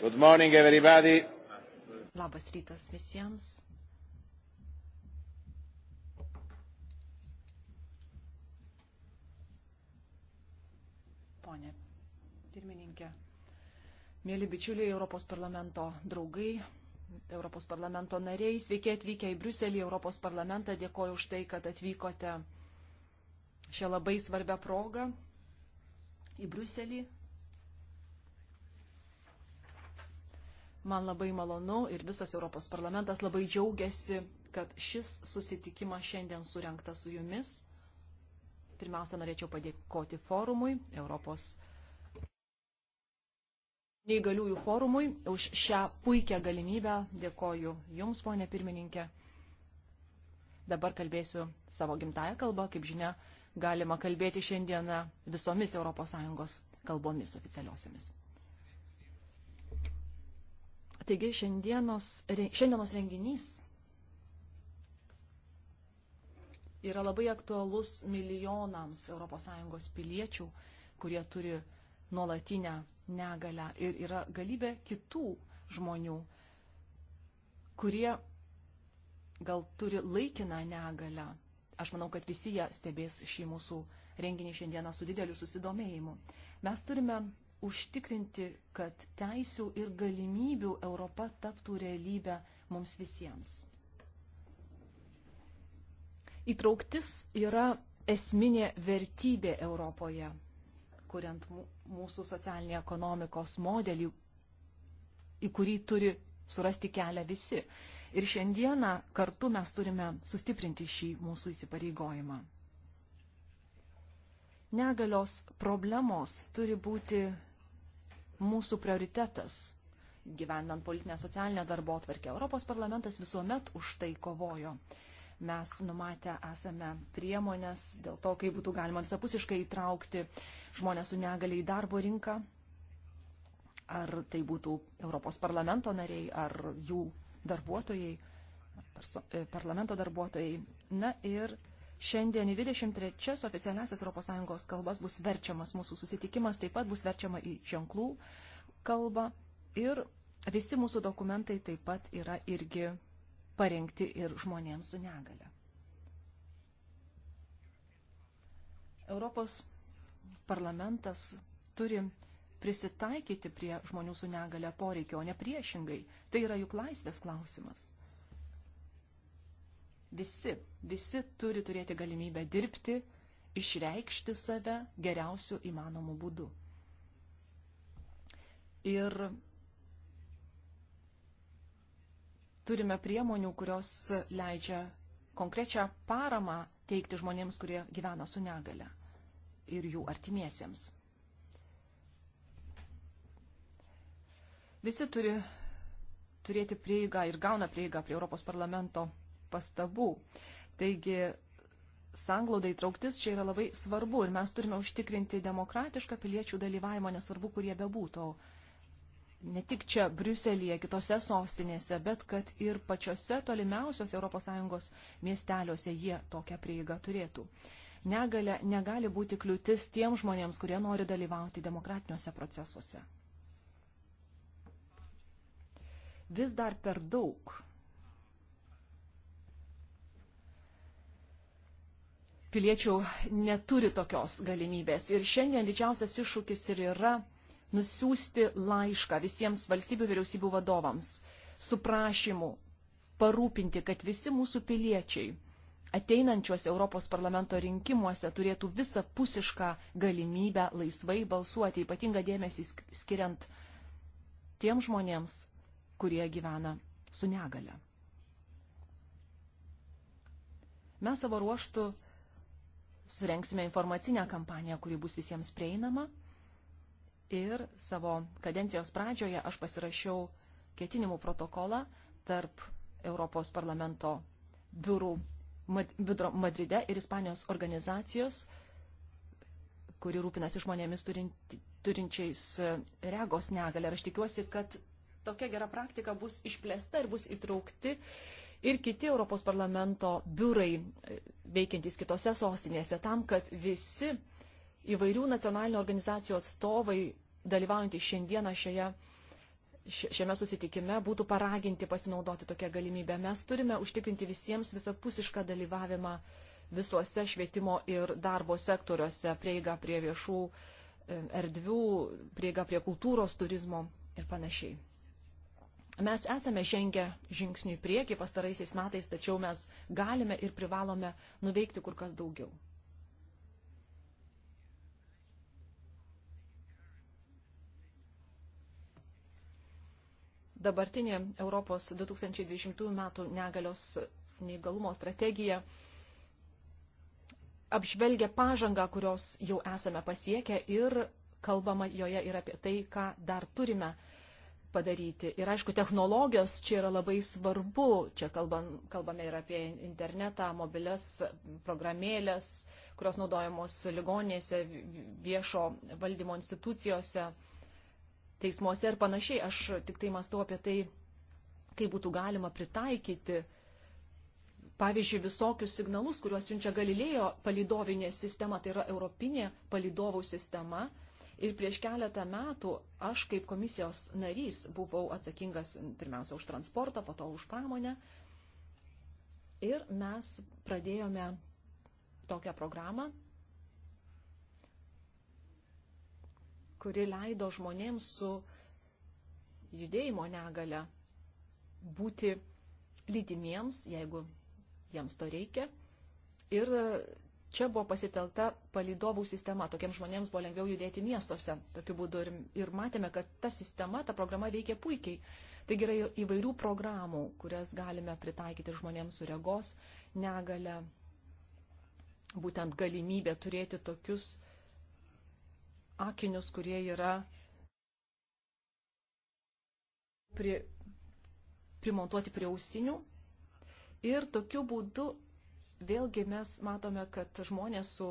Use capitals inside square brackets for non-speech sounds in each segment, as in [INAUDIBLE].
Good morning, everybody. Labas rytas visiems. Pone pirmininkė, mėly bičiuliai, Europos parlamento draugai, Europos parlamento nariai, sveiki atvykę į Briuselį, Europos parlamentą, dėkoju už tai, kad atvykote šią labai svarbę progą į Briuselį, Man labai malonu ir visas Europos parlamentas labai džiaugiasi, kad šis susitikimas šiandien surinktas su jumis. Pirmiausia, norėčiau padėkoti forumui, Europos neįgaliųjų forumui, už šią puikią galimybę. Dėkoju Jums, ponė pirmininkė. Dabar kalbėsiu savo gimtają kalbą. Kaip žinia, galima kalbėti šiandieną visomis ES kalbomis oficialiosiomis. Taigi šiandienos, šiandienos renginys yra labai aktualus milijonams ES piliečių, kurie turi nuolatinę negalę ir yra galybė kitų žmonių, kurie gal turi laikiną negalę. Aš manau, kad visi jie stebės šį mūsų renginį šiandieną su dideliu susidomėjimu. Mes turime užtikrinti, kad teisių ir galimybių Europa taptų realybę mums visiems. Įtrauktis yra esminė vertybė Europoje, kuriant mūsų socialinį ekonomikos modelį, į kurį turi surasti kelią visi. Ir šiandieną kartu mes turime sustiprinti šį mūsų įsipareigojimą. Negalios problemos turi būti mūsų prioritetas gyvenant politinę socialinę darbo atvarkę. Europos parlamentas visuomet už tai kovojo. Mes numatę esame priemonės dėl to, kaip būtų galima visapusiškai įtraukti žmonės su negaliai į darbo rinką. Ar tai būtų Europos parlamento nariai, ar jų darbuotojai, e, parlamento darbuotojai. Na ir Šiandien į 23 oficialiasias ES kalbas bus verčiamas mūsų susitikimas, taip pat bus verčiama į ženklų kalbą ir visi mūsų dokumentai taip pat yra irgi parengti ir žmonėms su negale. Europos parlamentas turi prisitaikyti prie žmonių su negale poreikio, o ne priešingai. Tai yra juk laisvės klausimas. Visi, visi turi turėti galimybę dirbti, išreikšti save geriausių įmanomų būdų. Ir turime priemonių, kurios leidžia konkrečią paramą teikti žmonėms, kurie gyvena su negale ir jų artimiesiems. Visi turi turėti prieigą ir gauna prieigą prie Europos parlamento pastabų. Taigi, sanglaudai trauktis čia yra labai svarbu ir mes turime užtikrinti demokratišką piliečių dalyvavimą, nesvarbu, kurie bebūtų. Ne tik čia, Briuselėje, kitose sostinėse, bet kad ir pačiose tolimiausiose ES miesteliuose jie tokią prieigą turėtų. Negalia negali būti kliūtis tiem žmonėms, kurie nori dalyvauti demokratiniuose procesuose. Vis dar per daug piliečių neturi tokios galimybės. Ir šiandien didžiausias iššūkis ir yra nusiųsti laišką visiems valstybių vyriausybių vadovams su prašymu parūpinti, kad visi mūsų piliečiai ateinančios Europos parlamento rinkimuose turėtų visapusišką galimybę laisvai balsuoti, ypatingą dėmesį skiriant tiem žmonėms, kurie gyvena su negale. Mes savo ruoštų surenksime informacinę kampaniją, kuri bus visiems prieinama. Ir savo kadencijos pradžioje aš pasirašiau ketinimų protokolą tarp Europos parlamento biurų Madride ir Ispanijos organizacijos, kuri rūpinasi žmonėmis turinčiais e, regos negalę. Ir aš tikiuosi, kad tokia gera praktika bus išplėsta ir bus įtraukti ir kiti Europos parlamento biurai e, veikiantys kitose sostinėse tam, kad visi įvairių nacionalinių organizacijų atstovai dalyvaujantys šiandieną šioje šiame susitikime būtų paraginti pasinaudoti tokią galimybę. Mes turime užtikrinti visiems visapusišką dalyvavimą visuose švietimo ir darbo sektoriuose, prieiga prie viešų e, erdvių, prieiga prie kultūros, turizmo ir panašiai. Mes esame žengę žingsnių į priekį pastaraisiais metais, tačiau mes galime ir privalome nuveikti kur kas daugiau. Dabartinė Europos 2020 metų negalios neįgalumo strategija apžvelgia pažangą, kurios jau esame pasiekę ir kalbama joje ir apie tai, ką dar turime padaryti. Ir aišku, technologijos čia yra labai svarbu. Čia kalbam, kalbame ir apie internetą, mobilias programėlės, kurios naudojamos ligonėse, viešo valdymo institucijose, teismuose ir panašiai. Aš tik tai mąstau apie tai, kaip būtų galima pritaikyti. Pavyzdžiui, visokius signalus, kuriuos siunčia Galilėjo palidovinė sistema, tai yra europinė palidovų sistema, uh, Ir prieš keletą metų aš kaip komisijos narys buvau atsakingas pirmiausia už transportą, po to už pramonę. Ir mes pradėjome tokią programą, kuri leido žmonėms su judėjimo negale būti lydimiems, jeigu jiems to reikia, ir čia buvo pasitelta palydovų sistema, tokiems žmonėms buvo lengviau judėti miestuose tokiu būdu ir, ir matėme, kad ta sistema, ta programa veikia puikiai. Taigi yra įvairių programų, kurias galime pritaikyti žmonėms su regos negale, būtent galimybė turėti tokius akinius, kurie yra pri, primontuoti prie ausinių ir tokiu būdu vėlgi mes matome, kad žmonės su,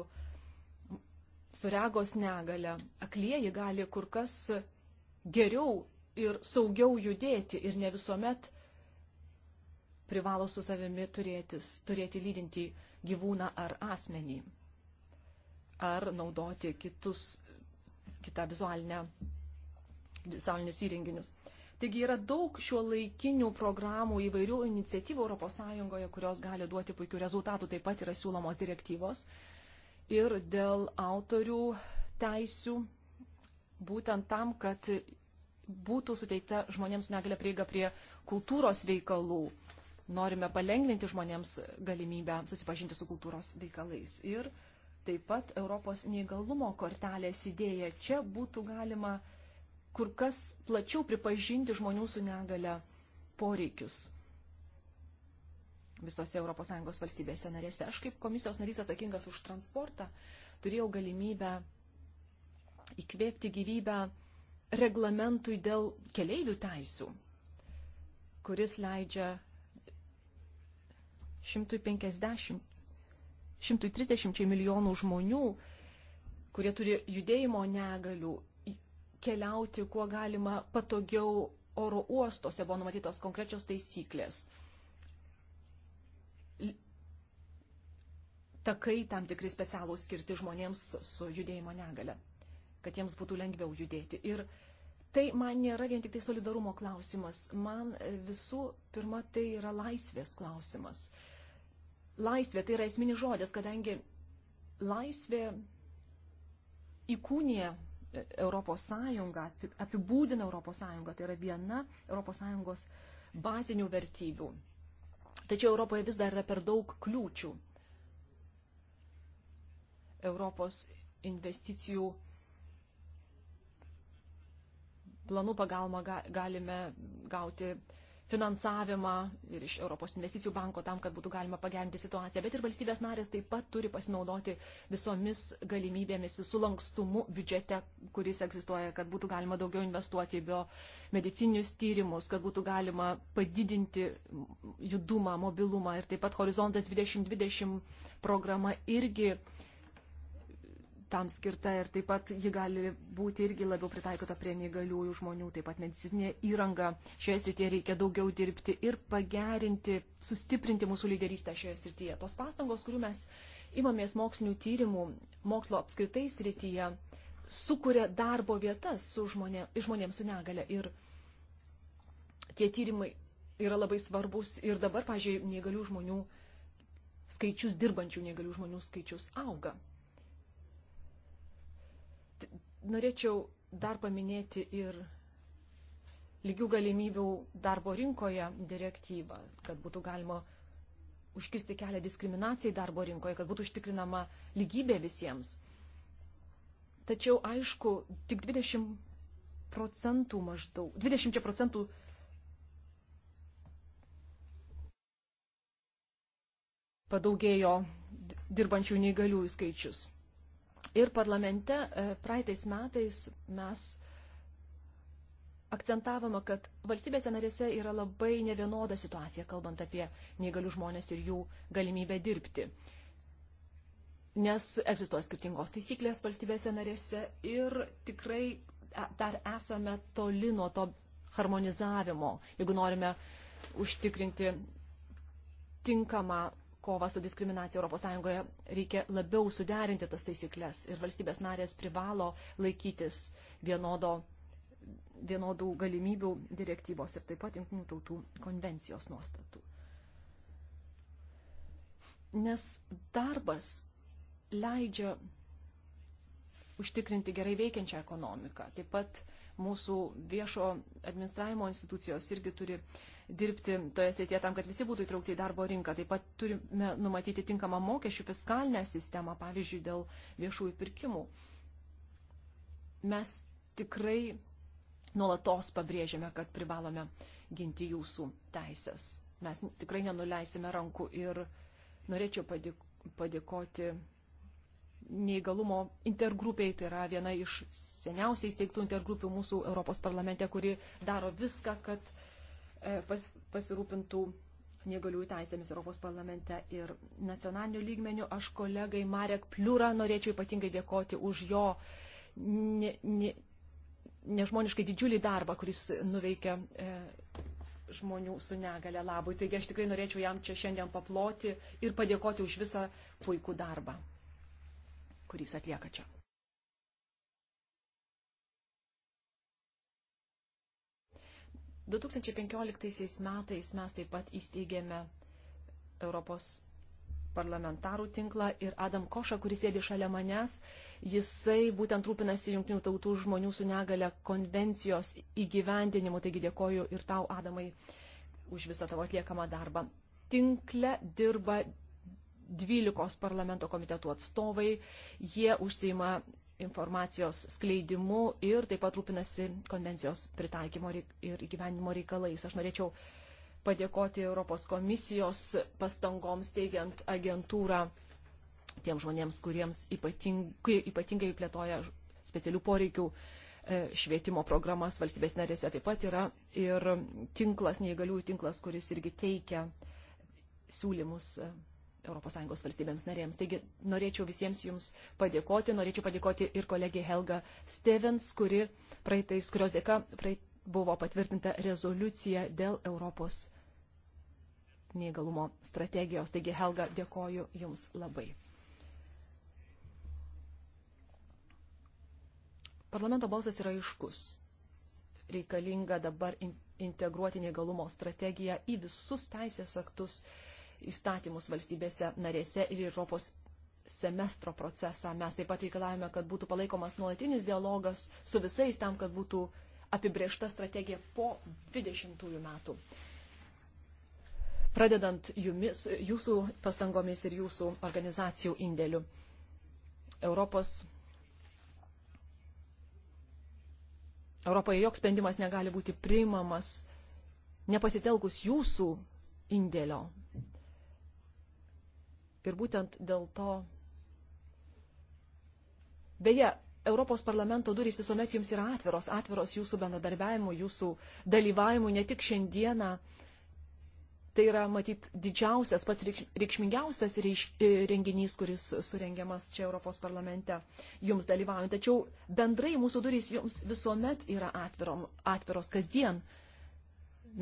su regos negale, aklieji gali kur kas geriau ir saugiau judėti ir ne visuomet privalo su savimi turėtis, turėti lydinti gyvūną ar asmenį, ar naudoti kitus, kitą vizualinę, vizualinius įrenginius. Taigi yra daug šio laikinių programų įvairių iniciatyvų ES, kurios gali duoti puikių rezultatų, taip pat yra siūlomos direktyvos. Ir dėl autorių teisių, būtent tam, kad būtų suteikta žmonėms negalė prieiga prie kultūros veikalų. Norime palengvinti žmonėms galimybę susipažinti su kultūros veikalais. Ir taip pat Europos neįgalumo kortelės idėja. Čia būtų galima uh, kur kas plačiau pripažinti žmonių su negale poreikius visose ES valstybėse narėse. Aš kaip komisijos narys atsakingas už transportą turėjau galimybę įkvėpti gyvybę reglamentui dėl keleivių teisių, kuris leidžia 150, 130 milijonų žmonių, kurie turi judėjimo negalių, keliauti kuo galima patogiau oro uostuose, buvo numatytos konkrečios taisyklės. Takai tam tikri specialūs skirti žmonėms su judėjimo negale, kad jiems būtų lengviau judėti. Ir tai man nėra vien tik tai solidarumo klausimas, man e, visų pirma tai yra laisvės klausimas. Laisvė tai yra esminis žodis, kadangi laisvė įkūnė Europos Sąjungą, apibūdina Europos Sąjungą, tai yra viena Europos Sąjungos bazinių vertybių. Tačiau Europoje vis dar yra per daug kliūčių. Europos investicijų planų pagalba galime gauti finansavimą ir iš Europos investicijų banko tam, kad būtų galima pagerinti situaciją, bet ir valstybės narės taip pat turi pasinaudoti visomis galimybėmis, visų lankstumu biudžete, kuris egzistuoja, kad būtų galima daugiau investuoti į biomedicinius tyrimus, kad būtų galima padidinti judumą, mobilumą ir taip pat Horizontas 2020 programa irgi tam skirta ir taip pat ji gali būti irgi labiau pritaikyta prie neįgaliųjų žmonių, taip pat medicininė įranga. Šioje srityje reikia daugiau dirbti ir pagerinti, sustiprinti mūsų lyderystę šioje srityje. Tos pastangos, kurių mes imamės mokslinių tyrimų, mokslo apskritai srityje, sukuria darbo vietas su žmonė, žmonėms su negale. Ir tie tyrimai yra labai svarbus ir dabar, pažiūrėjau, neįgalių žmonių skaičius, dirbančių neįgalių žmonių skaičius auga. Norėčiau dar paminėti ir lygių galimybių darbo rinkoje direktyvą, kad būtų galima užkisti kelią diskriminacijai darbo rinkoje, kad būtų užtikrinama lygybė visiems. Tačiau, aišku, tik 20 procentų maždaug, 20 procentų padaugėjo dirbančių neįgaliųjų skaičius. Ir parlamente e, praeitais metais mes akcentavome, kad valstybėse narėse yra labai nevienoda situacija, kalbant apie neįgalių žmonės ir jų galimybę dirbti. Nes egzistuoja skirtingos taisyklės valstybėse narėse ir tikrai e, dar esame toli nuo to harmonizavimo, jeigu norime užtikrinti tinkamą kovą su diskriminacija ES reikia labiau suderinti tas taisyklės ir valstybės narės privalo laikytis vienodo, vienodų galimybių direktyvos ir taip pat jungtinių tautų konvencijos nuostatų. Nes darbas leidžia užtikrinti gerai veikiančią ekonomiką. Taip pat mūsų viešo administravimo institucijos irgi turi uh, dirbti toje srityje tam, kad visi būtų įtraukti į darbo rinką. Taip pat turime numatyti tinkamą mokesčių fiskalinę sistemą, pavyzdžiui, dėl viešųjų pirkimų. Mes tikrai nuolatos pabrėžiame, kad privalome ginti jūsų teisės. Mes tikrai nenuleisime rankų ir norėčiau padėkoti neįgalumo intergrupiai, tai yra viena iš seniausiai steigtų intergrupių mūsų Europos parlamente, kuri daro viską, kad uh, E, pas, pasirūpintų negaliųjų teisėmis Europos parlamente ir nacionaliniu lygmeniu. Aš kolegai Marek Pliūrą norėčiau ypatingai dėkoti už jo ne, ne, nežmoniškai didžiulį darbą, kuris nuveikia e, žmonių su negale labui. Taigi aš tikrai norėčiau jam čia šiandien paploti ir padėkoti už visą puikų darbą, kurį jis atlieka čia. 2015 metais mes taip pat įsteigėme Europos parlamentarų tinklą ir Adam Koša, kuris sėdi šalia manęs, jisai būtent rūpinasi Junktinių tautų žmonių su negale konvencijos įgyvendinimu. Taigi dėkoju ir tau, Adamai, už visą tavo atliekamą darbą. Tinkle dirba 12 parlamento komitetų atstovai, jie užsima informacijos skleidimu ir taip pat rūpinasi konvencijos pritaikymo ir įgyvenimo reikalais. Aš norėčiau padėkoti Europos komisijos pastangoms teigiant agentūrą tiems žmonėms, kuriems ypatingai, ypatingai plėtoja specialių poreikių e, švietimo programas valstybės narėse. Taip pat yra ir tinklas, neįgaliųjų tinklas, kuris irgi teikia siūlymus e, ES valstybėms narėms. Taigi norėčiau visiems jums padėkoti, norėčiau padėkoti ir kolegiai Helga Stevens, kuri praeitais, kurios dėka praeit, buvo patvirtinta rezoliucija dėl Europos neįgalumo strategijos. Taigi Helga, dėkoju jums labai. Parlamento balsas yra iškus. Reikalinga dabar integruoti neįgalumo strategiją į visus teisės aktus, įstatymus valstybėse narėse ir Europos semestro procesą. Mes taip pat reikalavome, kad būtų palaikomas nuolatinis dialogas su visais tam, kad būtų apibriešta strategija po 20 metų. Pradedant jumis, jūsų pastangomis ir jūsų organizacijų indėliu. Europos Europoje joks sprendimas negali būti priimamas nepasitelkus jūsų indėlio, Ir būtent dėl to. Beje, Europos parlamento durys visuomet jums yra atviros, atviros jūsų bendradarbiavimu, jūsų dalyvavimu, ne tik šiandieną. Tai yra, matyt, didžiausias, pats reikšmingiausias e, renginys, kuris surengiamas čia Europos parlamente jums dalyvaujant. Tačiau bendrai mūsų durys jums visuomet yra atvirom, atviros kasdien.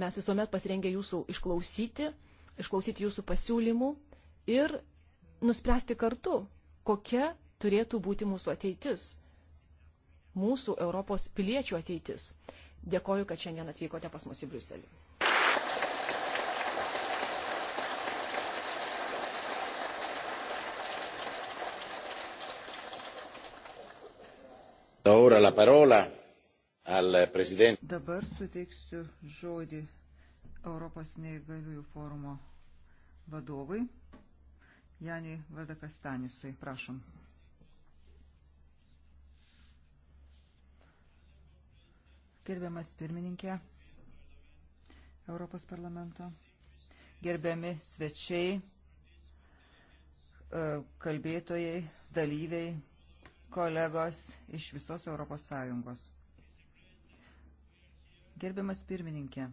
Mes visuomet pasirengę jūsų išklausyti, išklausyti jūsų pasiūlymų ir nuspręsti kartu, kokia turėtų būti mūsų ateitis, mūsų Europos piliečių ateitis. Dėkoju, kad šiandien atvykote pas mus į Briuselį. Dabar suteiksiu žodį Europos neįgaliųjų forumo vadovui. Janiai Vardakastanisui. Prašom. Gerbiamas pirmininkė Europos parlamento, gerbiami svečiai, e, kalbėtojai, dalyviai, kolegos iš visos Europos Sąjungos. Gerbiamas pirmininkė,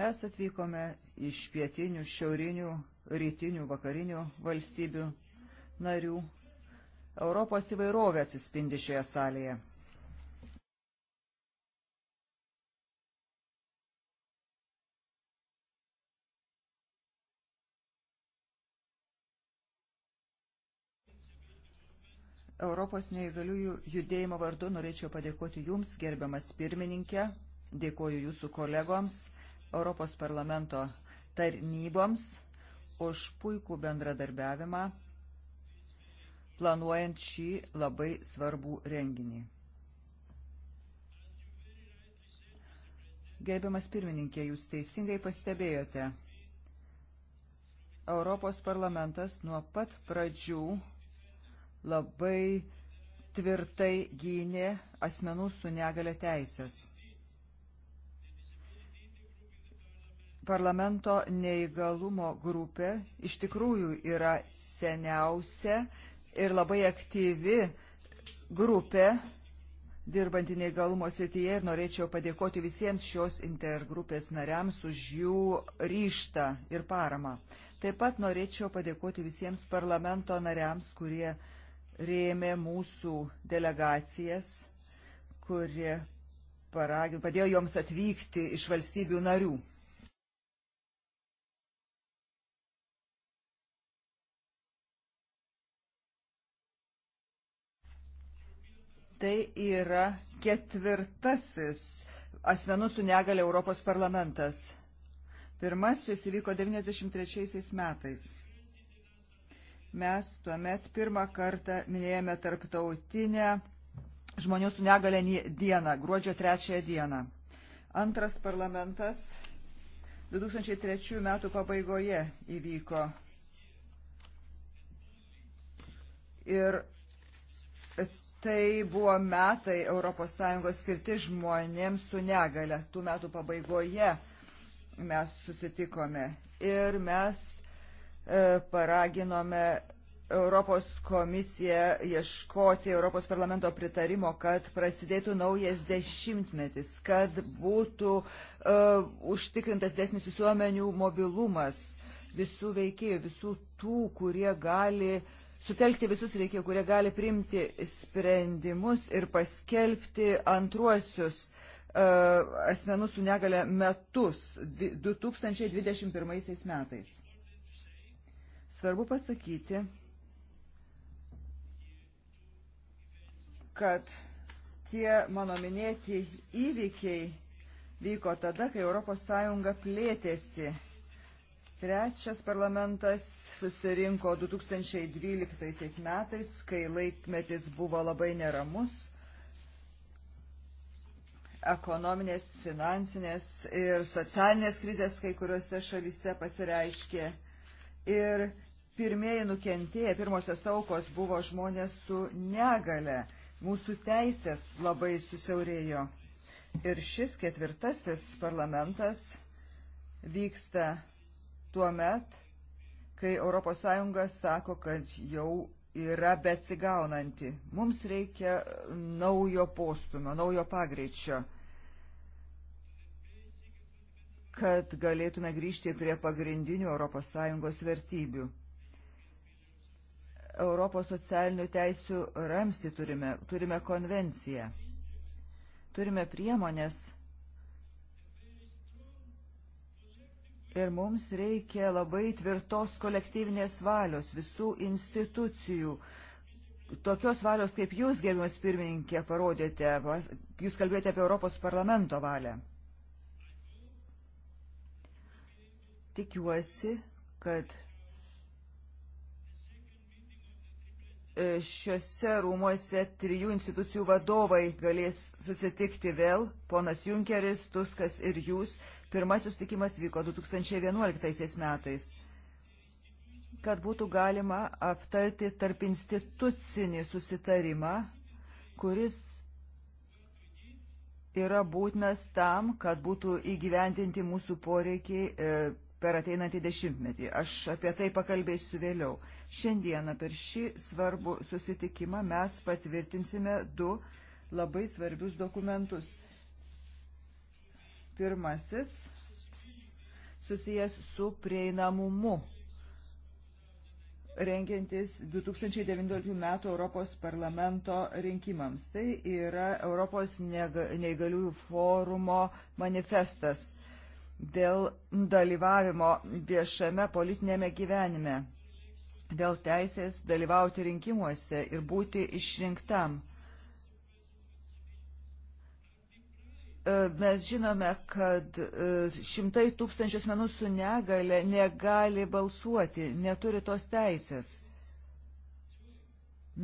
mes atvykome iš pietinių, šiaurinių rytinių, vakarinių valstybių narių. Europos įvairovė atsispindi šioje salėje. Europos neįgaliųjų judėjimo vardu norėčiau padėkoti Jums, gerbiamas pirmininkė, dėkoju Jūsų kolegoms, Europos parlamento tarnyboms, už puikų bendradarbiavimą planuojant šį labai svarbų renginį. Gerbiamas pirmininkė, jūs teisingai pastebėjote. Europos parlamentas nuo pat pradžių labai tvirtai gynė asmenų su negale teisės. parlamento neįgalumo grupė iš tikrųjų yra seniausia ir labai aktyvi grupė dirbantį neįgalumo srityje ir norėčiau padėkoti visiems šios intergrupės nariams už jų ryštą ir paramą. Taip pat norėčiau padėkoti visiems parlamento nariams, kurie rėmė mūsų delegacijas, kurie paragino, padėjo joms atvykti iš valstybių narių. tai yra ketvirtasis asmenų su negale Europos parlamentas. Pirmasis įvyko 93 metais. Mes tuomet pirmą kartą minėjome tarptautinę žmonių su negale dieną, gruodžio trečiąją dieną. Antras parlamentas 2003 metų pabaigoje įvyko. Ir Tai buvo metai ES skirti žmonėms su negale. Tų metų pabaigoje mes susitikome ir mes e, paraginome Europos komisiją ieškoti Europos parlamento pritarimo, kad prasidėtų naujas dešimtmetis, kad būtų uh, užtikrintas desnis visuomenių mobilumas visų veikėjų, visų tų, kurie gali uh, sutelkti visus reikia, kurie gali priimti sprendimus ir paskelbti antruosius e, asmenų su negale metus 2021 metais. Svarbu pasakyti, kad tie mano minėti įvykiai vyko tada, kai ES plėtėsi Trečias parlamentas susirinko 2012 metais, kai laikmetis buvo labai neramus. Ekonominės, finansinės ir socialinės krizės kai kuriuose šalyse pasireiškė. Ir pirmieji nukentėję, pirmosios aukos buvo žmonės su negale. Mūsų teisės labai susiaurėjo. Ir šis ketvirtasis parlamentas vyksta tuo met, kai ES sako, kad jau yra beatsigaunanti. Mums reikia naujo postumio, naujo pagreičio, kad galėtume grįžti prie pagrindinių ES vertybių. Europos socialinių teisių ramsti turime, turime konvenciją, turime priemonės Ir mums reikia labai tvirtos kolektyvinės valios visų institucijų. Tokios valios, kaip jūs, gerbimas pirmininkė, parodėte, jūs kalbėjote apie Europos parlamento valią. Tikiuosi, kad e, šiuose rūmuose trijų institucijų vadovai galės susitikti vėl, ponas Junkeris, Tuskas ir jūs Pirmasis sutikimas vyko 2011 metais kad būtų galima aptarti tarp institucinį susitarimą, kuris yra būtinas tam, kad būtų įgyvendinti mūsų poreikiai e, per ateinantį dešimtmetį. Aš apie tai pakalbėsiu vėliau. Šiandieną per šį svarbų susitikimą mes patvirtinsime du labai svarbius dokumentus – Pirmasis susijęs su prieinamumu rengiantis 2019 metų Europos parlamento rinkimams. Tai yra Europos neįgaliųjų forumo manifestas dėl dalyvavimo viešame politinėme gyvenime, dėl teisės dalyvauti rinkimuose ir būti išrinktam. Mes žinome, kad e, šimtai tūkstančių asmenų su negale negali balsuoti, neturi tos teisės.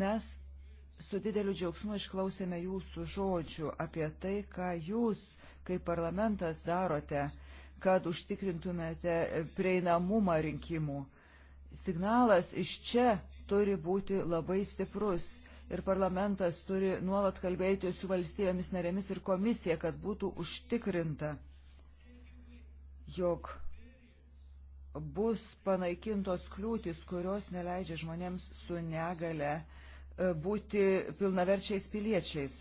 Mes su dideliu džiaugsmu išklausėme jūsų žodžių apie tai, ką jūs kaip parlamentas darote, kad užtikrintumėte prieinamumą rinkimų. Signalas iš čia turi būti labai stiprus ir parlamentas turi nuolat kalbėti su valstybėmis narėmis ir komisija, kad būtų užtikrinta, jog bus panaikintos kliūtis, kurios neleidžia žmonėms su negale e, būti pilnaverčiais piliečiais.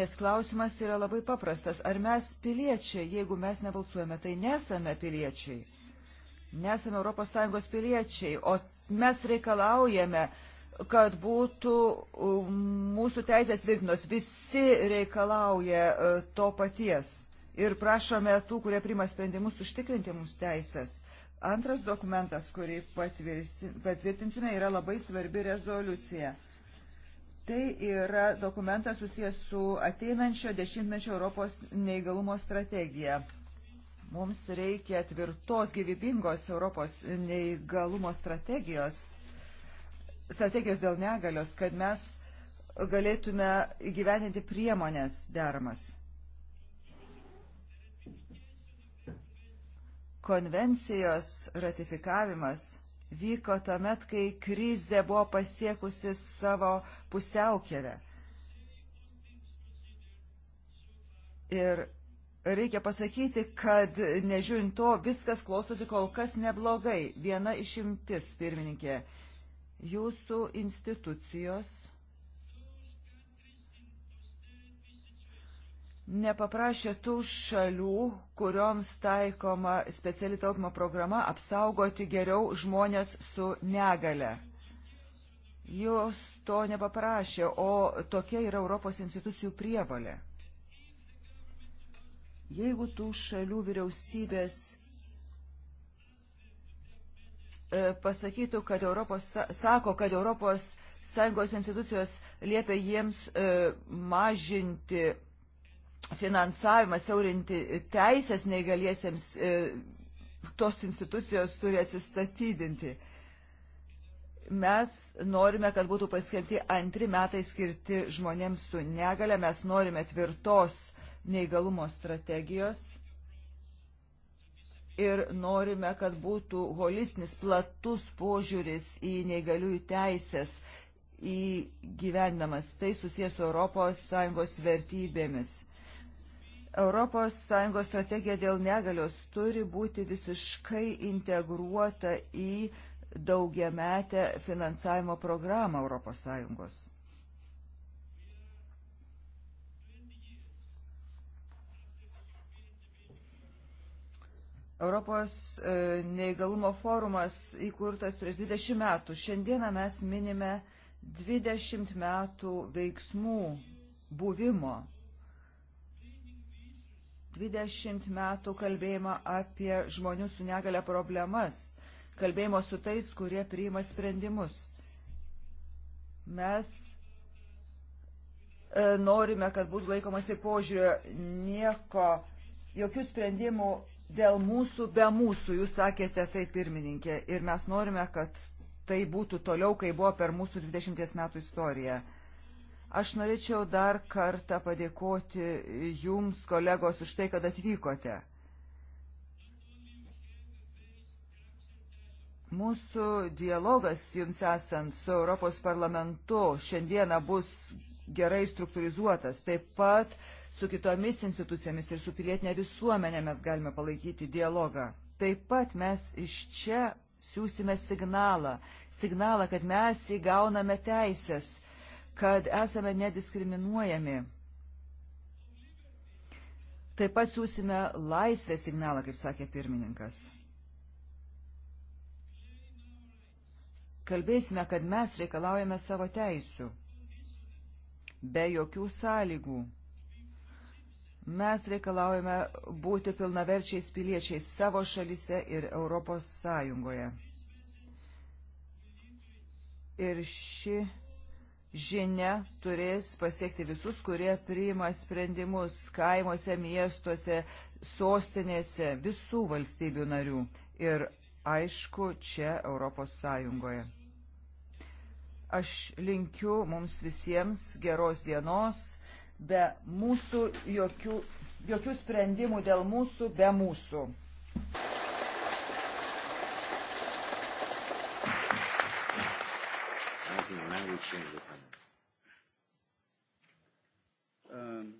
Nes klausimas yra labai paprastas. Ar mes piliečiai, jeigu mes nebalsuojame, tai nesame piliečiai. Nesame ES piliečiai, o mes reikalaujame kad būtų um, mūsų teisės tvirtinos. Visi reikalauja e, to paties ir prašome tų, kurie priima sprendimus, užtikrinti mums teisės. Antras dokumentas, kurį patvirtinsime, yra labai svarbi rezoliucija. Tai yra dokumentas susijęs su ateinančio dešimtmečio Europos neįgalumo strategija. Mums reikia tvirtos, gyvybingos Europos neįgalumo strategijos strategijos dėl negalios, kad mes galėtume įgyveninti priemonės deramas. Konvencijos ratifikavimas vyko tuomet, kai krizė buvo pasiekusi savo pusiaukelę. Ir reikia pasakyti, kad nežiūrint to, viskas klostosi kol kas neblogai. Viena išimtis, pirmininkė. Jūsų institucijos nepaprašė tų šalių, kurioms taikoma speciali taupimo programa, apsaugoti geriau žmonės su negale. Jūs to nepaprašė, o tokia yra Europos institucijų prievalė. Jeigu tų šalių vyriausybės E, pasakytų, kad Europos, sako, kad Europos Sąjungos institucijos liepia jiems e, mažinti finansavimą, siaurinti teisės neįgaliesiems, e, tos institucijos turi atsistatydinti mes norime, kad būtų paskelbti antri metai skirti žmonėms su negale, mes norime tvirtos neįgalumo strategijos ir norime, kad būtų holistinis, platus požiūris į neįgaliųjų teisės įgyvendamas. Tai susijęs su ES vertybėmis. ES strategija dėl negalios turi būti visiškai integruota į daugiametę finansavimo programą ES. Europos e, neįgalumo forumas įkurtas prieš 20 metų. Šiandieną mes minime 20 metų veiksmų buvimo. 20 metų kalbėjimo apie žmonių su negale problemas, kalbėjimo su tais, kurie priima sprendimus. Mes e, norime, kad būtų laikomasi požiūrio nieko, jokių sprendimų dėl mūsų be mūsų, jūs sakėte tai pirmininkė, ir mes norime, kad tai būtų toliau, kai buvo per mūsų 20 metų istoriją. Aš norėčiau dar kartą padėkoti jums, kolegos, už tai, kad atvykote. Mūsų dialogas jums esant su Europos parlamentu šiandieną bus gerai struktūrizuotas. Taip pat uh, su kitomis institucijomis ir su pilietinė visuomenė mes galime palaikyti dialogą. Taip pat mes iš čia siūsime signalą, signalą, kad mes įgauname teisės, kad esame nediskriminuojami. Taip pat siūsime laisvės signalą, kaip sakė pirmininkas. Kalbėsime, kad mes reikalaujame savo teisių, be jokių sąlygų. Mes reikalaujame būti pilnaverčiais piliečiais savo šalyse ir Europos Sąjungoje. Ir ši žinia turės pasiekti visus, kurie priima sprendimus kaimuose, miestuose, sostinėse visų valstybių narių ir aišku čia Europos Sąjungoje. Aš linkiu mums visiems geros dienos Be mūsų jokių, jokių sprendimų dėl mūsų, be mūsų. Um,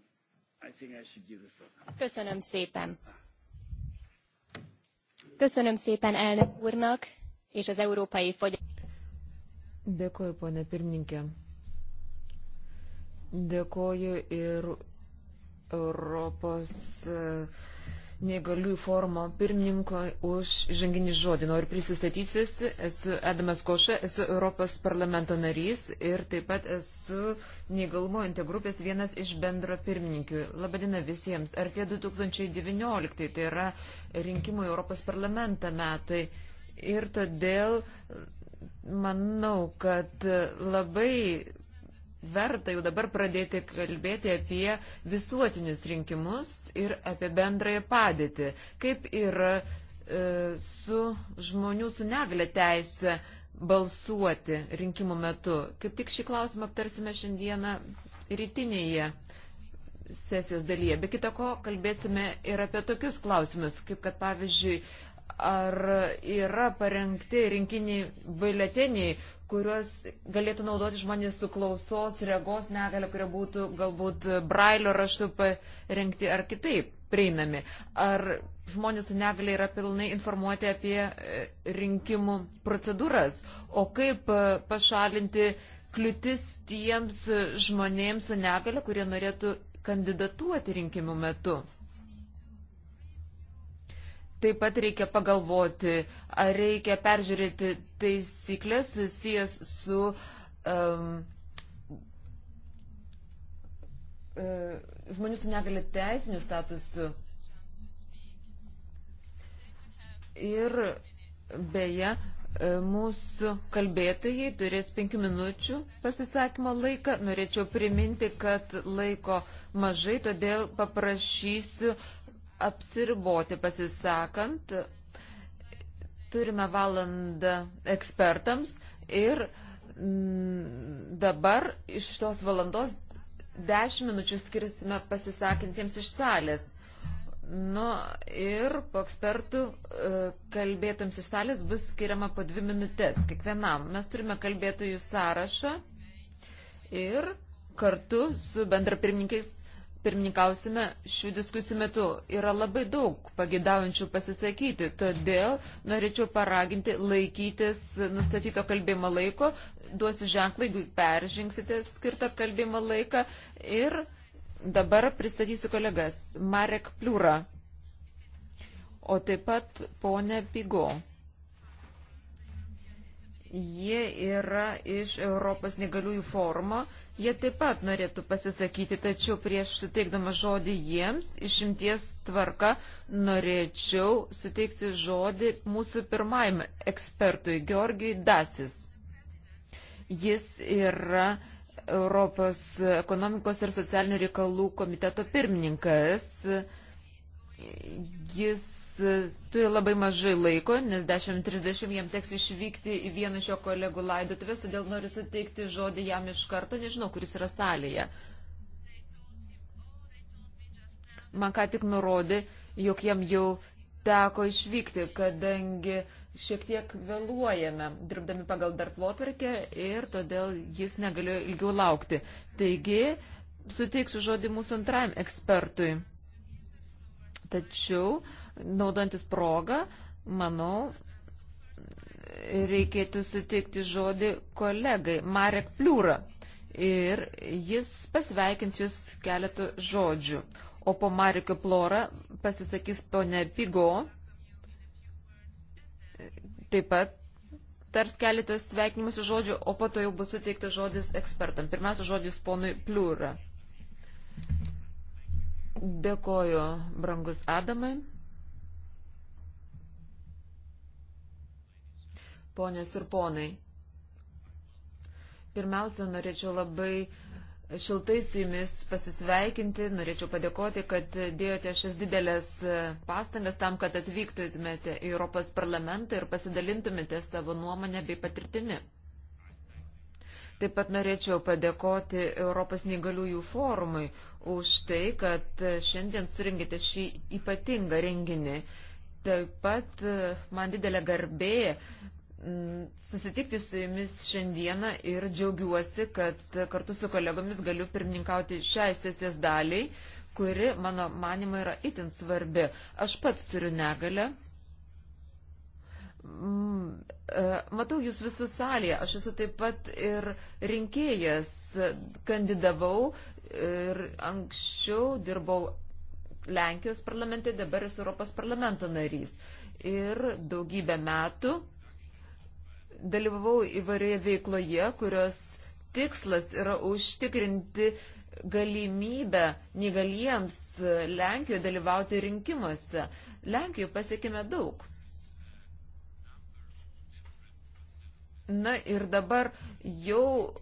Köszönöm szépen. Köszönöm szépen elnök úrnak és az európai fogyasztók. Dėkuoju, ponė pirmininkė. Dėkoju ir Europos e, neįgaliųjų forumo pirmininko už žanginį žodį. Noriu prisistatyti, esu Adamas Koša, esu Europos parlamento narys ir taip pat esu neįgalumo intergrupės vienas iš bendro pirmininkių. Labadiena visiems. Ar tie 2019, tai yra rinkimų į Europos parlamentą metai. Ir todėl manau, kad labai verta jau dabar pradėti kalbėti apie visuotinius rinkimus ir apie bendrąją padėtį. Kaip ir e, su žmonių su negale teisė balsuoti rinkimų metu. Kaip tik šį klausimą aptarsime šiandieną rytinėje sesijos dalyje. Be kita ko, kalbėsime ir apie tokius klausimus, kaip kad pavyzdžiui, ar yra parengti rinkiniai biuleteniai, kuriuos galėtų naudoti žmonės su klausos, regos negale, kurie būtų galbūt brailio raštu parengti ar kitaip prieinami. Ar žmonės su negale yra pilnai informuoti apie e, rinkimų procedūras, o kaip e, pašalinti kliūtis tiems žmonėms su negale, kurie norėtų kandidatuoti rinkimų metu. Taip pat reikia pagalvoti, ar reikia peržiūrėti taisyklės susijęs su um, uh, žmonių su negali teisiniu statusu. Ir beje, e, mūsų kalbėtojai turės penkių minučių pasisakymo laiką. Norėčiau priminti, kad laiko mažai, todėl paprašysiu uh, apsiriboti pasisakant. Turime valandą ekspertams ir mm, dabar iš tos valandos 10 minučių skirsime pasisakintiems iš salės. Nu ir po ekspertų e, kalbėtams iš salės bus skiriama po 2 minutės kiekvienam. Mes turime kalbėtojų sąrašą ir kartu su bendrapirmininkiais pirmininkausime šių diskusijų metu. Yra labai daug pagidaujančių pasisakyti, todėl norėčiau paraginti laikytis nustatyto kalbėjimo laiko, duosiu ženklą, jeigu peržingsite skirtą kalbėjimo laiką ir dabar pristatysiu kolegas Marek Pliūrą, o taip pat ponę Pigo. Jie yra iš Europos negaliųjų forumo. Jie taip pat norėtų pasisakyti, tačiau prieš suteikdama žodį jiems, išimties tvarka, norėčiau suteikti žodį mūsų pirmajam ekspertui, Georgijui Dasis. Jis yra Europos ekonomikos ir socialinių reikalų komiteto pirmininkas. Jis turi labai mažai laiko, nes 10.30 jam teks išvykti į vieną šio kolegų laidotuvės, todėl noriu suteikti žodį jam iš karto, nežinau, kuris yra salėje. Man ką tik nurodė, jog jam jau teko išvykti, kadangi šiek tiek vėluojame, dirbdami pagal darbotvarkę ir todėl jis negalėjo ilgiau laukti. Taigi, suteiksiu žodį mūsų antrajam ekspertui. Tačiau naudantis progą, manau, reikėtų sutikti žodį kolegai Marek Pliūra. Ir jis pasveikins jūs keletų žodžių. O po Marikio Plora pasisakys ponė Pigo. Taip pat tars keletas sveikinimus žodžių, o po to jau bus suteiktas žodis ekspertam. Pirmiausia, žodis ponui Pliūra. Dėkoju, brangus Adamai. ponės ir ponai. Pirmiausia, norėčiau labai šiltai su jumis pasisveikinti, norėčiau padėkoti, kad dėjote šias didelės pastangas tam, kad atvyktumėte į Europos parlamentą ir pasidalintumėte savo nuomonę bei patirtimi. Taip pat norėčiau padėkoti Europos neįgaliųjų forumui už tai, kad šiandien suringėte šį ypatingą renginį. Taip pat man didelė garbė Mm, susitikti su jumis šiandieną ir džiaugiuosi, kad kartu su kolegomis galiu pirmininkauti šiai sesijos daliai, kuri, mano manimo, yra itin svarbi. Aš pats turiu negalę. Mm, e, matau jūs visus salėje. Aš esu taip pat ir rinkėjas. Kandidavau ir anksčiau dirbau Lenkijos parlamente, dabar esu Europos parlamento narys. Ir daugybę metų dalyvavau įvarioje veikloje, kurios tikslas yra užtikrinti galimybę negaliems Lenkijoje dalyvauti rinkimuose. Lenkijoje pasiekime daug. Na ir dabar jau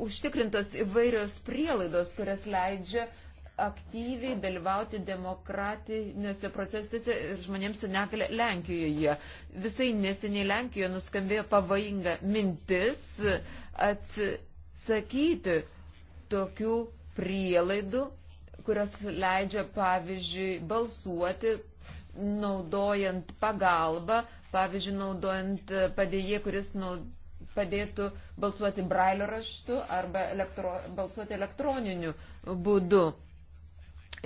užtikrintos įvairios prielaidos, kurias leidžia uh, aktyviai dalyvauti demokratiniuose procesuose ir žmonėms su negale Lenkijoje. Visai neseniai Lenkijoje nuskambėjo pavojinga mintis atsisakyti tokių prielaidų, kurios leidžia, pavyzdžiui, balsuoti naudojant pagalbą, pavyzdžiui, naudojant padėjį, kuris naud... padėtų balsuoti brailio raštu arba elektro... balsuoti elektroniniu būdu.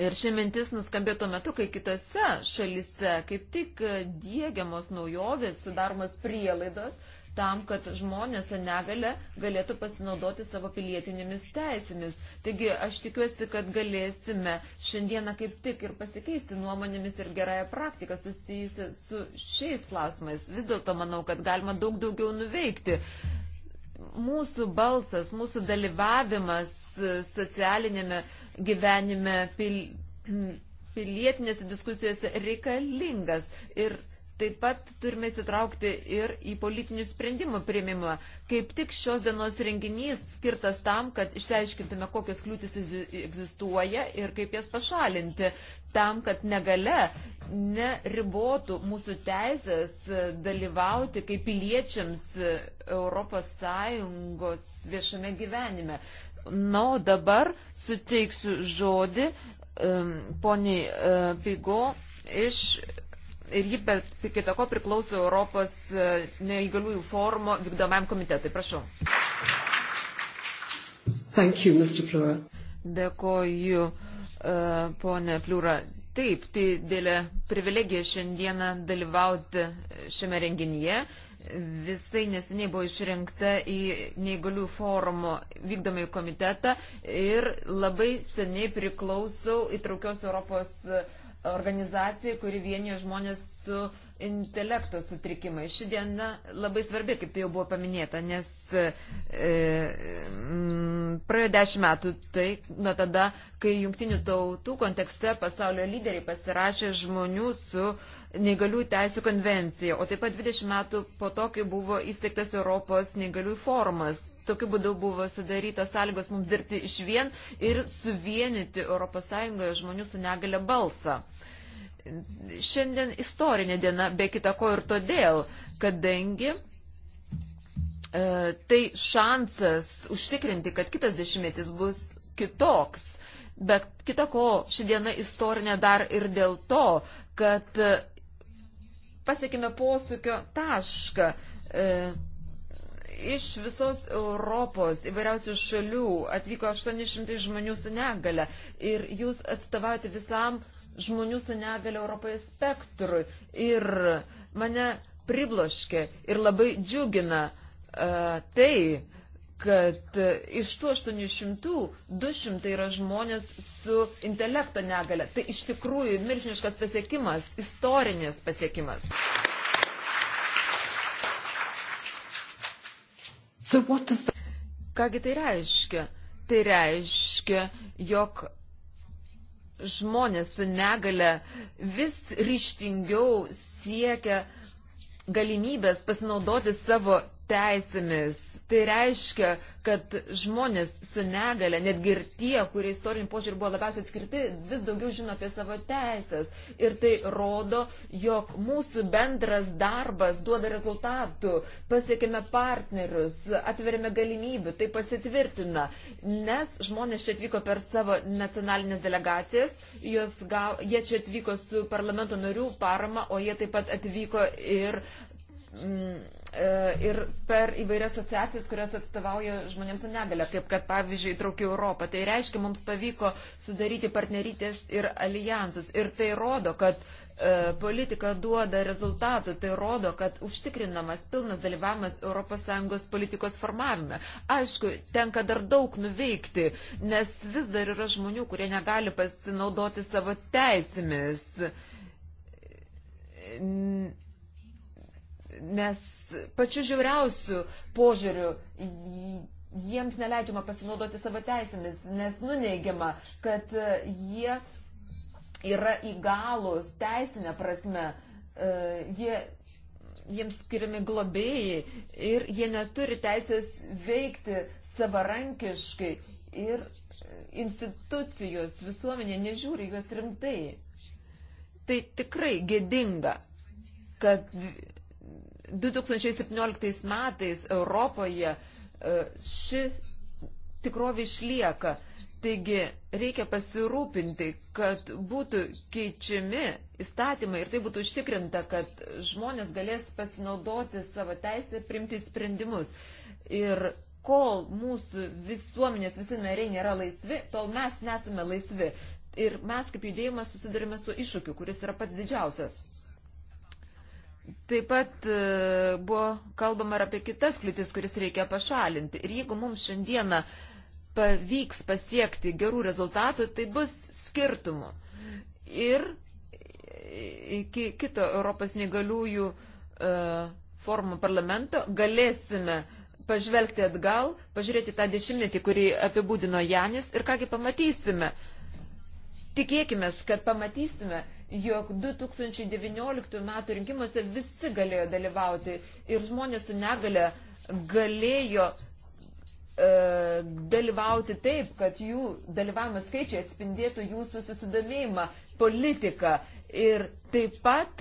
Ir ši mintis nuskambėjo tuo metu, kai kitose šalise kaip tik dėgiamos naujovės, sudaromas prielaidos tam, kad žmonės su negale galėtų pasinaudoti savo pilietinėmis teisėmis. Taigi aš tikiuosi, kad galėsime šiandieną kaip tik ir pasikeisti nuomonėmis ir gerąją praktiką susijusią su šiais klausimais. Vis dėlto manau, kad galima daug daugiau nuveikti. Mūsų balsas, mūsų dalyvavimas socialinėme gyvenime, pil, pilietinėse diskusijose reikalingas. Ir taip pat turime įsitraukti ir į politinių sprendimų prieimimą. Kaip tik šios dienos renginys skirtas tam, kad išsiaiškintume, kokios kliūtis egzistuoja ir kaip jas pašalinti, tam, kad negale neribotų mūsų teisės dalyvauti kaip piliečiams ES viešame gyvenime. Na, o dabar suteiksiu žodį um, poniai uh, Pigo iš. Ir ji, bet kita ko, priklauso Europos uh, neįgaliųjų forumo vykdomajam komitetui. Prašau. Thank you, Mr. Plura. Dėkoju, uh, ponė Pliūra. Taip, tai dėlė privilegija šiandieną dalyvauti šiame renginyje. Uh, visai neseniai buvo išrinkta į neįgalių forumo vykdomąjį komitetą ir labai seniai priklausau įtraukios Europos organizacijai, kuri vienyje žmonės su intelekto sutrikimai. Ši diena labai svarbi, kaip tai jau buvo paminėta, nes e, m, praėjo dešimt metų tai nuo tada, kai jungtinių tautų kontekste pasaulio lyderiai pasirašė žmonių su e, neįgalių teisų konvenciją, o taip pat 20 metų po to, kai buvo įsteigtas Europos neįgalių forumas. Tokiu būdu buvo sudarytas sąlygos mums dirbti iš vien ir suvienyti ES žmonių su negale balsą. Šiandien istorinė diena, be kita ko ir todėl, kadangi e, tai šansas užtikrinti, kad kitas dešimtmetis bus kitoks. Bet kita ko, ši diena istorinė dar ir dėl to, kad pasiekime posūkio tašką. E, iš visos Europos įvairiausių šalių atvyko 800 žmonių su negale ir jūs atstovaujate visam žmonių su negale Europoje spektrui. Ir mane pribloškė ir labai džiugina e, tai, kad iš tų 800 200 yra žmonės su intelekto negale. Tai iš tikrųjų milžiniškas pasiekimas, istorinis pasiekimas. So is... Kągi tai reiškia? Tai reiškia, jog žmonės su negale vis ryštingiau siekia galimybės pasinaudoti savo teisėmis Tai reiškia, kad žmonės su negale, netgi ir tie, kurie istoriniu požiūriu buvo labiausiai atskirti, vis daugiau žino apie savo teisės. Ir tai rodo, jog mūsų bendras darbas duoda rezultatų, pasiekime partnerius, atveriame galimybių, tai pasitvirtina. Nes žmonės čia atvyko per savo nacionalinės delegacijas, gal, jie čia atvyko su parlamento narių parama, o jie taip pat atvyko ir. Mm, E, ir per įvairias asociacijas, kurias atstovauja žmonėms su negale, kaip kad pavyzdžiui Traukia Europą. Tai reiškia, mums pavyko sudaryti partnerytės ir alijansus. Ir tai rodo, kad e, politika duoda rezultatų, tai rodo, kad užtikrinamas pilnas dalyvavimas ES politikos formavime. Aišku, tenka dar daug nuveikti, nes vis dar yra žmonių, kurie negali pasinaudoti savo teisėmis. N nes pačiu žiauriausiu požiūriu jiems neleidžiama pasinaudoti savo teisėmis, nes nuneigiama, kad e, jie yra įgalus teisinė prasme, e, jie, jiems skiriami globėjai ir jie neturi teisės veikti savarankiškai ir institucijos visuomenė nežiūri juos rimtai. Tai tikrai gėdinga, kad 2017 metais Europoje e, ši tikrovė išlieka. Taigi reikia pasirūpinti, kad būtų keičiami įstatymai ir tai būtų užtikrinta, kad žmonės galės pasinaudoti savo teisę primti sprendimus. Ir kol mūsų visuomenės visi nariai nėra laisvi, tol mes nesame laisvi. Ir mes kaip judėjimas susidurime su iššūkiu, kuris yra pats didžiausias. Taip pat e, buvo kalbama ir apie kitas kliūtis, kuris reikia pašalinti. Ir jeigu mums šiandieną pavyks pasiekti gerų rezultatų, tai bus skirtumų. Ir iki kito Europos negaliųjų uh, e, forumo parlamento galėsime pažvelgti atgal, pažiūrėti tą dešimtmetį, kurį apibūdino Janis ir kągi pamatysime. Tikėkime, kad pamatysime, jog 2019 metų rinkimuose visi galėjo dalyvauti ir žmonės su negale galėjo e, dalyvauti taip, kad jų dalyvavimo skaičiai atspindėtų jūsų susidomėjimą politiką ir taip pat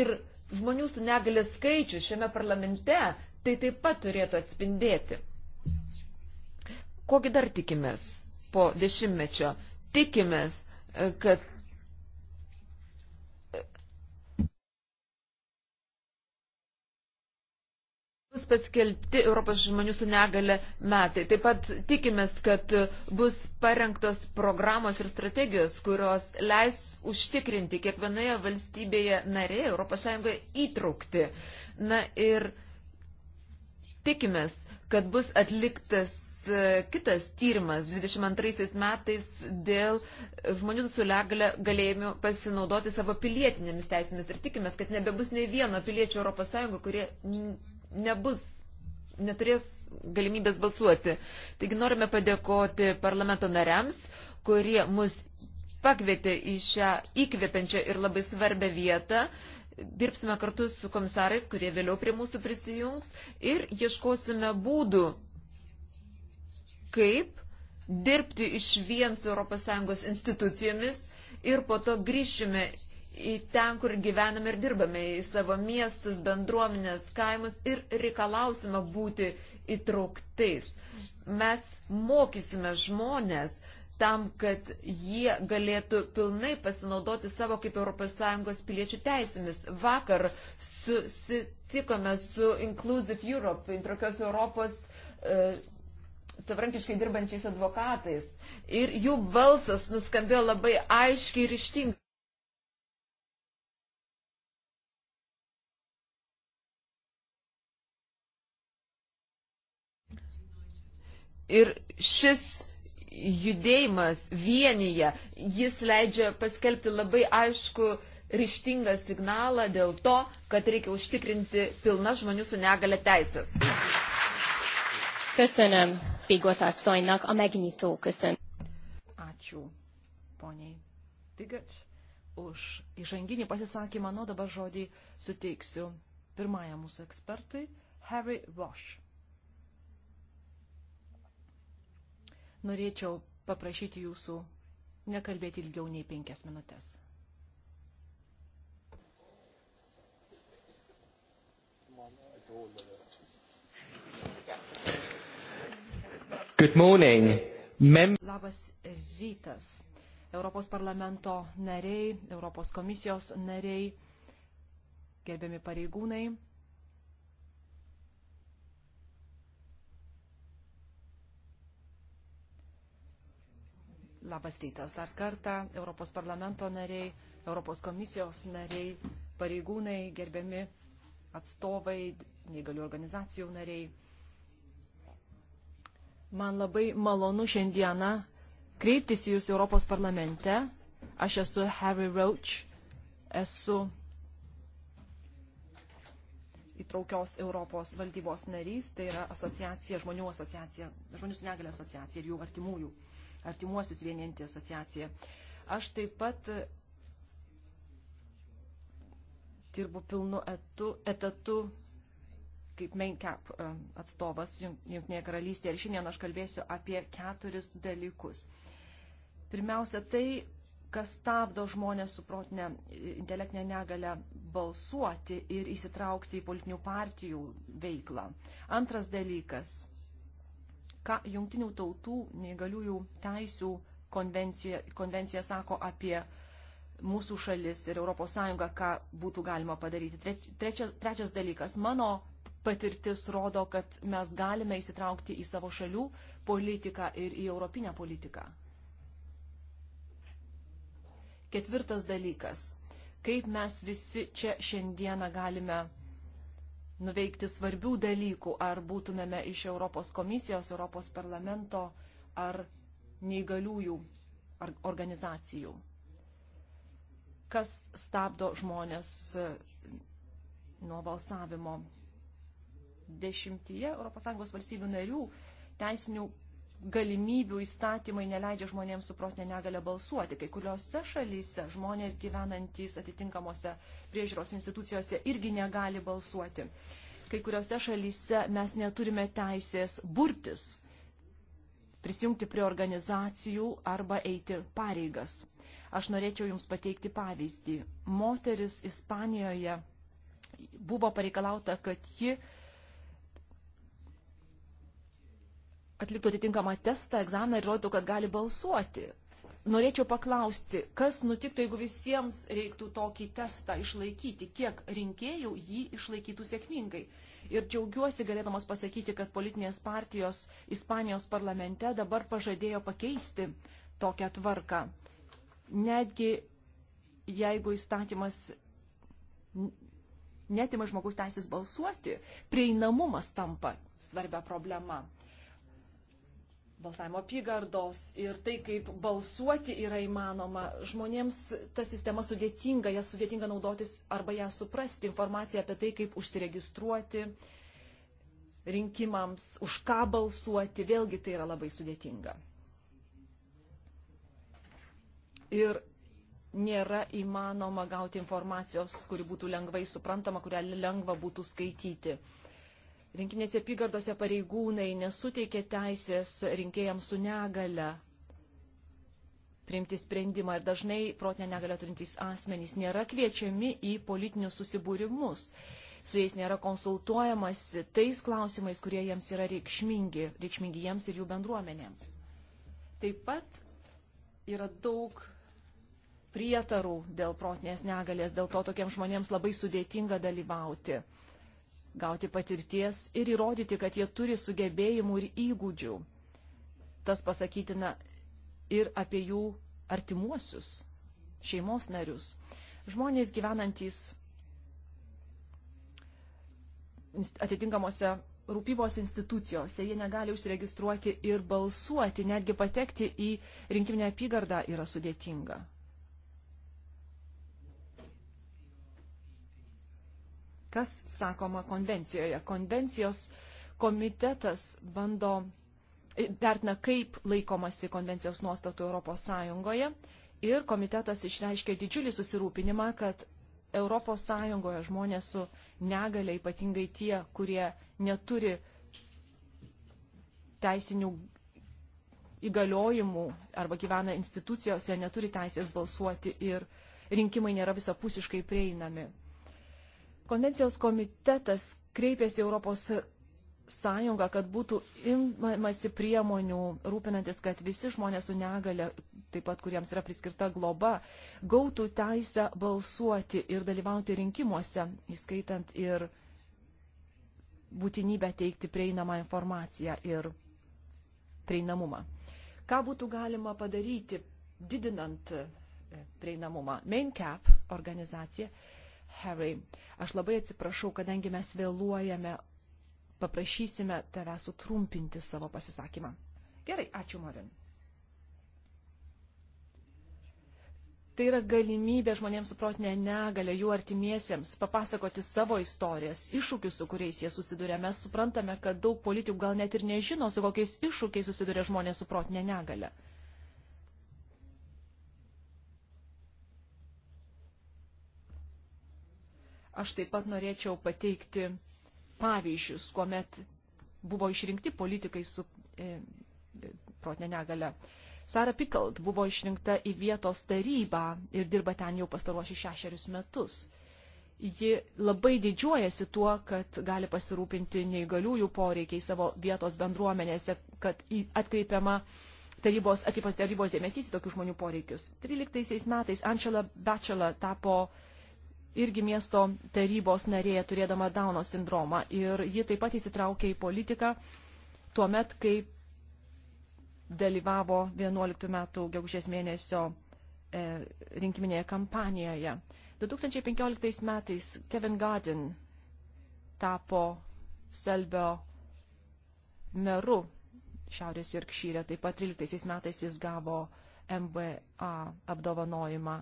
ir žmonių su negale skaičius šiame parlamente tai taip pat turėtų atspindėti. Kogi dar tikimės po dešimtmečio? Tikimės, e, kad bus paskelbti Europos žmonių su negale metai. Taip pat tikimės, kad bus parengtos programos ir strategijos, kurios leis užtikrinti kiekvienoje valstybėje narėje ES įtraukti. Na ir tikimės, kad bus atliktas e, kitas tyrimas 22 metais dėl žmonių su legale galėjimų pasinaudoti savo pilietinėmis teisėmis ir tikimės, kad nebebus nei vieno piliečio ES, kurie nebus, neturės galimybės balsuoti. Taigi norime padėkoti parlamento nariams, kurie mus pakvietė į šią įkvepiančią ir labai svarbę vietą. Dirbsime kartu su komisarais, kurie vėliau prie mūsų prisijungs ir ieškosime būdų, kaip dirbti iš vien su ES institucijomis ir po to grįšime į ten, kur gyvename ir dirbame, į savo miestus, bendruomenės, kaimus ir reikalausime būti įtrauktais. Mes mokysime žmonės tam, kad jie galėtų pilnai pasinaudoti savo kaip ES piliečių teisėmis. Vakar susitikome su Inclusive Europe, introkios Europos e, savarankiškai dirbančiais advokatais. Ir jų balsas nuskambėjo labai aiškiai ir ištingai. Ir šis judėjimas vienyje, jis leidžia paskelbti labai aišku ryštingą signalą dėl to, kad reikia užtikrinti pilnas žmonių su negale teisės. Köszönöm Pigot asszonynak a megnyitó köszön. Ačiū, poniai Pigot, už įžanginį pasisakymą. Nu, dabar žodį suteiksiu pirmajam mūsų ekspertui, Harry Roche. norėčiau paprašyti jūsų nekalbėti ilgiau nei penkias minutės. Good morning. Mem Labas rytas. Europos parlamento nariai, Europos komisijos nariai, gerbiami pareigūnai. Labas rytas dar kartą, Europos parlamento nariai, Europos komisijos nariai, pareigūnai, gerbiami atstovai, neįgalių organizacijų nariai. Man labai malonu šiandieną kreiptis į Jūs Europos parlamente. Aš esu Harry Roach, esu įtraukios Europos valdybos narys, tai yra asociacija, žmonių asociacija, žmonių su negalė asociacija ir jų artimųjų artimuosius vieninti asociaciją. Aš taip pat dirbu pilnu etu, etatu kaip MainCap e, atstovas Junktinėje karalystėje ir šiandien aš kalbėsiu apie keturis dalykus. Pirmiausia, tai, kas stabdo žmonės su protinė intelektinė negalė balsuoti ir įsitraukti į politinių partijų veiklą. Antras dalykas ką Jungtinių tautų neįgaliųjų teisų konvencija, konvencija sako apie mūsų šalis ir ES, ką būtų galima padaryti. Trečias, trečias dalykas. Mano patirtis rodo, kad mes galime įsitraukti į savo šalių politiką ir į europinę politiką. Ketvirtas dalykas. Kaip mes visi čia šiandieną galime nuveikti svarbių dalykų, ar būtumėme iš Europos komisijos, Europos parlamento ar neįgaliųjų ar organizacijų. Kas stabdo žmonės e, nuo balsavimo? Dešimtyje ES valstybių narių teisinių galimybių įstatymai neleidžia žmonėms su protinė negalė balsuoti. Kai kuriuose šalyse žmonės gyvenantys atitinkamuose priežiūros institucijose irgi negali balsuoti. Kai kuriuose šalyse mes neturime teisės burtis, prisijungti prie organizacijų arba eiti pareigas. Aš norėčiau Jums pateikti pavyzdį. Moteris Ispanijoje buvo pareikalauta, kad ji atliktų atitinkamą testą, egzaminą ir rodytų, kad gali balsuoti. Norėčiau paklausti, kas nutiktų, jeigu visiems reiktų tokį testą išlaikyti, kiek rinkėjų jį išlaikytų sėkmingai. Ir džiaugiuosi galėdamas pasakyti, kad politinės partijos Ispanijos parlamente dabar pažadėjo pakeisti tokią tvarką. Netgi jeigu įstatymas netima žmogus teisės balsuoti, prieinamumas tampa svarbia problema balsavimo apygardos ir tai, kaip balsuoti yra įmanoma. Žmonėms ta sistema sudėtinga, jas sudėtinga naudotis arba ją suprasti, informacija apie tai, kaip užsiregistruoti rinkimams, už ką balsuoti, vėlgi tai yra labai sudėtinga. Ir nėra įmanoma gauti informacijos, kuri būtų lengvai suprantama, kurią lengva būtų skaityti rinkiminėse apygardose pareigūnai nesuteikė teisės rinkėjams su negale priimti sprendimą ir dažnai protinę negalę turintys asmenys nėra kviečiami į politinius susibūrimus. Su jais nėra konsultuojamasi tais klausimais, kurie jiems yra reikšmingi, reikšmingi jiems ir jų bendruomenėms. Taip pat yra daug prietarų dėl protinės negalės, dėl to tokiems žmonėms labai sudėtinga dalyvauti gauti patirties ir įrodyti, kad jie turi sugebėjimų ir įgūdžių. Tas pasakytina ir apie jų artimuosius, šeimos narius. Žmonės gyvenantys atitinkamuose rūpybos institucijose, jie negali užsiregistruoti ir balsuoti, netgi patekti į rinkiminę apygardą yra sudėtinga. Kas sakoma konvencijoje? Konvencijos komitetas bando e, vertina, kaip laikomasi konvencijos nuostatų ES ir komitetas išreiškė didžiulį susirūpinimą, kad ES žmonės su negale, ypatingai tie, kurie neturi teisinių įgaliojimų arba gyvena institucijose, neturi teisės balsuoti ir rinkimai nėra visapusiškai prieinami. Konvencijos komitetas kreipėsi Europos sąjungą, kad būtų imamasi priemonių, rūpinantis, kad visi žmonės su negale, taip pat kuriems yra priskirta globa, gautų teisę balsuoti ir dalyvauti rinkimuose, įskaitant ir būtinybę teikti prieinamą informaciją ir prieinamumą. Ką būtų galima padaryti, didinant prieinamumą? MainCap organizacija Harry. Aš labai atsiprašau, kadangi mes vėluojame, paprašysime tave sutrumpinti savo pasisakymą. Gerai, ačiū, Morin. Tai yra galimybė žmonėms su protinė negalė, jų artimiesiems papasakoti savo istorijas, iššūkius, su kuriais jie susiduria. Mes suprantame, kad daug politikų gal net ir nežino, su kokiais iššūkiais susiduria žmonės su protinė negalė. Aš taip pat norėčiau pateikti pavyzdžius, kuomet buvo išrinkti politikai su e, protinė negale. Sara Pikalt buvo išrinkta į vietos tarybą ir dirba ten jau pastaruosius šešerius metus. Ji labai didžiuojasi tuo, kad gali pasirūpinti neįgaliųjų poreikiai savo vietos bendruomenėse, kad atkreipiama tarybos, atkreipas tarybos dėmesys į tokių žmonių poreikius. 13 metais Angela Bachelor tapo uh, irgi miesto tarybos narė, turėdama Dauno sindromą. Ir ji taip pat įsitraukė į politiką tuo met, kai dalyvavo 11 metų gegužės mėnesio e, rinkiminėje kampanijoje. 2015 metais Kevin Gardin tapo Selbio meru Šiaurės Jorkšyre, taip pat 13 metais jis gavo MBA apdovanojimą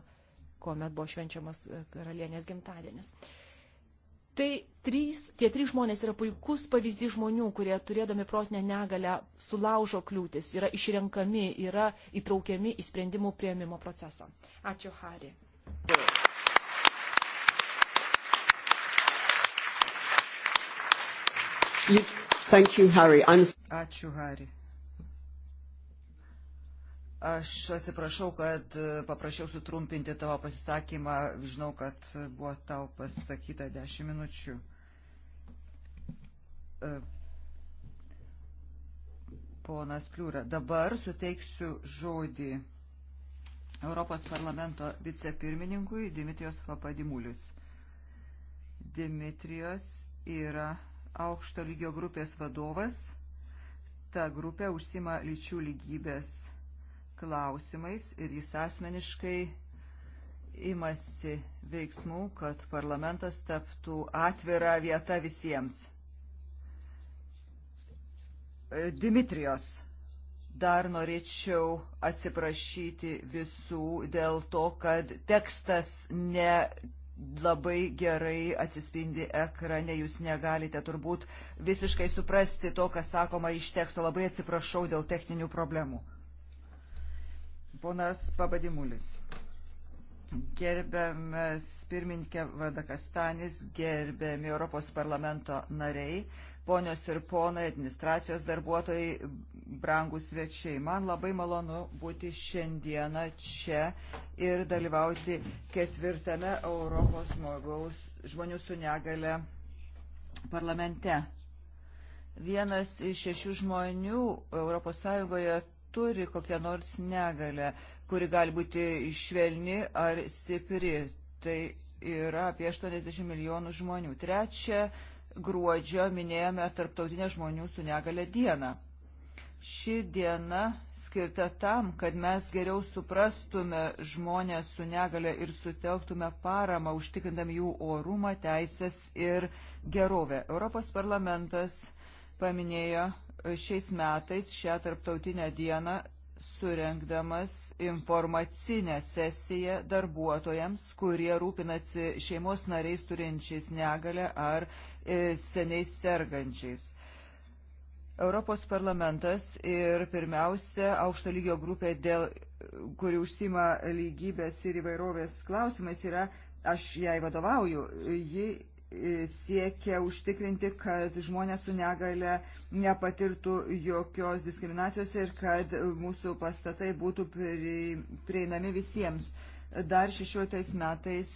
kuomet buvo švenčiamas e, karalienės gimtadienis. Tai trys, tie trys žmonės yra puikus pavyzdys žmonių, kurie turėdami protinę negalę sulaužo kliūtis, yra išrenkami, yra įtraukiami į sprendimų prieimimo procesą. Ačiū, Hari. You, thank you, Harry. I'm... Ačiū, Harry. Aš atsiprašau, kad e, paprašiau sutrumpinti tavo pasisakymą. Žinau, kad buvo tau pasakyta 10 minučių. E, ponas Pliūra, dabar suteiksiu žodį Europos parlamento vicepirmininkui Dimitrijos Papadimulis. Dimitrijos yra aukšto lygio grupės vadovas. Ta grupė užsima lyčių lygybės klausimais ir jis asmeniškai imasi veiksmų, kad parlamentas taptų atvira vieta visiems. E, Dimitrijos dar norėčiau atsiprašyti visų dėl to, kad tekstas ne labai gerai atsispindi ekrane, jūs negalite turbūt visiškai suprasti to, kas sakoma iš teksto. Labai atsiprašau dėl techninių problemų. Ponas Pabadimulis. Gerbiamas pirmininkė Vadakastanis, gerbiami Europos parlamento nariai, ponios ir ponai, administracijos darbuotojai, brangų svečiai. Man labai malonu būti šiandieną čia ir dalyvauti ketvirtame Europos žmogaus, žmonių su negale parlamente. Vienas iš šešių žmonių ES turi kokią nors negalę, kuri gali būti švelni ar stipri. Tai yra apie 80 milijonų žmonių. Trečia, gruodžio minėjome Tarptautinę žmonių su negale dieną. Ši diena skirta tam, kad mes geriau suprastume žmonės su negale ir sutelktume paramą, užtikrindami jų orumą, teisės ir gerovę. Europos parlamentas paminėjo šiais metais šią tarptautinę dieną surenkdamas informacinę sesiją darbuotojams, kurie rūpinasi šeimos nariais turinčiais negalę ar e, seniais sergančiais. Europos parlamentas ir pirmiausia aukšto lygio grupė, dėl, kuri užsima lygybės ir įvairovės klausimais, yra, aš jai vadovauju, ji siekia užtikrinti, kad žmonės su negale nepatirtų jokios diskriminacijos ir kad mūsų pastatai būtų prieinami visiems. Dar 16 metais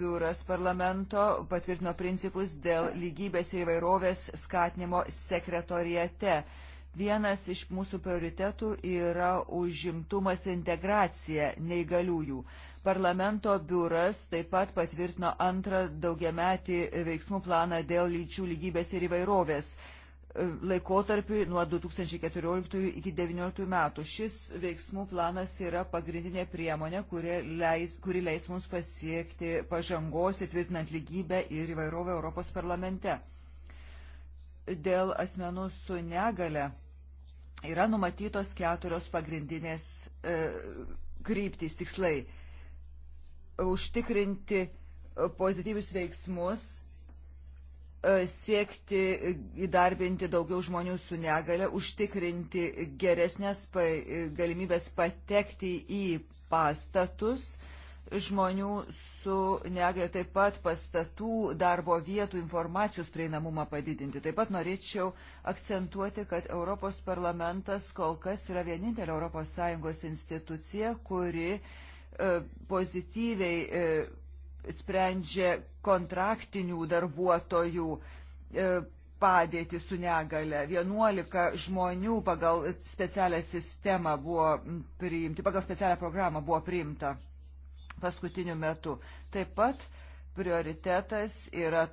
biuras parlamento patvirtino principus dėl lygybės ir įvairovės skatinimo sekretorijate. Vienas iš mūsų prioritetų yra užimtumas integracija neįgaliųjų. Parlamento biuras taip pat patvirtino antrą daugiametį veiksmų planą dėl lyčių lygybės ir įvairovės e, laikotarpiui nuo 2014 iki 2019 metų. Šis veiksmų planas yra pagrindinė priemonė, kuri leis, kuri leis mums pasiekti pažangos įtvirtinant lygybę ir įvairovę Europos parlamente. Dėl asmenų su negale yra numatytos keturios pagrindinės e, kryptys tikslai užtikrinti e, pozityvius veiksmus, e, siekti įdarbinti daugiau žmonių su negale, užtikrinti geresnės e, galimybės patekti į pastatus žmonių su negale, taip pat pastatų darbo vietų informacijos prieinamumą padidinti. Taip pat norėčiau akcentuoti, kad Europos parlamentas kol kas yra vienintelė ES institucija, kuri uh, E, pozityviai e, sprendžia kontraktinių darbuotojų e, padėtį su negale. 11 žmonių pagal specialią sistemą buvo priimti, pagal specialią programą buvo priimta paskutiniu metu. Taip pat prioritetas yra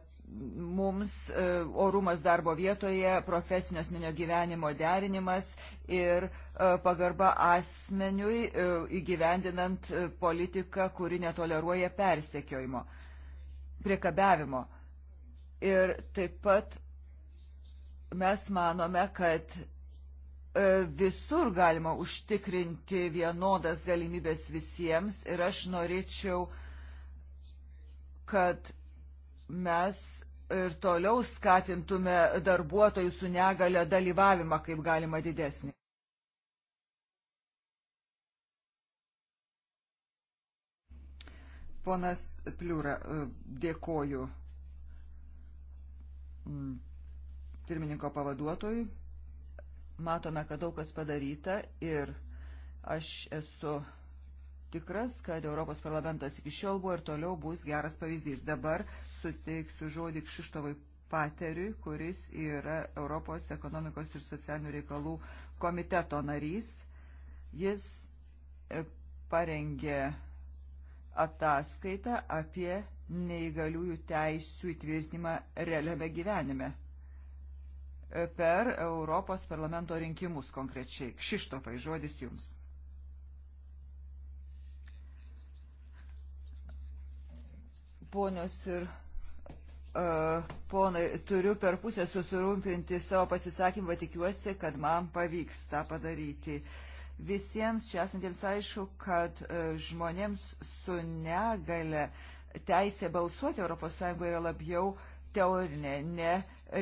mums e, orumas darbo vietoje, profesinio asmenio gyvenimo derinimas ir e, pagarba asmeniui e, įgyvendinant politiką, kuri netoleruoja persekiojimo, priekabiavimo. Ir taip pat mes manome, kad visur galima užtikrinti vienodas galimybės visiems ir aš norėčiau, kad mes ir toliau skatintume darbuotojų su negale dalyvavimą kaip galima didesnį. Ponas Pliūra, dėkoju mm, pirmininko pavaduotojui. Matome, kad daug kas padaryta ir aš esu tikras, kad Europos parlamentas iki šiol buvo ir toliau bus geras pavyzdys. Dabar suteiksiu žodį Kšištovui Pateriui, kuris yra Europos ekonomikos ir socialinių reikalų komiteto narys. Jis e, parengė ataskaitą apie neįgaliųjų teisų įtvirtinimą realiame gyvenime e, per Europos parlamento rinkimus konkrečiai. Kšištofai, žodis jums. Ponios ir uh, ponai, turiu per pusę susirumpinti savo pasisakymą, tikiuosi, kad man pavyks tą padaryti. Visiems čia esantiems aišku, kad uh, žmonėms su negale teisė balsuoti ES yra labiau teorinė, ne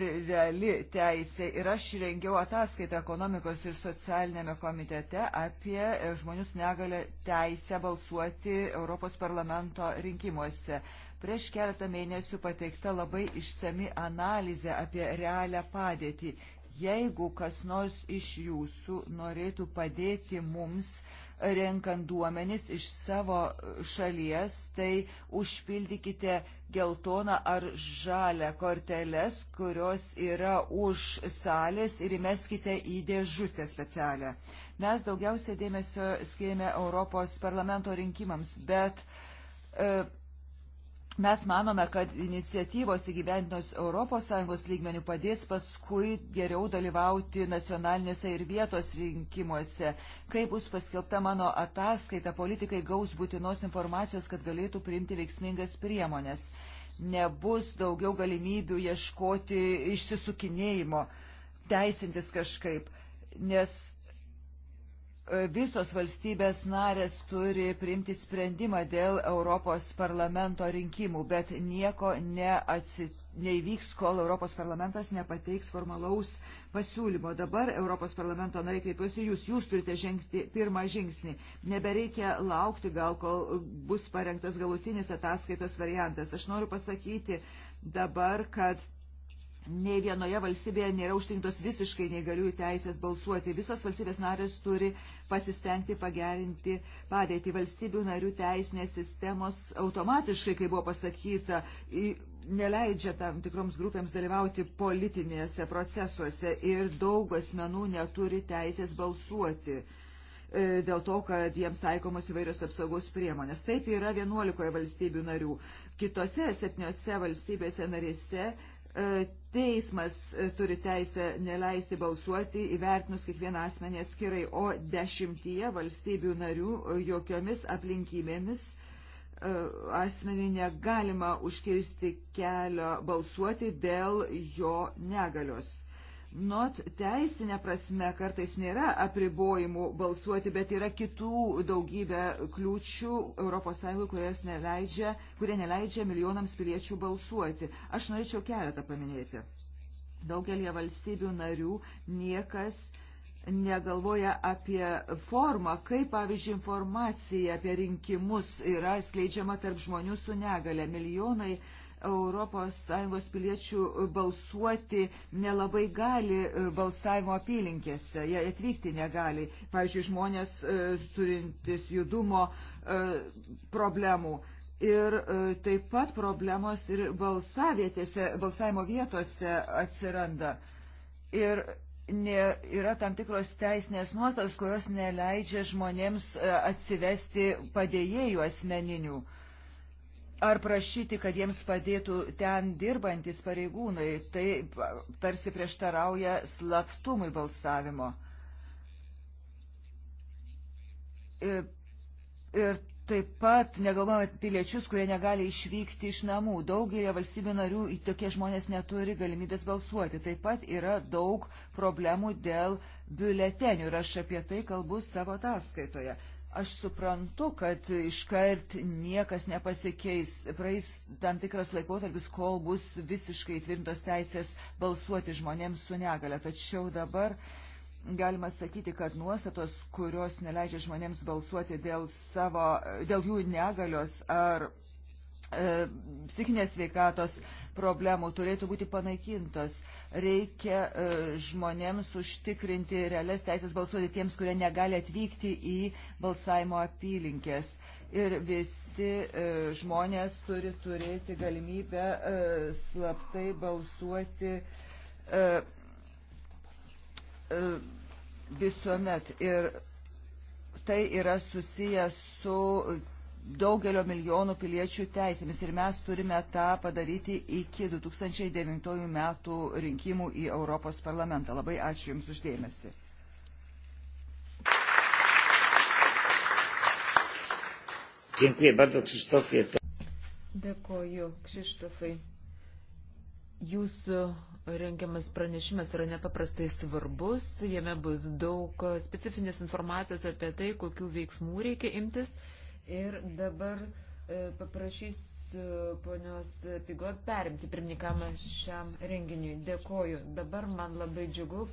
reali teisė. Ir aš rengiau ataskaitą ekonomikos ir socialinėme komitete apie e, žmonių negalę teisę balsuoti Europos parlamento rinkimuose. Prieš keletą mėnesių pateikta labai išsami analizė apie realią padėtį. Jeigu kas nors iš jūsų norėtų padėti mums, renkant duomenis iš savo šalies, tai užpildykite geltoną ar žalę korteles, kurios yra už salės ir įmeskite į dėžutę specialią. Mes daugiausia dėmesio skiriame Europos parlamento rinkimams, bet e, Mes manome, kad iniciatyvos įgyvendinos ES lygmenių padės paskui geriau dalyvauti nacionalinėse ir vietos rinkimuose. Kai bus paskelbta mano ataskaita, politikai gaus būtinos informacijos, kad galėtų priimti veiksmingas priemonės. Nebus daugiau galimybių ieškoti išsisukinėjimo, teisintis kažkaip, nes visos valstybės narės turi priimti sprendimą dėl Europos parlamento rinkimų, bet nieko neatsit, neįvyks, kol Europos parlamentas nepateiks formalaus pasiūlymo. Dabar Europos parlamento nariai kreipiuosi jūs, jūs turite žengti pirmą žingsnį. Nebereikia laukti gal, kol bus parengtas galutinis ataskaitos variantas. Aš noriu pasakyti dabar, kad nei vienoje valstybėje nėra užtikrintos visiškai negaliųjų teisės balsuoti. Visos valstybės narės turi pasistengti pagerinti padėtį valstybių narių teisinės sistemos automatiškai, kaip buvo pasakyta, neleidžia tam tikroms grupėms dalyvauti politinėse procesuose ir daug asmenų neturi teisės balsuoti e, dėl to, kad jiems taikomos įvairios apsaugos priemonės. Taip yra 11 valstybių narių. Kitose septyniose valstybėse narėse e, teismas e, turi teisę neleisti balsuoti įvertinus kiekvieną asmenį atskirai, o dešimtyje valstybių narių e, jokiomis aplinkybėmis e, asmeniui negalima užkirsti kelio balsuoti dėl jo negalios. Not teisinė prasme kartais nėra apribojimų balsuoti, bet yra kitų daugybė kliūčių ES, neleidžia, kurie neleidžia milijonams piliečių balsuoti. Aš norėčiau keletą paminėti. Daugelie valstybių narių niekas negalvoja apie formą, kaip, pavyzdžiui, informacija apie rinkimus yra skleidžiama tarp žmonių su negale. Milijonai uh, ES piliečių balsuoti nelabai gali e, balsavimo apylinkėse, jie atvykti negali. Pavyzdžiui, žmonės e, turintis judumo e, problemų. Ir taip pat problemos ir balsavietėse, balsavimo vietose atsiranda. Ir ne, yra tam tikros teisinės nuostatos, kurios neleidžia žmonėms atsivesti padėjėjų asmeninių. Uh, ar prašyti, kad jiems padėtų ten dirbantis pareigūnai, tai tarsi prieštarauja slaptumui balsavimo. Ir, e, ir taip pat negalvojame apie piliečius, kurie negali išvykti iš namų. Daugelio valstybių narių tokie žmonės neturi galimybės balsuoti. Taip pat yra daug problemų dėl biuletenių ir aš apie tai kalbu savo ataskaitoje. Aš suprantu, kad iškart niekas nepasikeis. Praeis tam tikras laikotarpis, kol bus visiškai tvirtintos teisės balsuoti žmonėms su negale. Tačiau dabar galima sakyti, kad nuostatos, kurios neleidžia žmonėms balsuoti dėl, savo, dėl jų negalios ar E, psichinės veikatos problemų turėtų būti panaikintos. Reikia e, žmonėms užtikrinti realias teisės balsuoti tiems, kurie negali atvykti į balsavimo apylinkės. Ir visi e, žmonės turi turėti galimybę slaptai balsuoti visuomet. Ir tai yra susijęs su daugelio milijonų piliečių teisėmis ir mes turime tą padaryti iki 2009 metų rinkimų į Europos parlamentą. Labai ačiū Jums uždėmesi. Dziękuję bardzo Krzysztofie. Dėkoju Krzyštofai. Jūsų rengiamas pranešimas yra nepaprastai svarbus, jame bus daug specifinės informacijos apie tai, kokių veiksmų reikia imtis Ir dabar e, paprašysiu ponios Pigot perimti pirmininkamą šiam renginiui. Dėkoju. Dabar man labai džiugu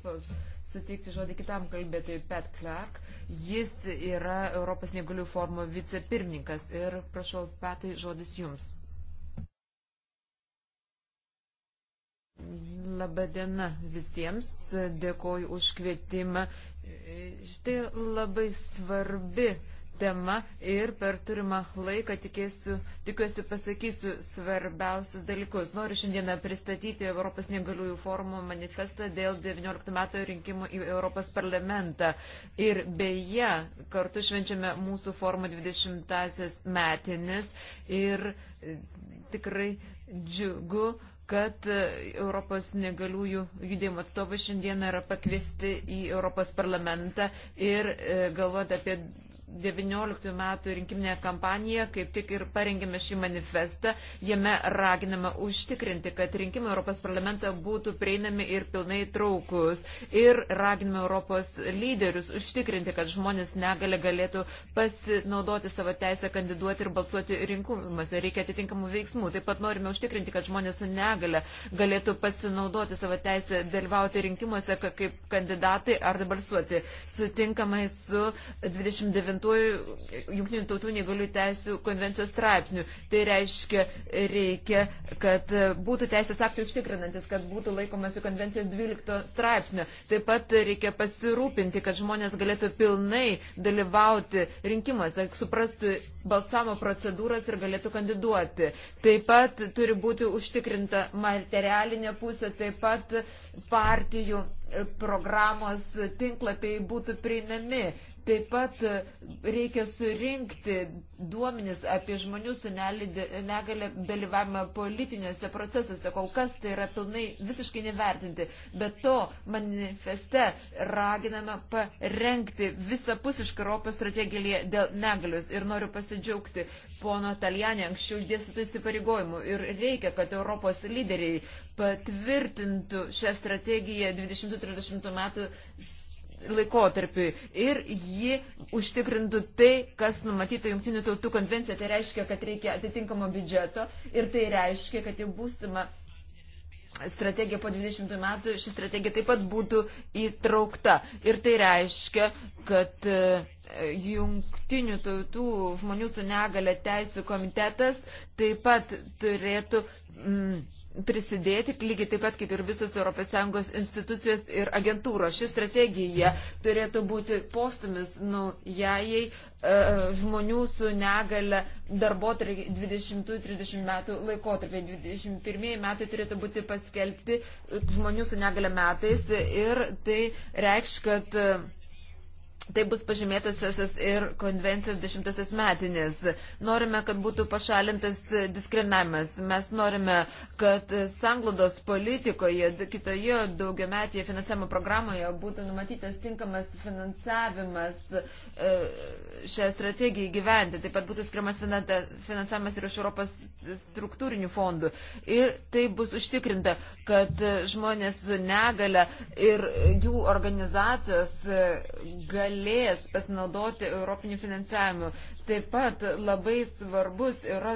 suteikti žodį kitam kalbėtojui Pat Clark. Jis yra Europos negalių formo vicepirmininkas ir prašau, Petai, žodis jums. Labadiena visiems, dėkoju už kvietimą. E, štai labai svarbi uh, tema ir per turimą laiką tikėsiu, tikiuosi pasakysiu svarbiausius dalykus. Noriu šiandieną pristatyti Europos negaliųjų forumo manifestą dėl 19 metų rinkimų į Europos parlamentą. Ir beje, kartu švenčiame mūsų forumo 20-asias metinis ir e, tikrai džiugu kad e, Europos negaliųjų judėjimo atstovai šiandien yra pakviesti į Europos parlamentą ir e, galvojant apie 2019 metų rinkiminė kampanija, kaip tik ir parengėme šį manifestą, jame raginame užtikrinti, kad rinkimai Europos parlamentą būtų prieinami ir pilnai traukus. Ir raginame Europos lyderius užtikrinti, kad žmonės negalė galėtų pasinaudoti savo teisę kandiduoti ir balsuoti rinkimuose. Reikia atitinkamų veiksmų. Taip pat norime užtikrinti, kad žmonės su negale galėtų pasinaudoti savo teisę dalyvauti rinkimuose kaip kandidatai ar balsuoti. Sutinkamai su 29 reglamentuoju Junktinių tautų negalių teisų konvencijos straipsnių. Tai reiškia, reikia, kad būtų teisės aktai užtikrinantis, kad būtų laikomasi konvencijos 12 straipsnio. Taip pat reikia pasirūpinti, kad žmonės galėtų pilnai dalyvauti rinkimuose, suprastų balsamo procedūras ir galėtų kandiduoti. Taip pat turi būti užtikrinta materialinė pusė, taip pat partijų programos tinklapiai būtų prieinami. Taip pat e, reikia surinkti duomenis apie žmonių su negale dalyvavimą politiniuose procesuose. Kol kas tai yra pilnai visiškai nevertinti. Bet to manifeste raginame parengti visapusišką Europos strategiją dėl negalius. Ir noriu pasidžiaugti pono Taljanė anksčiau dėstytų įsipareigojimų. Ir reikia, kad Europos lyderiai patvirtintų šią strategiją 2030 metų laikotarpiui ir ji užtikrintų tai, kas numatyta Junktinių tautų konvencija. Tai reiškia, kad reikia atitinkamo biudžeto ir tai reiškia, kad jau būsima strategija po 20 metų ši strategija taip pat būtų įtraukta. Ir tai reiškia, kad e, jungtinių tautų žmonių su negale teisų komitetas taip pat turėtų Mm, prisidėti, lygiai taip pat kaip ir visos ES institucijos ir agentūros. Ši strategija turėtų būti postumis naujajai e, žmonių su negale darbo 20-30 metų laikotarpiai. 21 metai turėtų būti paskelbti žmonių su negale metais ir tai reikš, kad e, Tai bus pažymėtosios ir konvencijos dešimtosios metinės. Norime, kad būtų pašalintas diskriminavimas. Mes norime, kad sanglodos politikoje, kitoje daugiametėje finansavimo programoje būtų numatytas tinkamas finansavimas e, šią strategiją įgyventi. Taip pat būtų skiriamas finansavimas ir iš Europos struktūrinių fondų. Ir tai bus užtikrinta, kad žmonės su negale ir jų organizacijos galėtų galės pasinaudoti europiniu finansavimu. Taip pat labai svarbus yra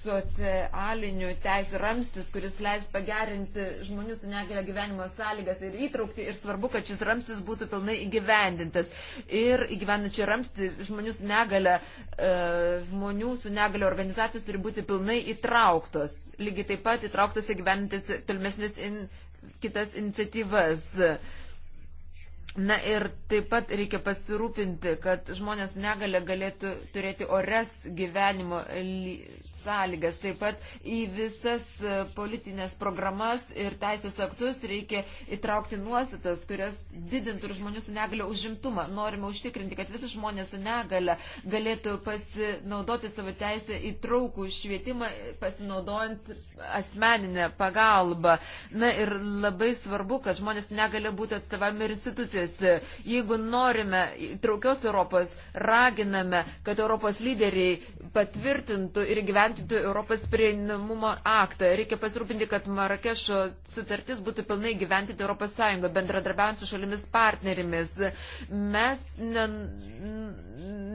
socialinių teisų ramstis, kuris leis pagerinti žmonių su negėlė gyvenimo sąlygas ir įtraukti. Ir svarbu, kad šis ramstis būtų pilnai įgyvendintas. Ir įgyvendinčiai ramsti žmonių su negėlė, e, žmonių su negėlė organizacijos turi būti pilnai įtrauktos. Lygiai taip pat įtrauktos įgyvendinti tolimesnis in, kitas iniciatyvas. Na ir taip pat reikia pasirūpinti, kad žmonės negalė galėtų turėti ores gyvenimo sąlygas. Taip pat į visas e, politinės programas ir teisės aktus reikia įtraukti nuostatas, kurias didintų ir žmonių su negale užimtumą. Norime užtikrinti, kad visi žmonės su negale galėtų pasinaudoti savo teisę į traukų švietimą, pasinaudojant asmeninę pagalbą. Na ir labai svarbu, kad žmonės negalė būti atstovami ir institucijos lyderis. Jeigu norime traukios Europos, raginame, kad Europos lyderiai patvirtintų ir gyventintų Europos prieinamumo aktą. Reikia pasirūpinti, kad Marakešo sutartis būtų pilnai gyventinti Europos Sąjungą, bendradarbiaujant su šalimis partnerimis. Mes nen,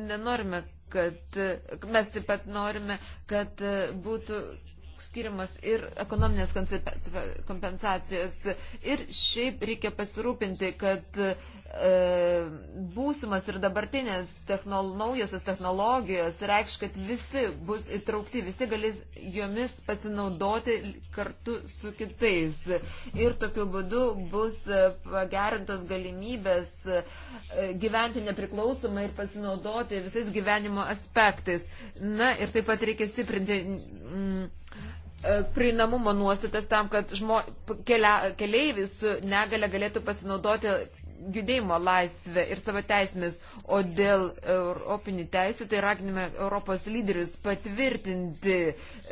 nenorime kad mes taip pat norime, kad būtų skiriamas ir ekonominės kompensacijos. Ir šiaip reikia pasirūpinti, kad e, būsimas ir dabartinės technolo, naujosios technologijos reikš, kad visi bus įtraukti, visi galės jomis pasinaudoti kartu su kitais. Ir tokiu būdu bus e, pagerintos galimybės e, gyventi nepriklausomai ir pasinaudoti visais gyvenimo aspektais. Na ir taip pat reikia stiprinti. Mm, E, prieinamumo nuostatas tam, kad žmo, kelia, keleivis su negale galėtų pasinaudoti judėjimo laisvę ir savo teisėmis. O dėl europinių teisų, tai raginime Europos lyderius patvirtinti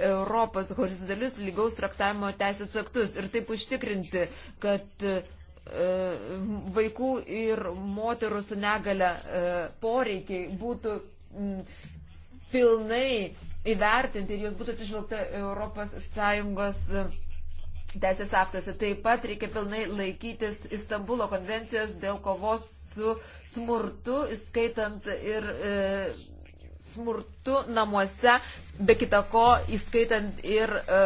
Europos horizontalius lygaus traktavimo teisės aktus ir taip užtikrinti, kad e, vaikų ir moterų su negale e, poreikiai būtų pilnai įvertinti ir jos būtų atsižvelgta ES e, teisės aktuose. Taip pat reikia pilnai laikytis Istanbulo konvencijos dėl kovos su smurtu, įskaitant ir e, smurtu namuose, be kitako, įskaitant ir e,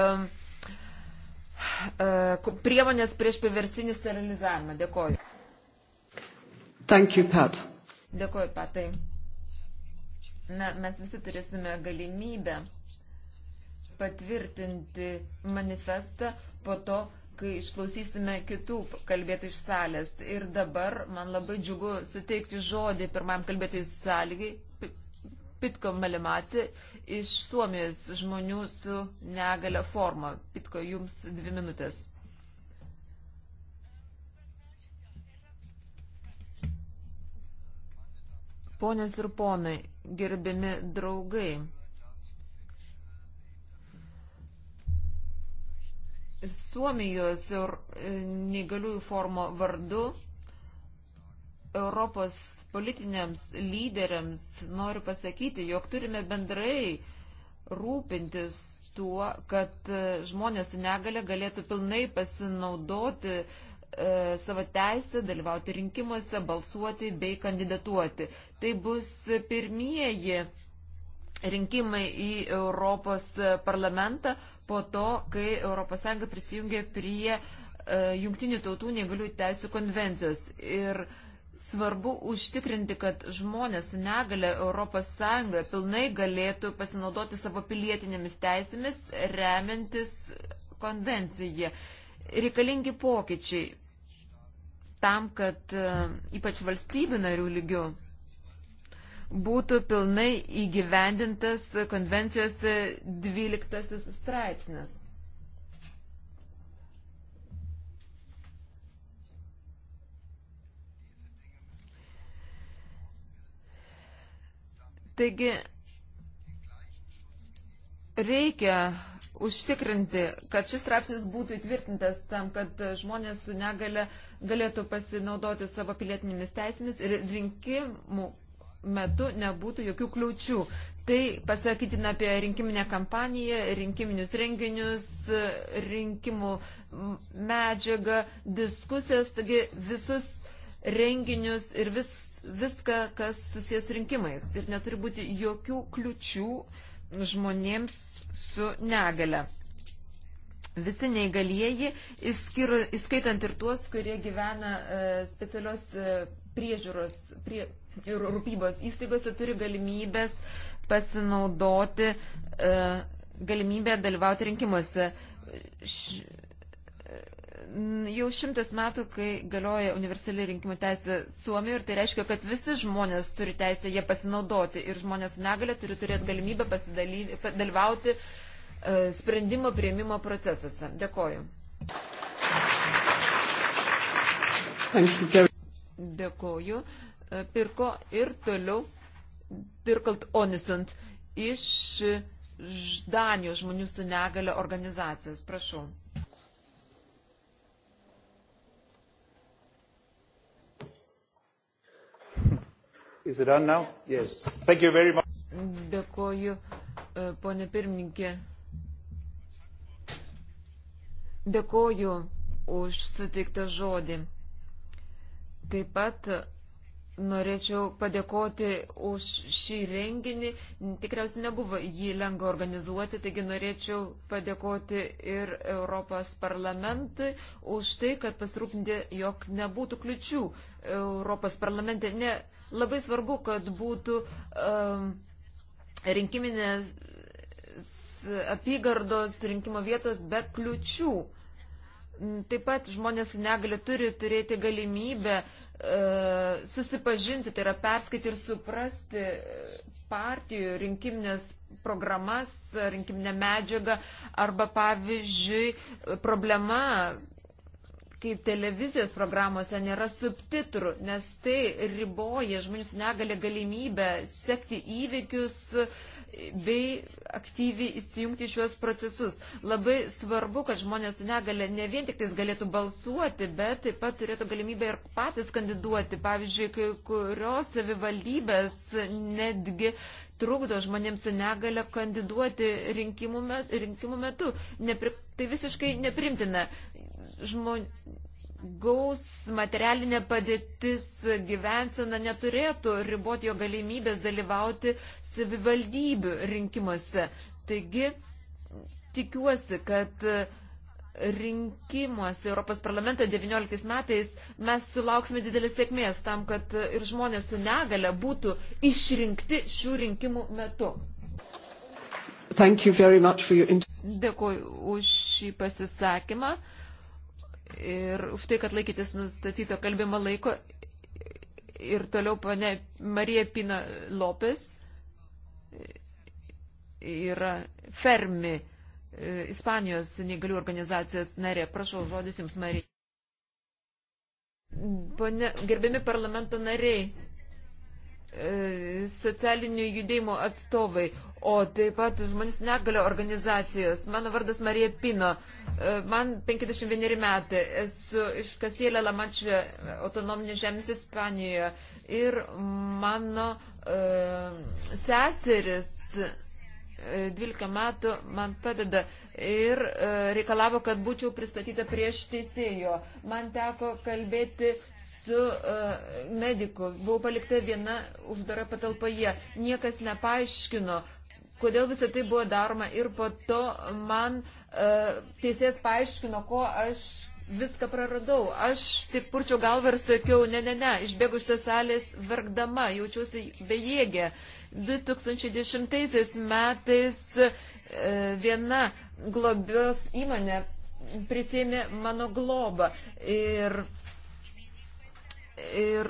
e, priemonės prieš priversinį sterilizavimą. Dėkoju. Thank you, Pat. Dėkoju, Patai na, mes visi turėsime galimybę patvirtinti manifestą po to, kai išklausysime kitų kalbėtų iš salės. Ir dabar man labai džiugu suteikti žodį pirmam kalbėtų iš sąlygai, Pitko Malimati, iš Suomijos žmonių su negale forma. Pitko, jums dvi minutės. Ponės ir ponai, gerbiami draugai. Suomijos e, neįgaliųjų formo vardu Europos politiniams lyderiams noriu pasakyti, jog turime bendrai rūpintis tuo, kad e, žmonės su negale galėtų pilnai pasinaudoti E, savo teisę dalyvauti rinkimuose, balsuoti bei kandidatuoti. Tai bus pirmieji rinkimai į Europos parlamentą po to, kai ES prisijungė prie e, Junktinių tautų negalių teisų konvencijos. Ir svarbu užtikrinti, kad žmonės su negale ES pilnai galėtų pasinaudoti savo pilietinėmis teisėmis, remiantis konvenciją reikalingi pokyčiai tam, kad e, ypač valstybių narių lygių būtų pilnai įgyvendintas konvencijos 12 straipsnis. Taigi reikia užtikrinti, kad šis straipsnis būtų įtvirtintas tam, kad žmonės su negale uh, galėtų pasinaudoti savo pilietinėmis teisėmis ir rinkimų metu nebūtų jokių kliūčių. Tai pasakytina apie rinkiminę kampaniją, rinkiminius renginius, rinkimų medžiagą, diskusijas, taigi visus renginius ir vis, viską, kas susijęs rinkimais. Ir neturi būti jokių kliučių žmonėms su negale. Visi neįgalieji, įskaitant ir tuos, kurie gyvena e, specialios e, priežiūros prie, ir rūpybos įstaigose, turi galimybės pasinaudoti e, galimybę dalyvauti rinkimuose. Š... Jau šimtas metų, kai galioja universali rinkimų teisė Suomijoje ir tai reiškia, kad visi žmonės turi teisę jie pasinaudoti ir žmonės su negale turi turėti galimybę dalyvauti uh, E, sprendimo prieimimo procesuose. Dėkoju. Dėkoju. E, Pirko ir toliau Pirkalt Onisant iš Danijos žmonių su negale organizacijos. Prašau. [LAUGHS] Is it on now? Yes. Thank you very much. Dėkoju, e, ponė pirmininkė. Dėkoju už suteiktą žodį. Taip pat norėčiau padėkoti už šį renginį. Tikriausiai nebuvo jį lengva organizuoti, taigi norėčiau padėkoti ir Europos parlamentui už tai, kad pasirūpinti, jog nebūtų kliučių Europos parlamente. Ne, labai svarbu, kad būtų um, rinkiminės apygardos rinkimo vietos be kliučių. Mm, taip pat žmonės su negali turi turėti galimybę e, susipažinti, tai yra perskaityti ir suprasti e, partijų rinkiminės programas, rinkiminę medžiagą arba, pavyzdžiui, problema, kaip televizijos programuose nėra subtitrų, nes tai riboja žmonių su negali galimybę sekti įvykius, bei aktyviai įsijungti šiuos procesus. Labai svarbu, kad žmonės su negale ne vien tik tais galėtų balsuoti, bet taip pat turėtų galimybę ir patys kandiduoti. Pavyzdžiui, kai kurios savivaldybės netgi trukdo žmonėms su negale kandiduoti rinkimų, met, rinkimų metu. Nepri, tai visiškai neprimtina. Žmogaus materialinė padėtis gyvensina neturėtų riboti jo galimybės dalyvauti savivaldybių rinkimuose. Taigi, tikiuosi, kad rinkimuose Europos parlamento 19 metais mes sulauksime didelės sėkmės tam, kad ir žmonės su negale būtų išrinkti šių rinkimų metu. Your... Dėkuoju už šį pasisakymą ir už tai, kad laikytis nustatyto kalbimo laiko. Ir toliau pane Marija Pina Lopes yra Fermi, e, Ispanijos negalių organizacijos narė. Prašau, žodis Jums, Marija. Pane, gerbiami parlamento nariai, e, socialinių judėjimų atstovai, o taip pat žmonių su negalio organizacijos. Mano vardas Marija Pino, e, man 51 metai, esu iš Kastėlė Lamančio autonominės žemės Ispanijoje ir mano uh, seseris 12 e, metų man padeda ir e, reikalavo, kad būčiau pristatyta prieš teisėjo. Man teko kalbėti su e, mediku, buvau palikta viena uždara patalpoje. Niekas nepaaiškino, kodėl visą tai buvo daroma ir po to man teisės paaiškino, ko aš viską praradau. Aš tik purčiau galvą ir sakiau, ne, ne, ne, išbėgu iš tos salės verkdama, jaučiuosi bejėgė. 2010 metais e, viena globios įmonė prisėmė mano globą ir, ir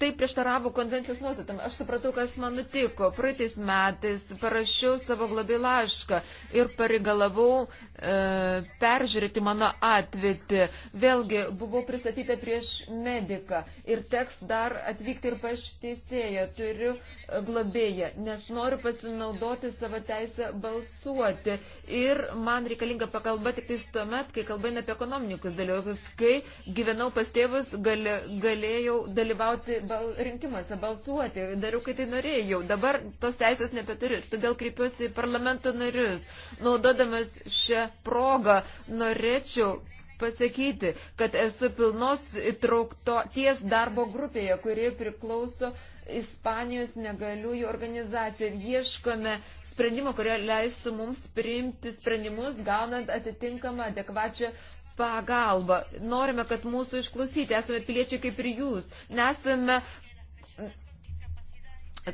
tai prieštaravo konvencijos nuostatam. Aš supratau, kas man nutiko. Praeitais metais parašiau savo globiai laišką ir pareigalavau E, peržiūrėti mano atvitį. Vėlgi, buvau pristatyta prieš mediką ir teks dar atvykti ir paštėsėję. Turiu e, globėją, nes noriu pasinaudoti savo teisę balsuoti. Ir man reikalinga pakalba tik tais tuomet, kai kalbame apie ekonominikus dalykus. Kai gyvenau pas tėvus, gali, galėjau dalyvauti bal, rinkimuose, balsuoti, dariau, kai tai norėjau. Dabar tos teisės nebeturiu. Todėl kreipiuosi į parlamento narius, naudodamas šią progą norėčiau pasakyti, kad esu pilnos įtraukties darbo grupėje, kurie priklauso Ispanijos negaliųjų organizacija. Ieškome sprendimo, kurie leistų mums priimti sprendimus, gaunant atitinkamą adekvačią pagalbą. Norime, kad mūsų išklausyti. Esame piliečiai kaip ir jūs. Nesame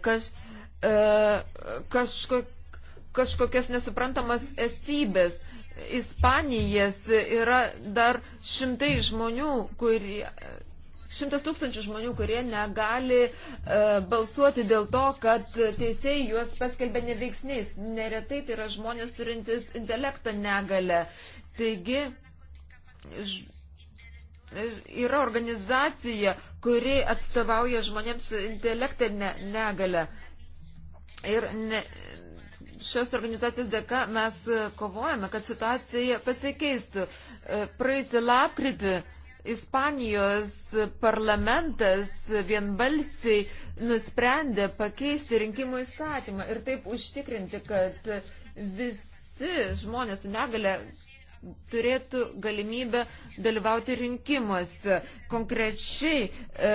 kaž, e, kažko, kažkokias nesuprantamas esybės. E, Ispanijas yra dar šimtai žmonių, kurie. Šimtas tūkstančių žmonių, kurie negali e, balsuoti dėl to, kad teisėjai juos paskelbė neveiksniais. Neretai tai yra žmonės turintis intelekto negalę. Taigi, ž, yra organizacija, kuri atstovauja žmonėms intelektą ne, negalę. Ir ne, šios organizacijos dėka mes e, kovojame, kad situacija pasikeistų. E, praėjusį lapkritį Ispanijos parlamentas vienbalsiai nusprendė pakeisti rinkimų įstatymą ir taip užtikrinti, kad visi žmonės su negale turėtų galimybę dalyvauti rinkimuose. Konkrečiai e,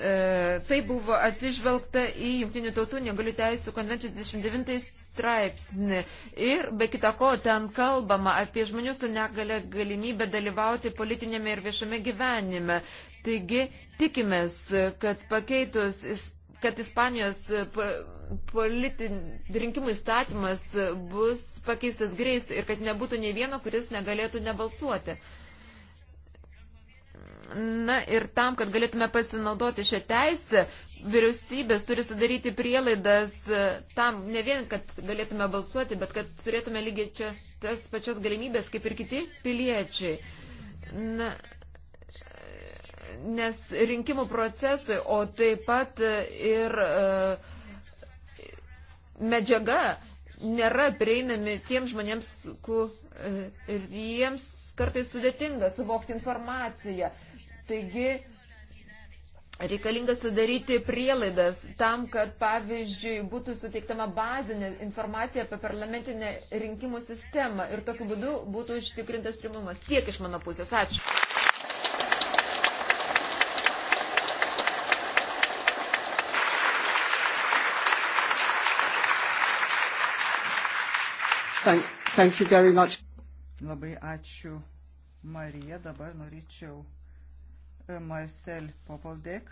E, tai buvo atsižvelgta į Junktinių tautų negalių teisų konvencijos 29 straipsnį. Ir be kita ko, ten kalbama apie žmonių su negale galimybę dalyvauti politinėme ir viešame gyvenime. Taigi tikimės, kad pakeitus, kad Ispanijos e, politinių rinkimų įstatymas bus pakeistas greit ir kad nebūtų nei vieno, kuris negalėtų nebalsuoti. Na ir tam, kad galėtume pasinaudoti šią teisę, vyriausybės turi sudaryti prielaidas e, tam, ne vien, kad galėtume balsuoti, bet kad turėtume lygiai čia tas pačias galimybės kaip ir kiti piliečiai. Na, nes rinkimų procesai, o taip pat ir uh, medžiaga nėra prieinami tiems žmonėms, kuriems e, uh, kartais sudėtinga suvokti informaciją. Uh, Taigi, Reikalinga sudaryti prielaidas tam, kad, pavyzdžiui, būtų suteiktama bazinė informacija apie parlamentinę rinkimų sistemą ir tokiu būdu būtų užtikrintas primumas. Tiek iš mano pusės. Ačiū. Thank, thank you very much. Labai ačiū, Marija. Dabar norėčiau Marcel Popoldek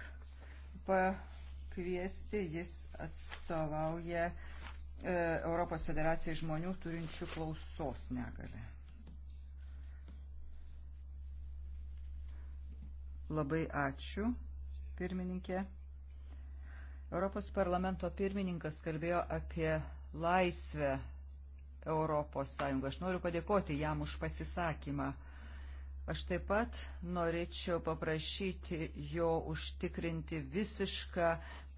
pakviesti. Jis atstovauja e, Europos federacijai žmonių turinčių klausos negalę. Labai ačiū, pirmininkė. Europos parlamento pirmininkas kalbėjo apie laisvę Europos Sąjungą. Aš noriu padėkoti jam už pasisakymą. Aš taip pat norėčiau paprašyti jo užtikrinti visišką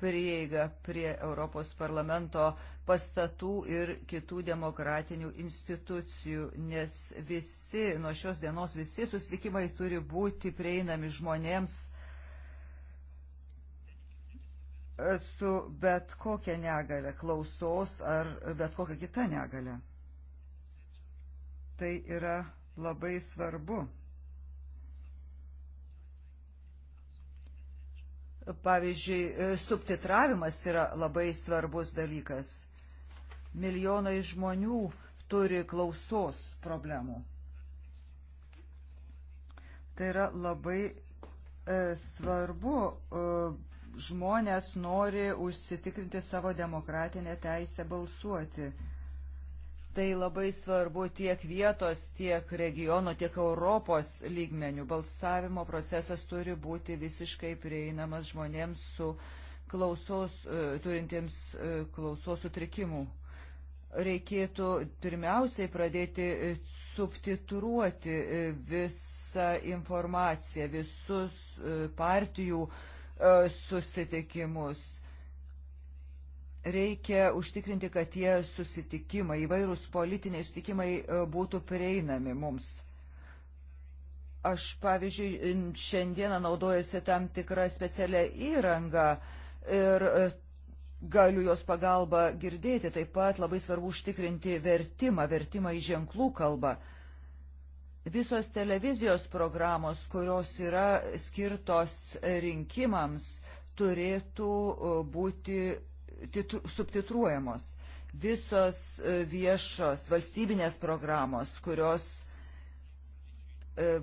prieigą prie Europos parlamento pastatų ir kitų demokratinių institucijų, nes visi, nuo šios dienos visi susitikimai turi būti prieinami žmonėms su bet kokia negale, klausos ar bet kokia kita negale. Tai yra labai svarbu Pavyzdžiui, e, subtitravimas yra labai svarbus dalykas. Milijonai žmonių turi klausos problemų. Tai yra labai e, svarbu. E, žmonės nori užsitikrinti savo demokratinę teisę balsuoti. E, tai labai svarbu tiek vietos, tiek regiono, tiek Europos lygmenių. Balsavimo procesas turi būti visiškai prieinamas žmonėms su klausos, e, turintiems e, klausos sutrikimų. Reikėtų pirmiausiai pradėti e, subtitruoti visą informaciją, visus partijų susitikimus Reikia užtikrinti, kad tie susitikimai, įvairūs politiniai susitikimai e, būtų prieinami mums. Aš, pavyzdžiui, šiandieną naudojusi tam tikrą specialią įrangą ir e, galiu jos pagalba girdėti. Taip pat labai svarbu užtikrinti vertimą, vertimą į ženklų kalbą. Visos televizijos programos, kurios yra skirtos rinkimams, turėtų e, būti titru, subtitruojamos. Visos e, viešos valstybinės programos, kurios, e,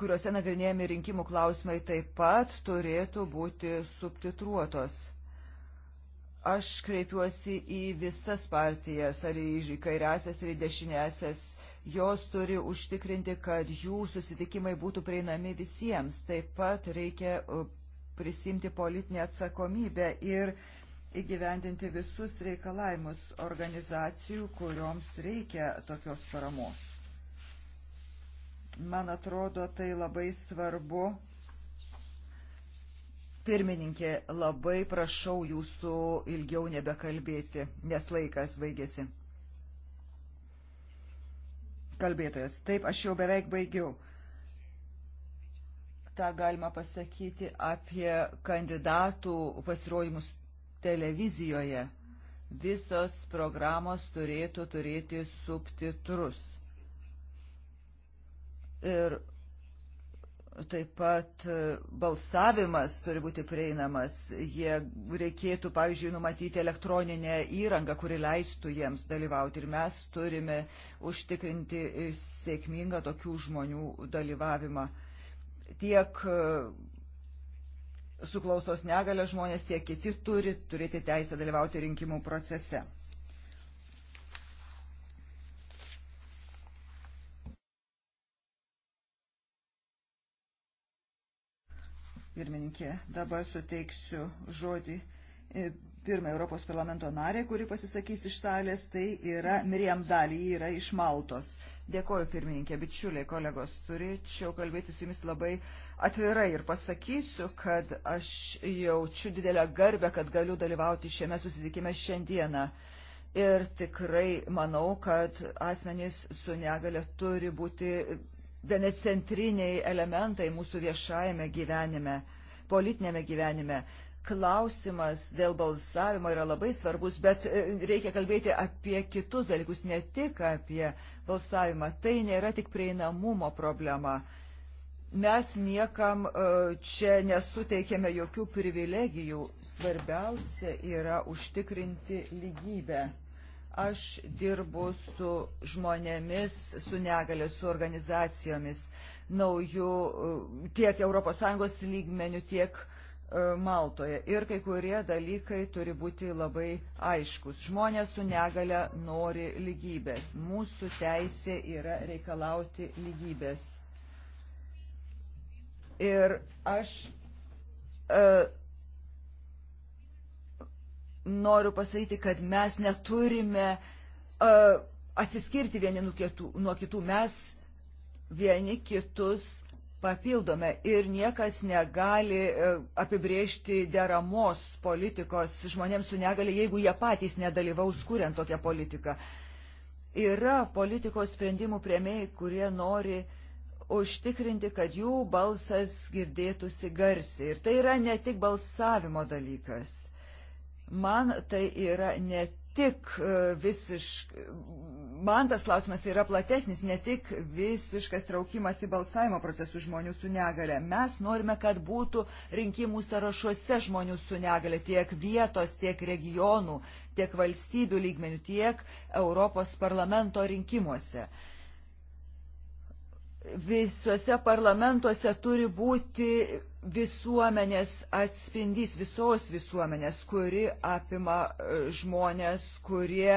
kuriuose nagrinėjami rinkimų klausimai, taip pat turėtų būti subtitruotos. Aš kreipiuosi į visas partijas, ar į kairiasias, ar į dešinėsias jos turi užtikrinti, kad jų susitikimai būtų prieinami visiems. Taip pat reikia e, prisimti politinę atsakomybę ir įgyvendinti visus reikalavimus organizacijų, kurioms reikia tokios paramos. Man atrodo, tai labai svarbu. Pirmininkė, labai prašau jūsų ilgiau nebekalbėti, nes laikas baigėsi. Kalbėtojas, taip, aš jau beveik baigiau tą galima pasakyti apie kandidatų pasirodymus televizijoje visos programos turėtų turėti subtitrus. Ir taip pat e, balsavimas turi būti prieinamas. Jie reikėtų, pavyzdžiui, numatyti elektroninę įrangą, kuri leistų jiems dalyvauti. Ir mes turime užtikrinti sėkmingą tokių žmonių dalyvavimą tiek e, suklausos negalę žmonės, tiek kiti turi turėti teisę dalyvauti rinkimų procese. Pirmininkė, dabar suteiksiu žodį e, pirmą Europos parlamento narę, kuri pasisakys iš salės, tai yra Miriam Dalį, ji yra iš Maltos. Dėkoju, pirmininkė, bičiuliai, kolegos, turėčiau kalbėti su jumis labai atvirai ir pasakysiu, kad aš jaučiu didelę garbę, kad galiu dalyvauti šiame susitikime šiandieną. Ir tikrai manau, kad asmenys su negale turi būti vienecentriniai elementai mūsų viešajame gyvenime politinėme gyvenime klausimas dėl balsavimo yra labai svarbus, bet e, reikia kalbėti apie kitus dalykus, ne tik apie balsavimą. Tai nėra tik prieinamumo problema. Mes niekam e, čia nesuteikėme jokių privilegijų. Svarbiausia yra užtikrinti lygybę. Aš dirbu su žmonėmis, su negalė, su organizacijomis, naujų e, tiek ES lygmenių, tiek E, Maltoje. Ir kai kurie dalykai turi būti labai aiškus. Žmonės su negale nori lygybės. Mūsų teisė yra reikalauti lygybės. Ir aš e, noriu pasakyti, kad mes neturime e, atsiskirti vieni nuo kitų. Mes vieni kitus papildome ir niekas negali e, apibriežti deramos politikos žmonėms su negali, jeigu jie patys nedalyvaus kuriant tokią politiką. Yra politikos sprendimų prieimėjai, kurie nori užtikrinti, kad jų balsas girdėtųsi garsiai. Ir tai yra ne tik balsavimo dalykas. Man tai yra ne tik e, visiškai, man tas klausimas yra platesnis, ne tik visiškas traukimas į balsavimo procesus žmonių su negale. Mes norime, kad būtų rinkimų sąrašuose žmonių su negale tiek vietos, tiek regionų, tiek valstybių lygmenių, tiek Europos parlamento rinkimuose. Visuose parlamentuose turi būti visuomenės atspindys, visos visuomenės, kuri apima e, žmonės, kurie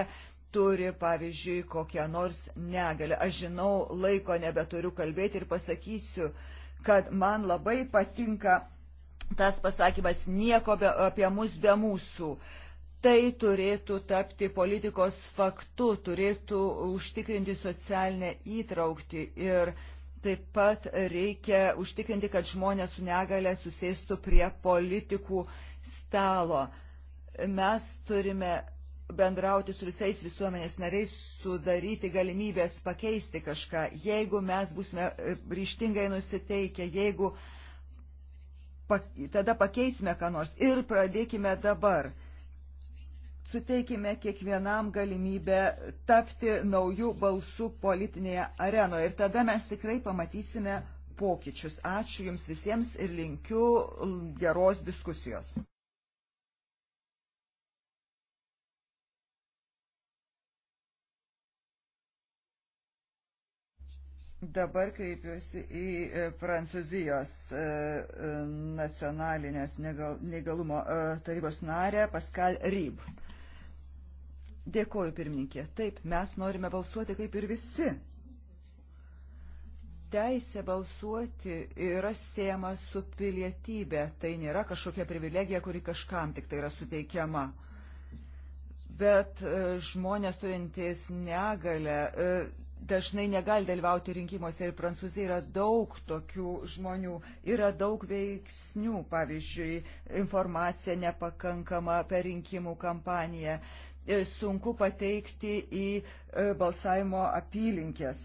turi, pavyzdžiui, kokią nors negalę. Aš žinau, laiko nebeturiu kalbėti ir pasakysiu, kad man labai patinka tas pasakymas nieko be, apie mus be mūsų. Tai turėtų tapti politikos faktu, turėtų užtikrinti socialinę įtraukti ir uh, Taip pat reikia užtikrinti, kad žmonės su negale susėstų prie politikų stalo. Mes turime bendrauti su visais visuomenės nariais, sudaryti galimybės pakeisti kažką. Jeigu mes būsime e, ryštingai nusiteikę, jeigu pak, tada pakeisime ką nors ir pradėkime dabar suteikime kiekvienam galimybę tapti naujų balsų politinėje arenoje. Ir tada mes tikrai pamatysime pokyčius. Ačiū Jums visiems ir linkiu geros diskusijos. Dabar kreipiuosi į e, Prancūzijos e, e, nacionalinės negalumo tarybos narę Pascal Ryb. Dėkoju, pirmininkė. Taip, mes norime balsuoti kaip ir visi. Teisė balsuoti yra siejama su pilietybė. Tai nėra kažkokia privilegija, kuri kažkam tik tai yra suteikiama. Bet e, žmonės turintys negalę e, dažnai negali dalyvauti rinkimuose ir Prancūzija yra daug tokių žmonių, yra daug veiksnių, pavyzdžiui, informacija nepakankama per rinkimų kampaniją, E, sunku pateikti į e, balsavimo apylinkės.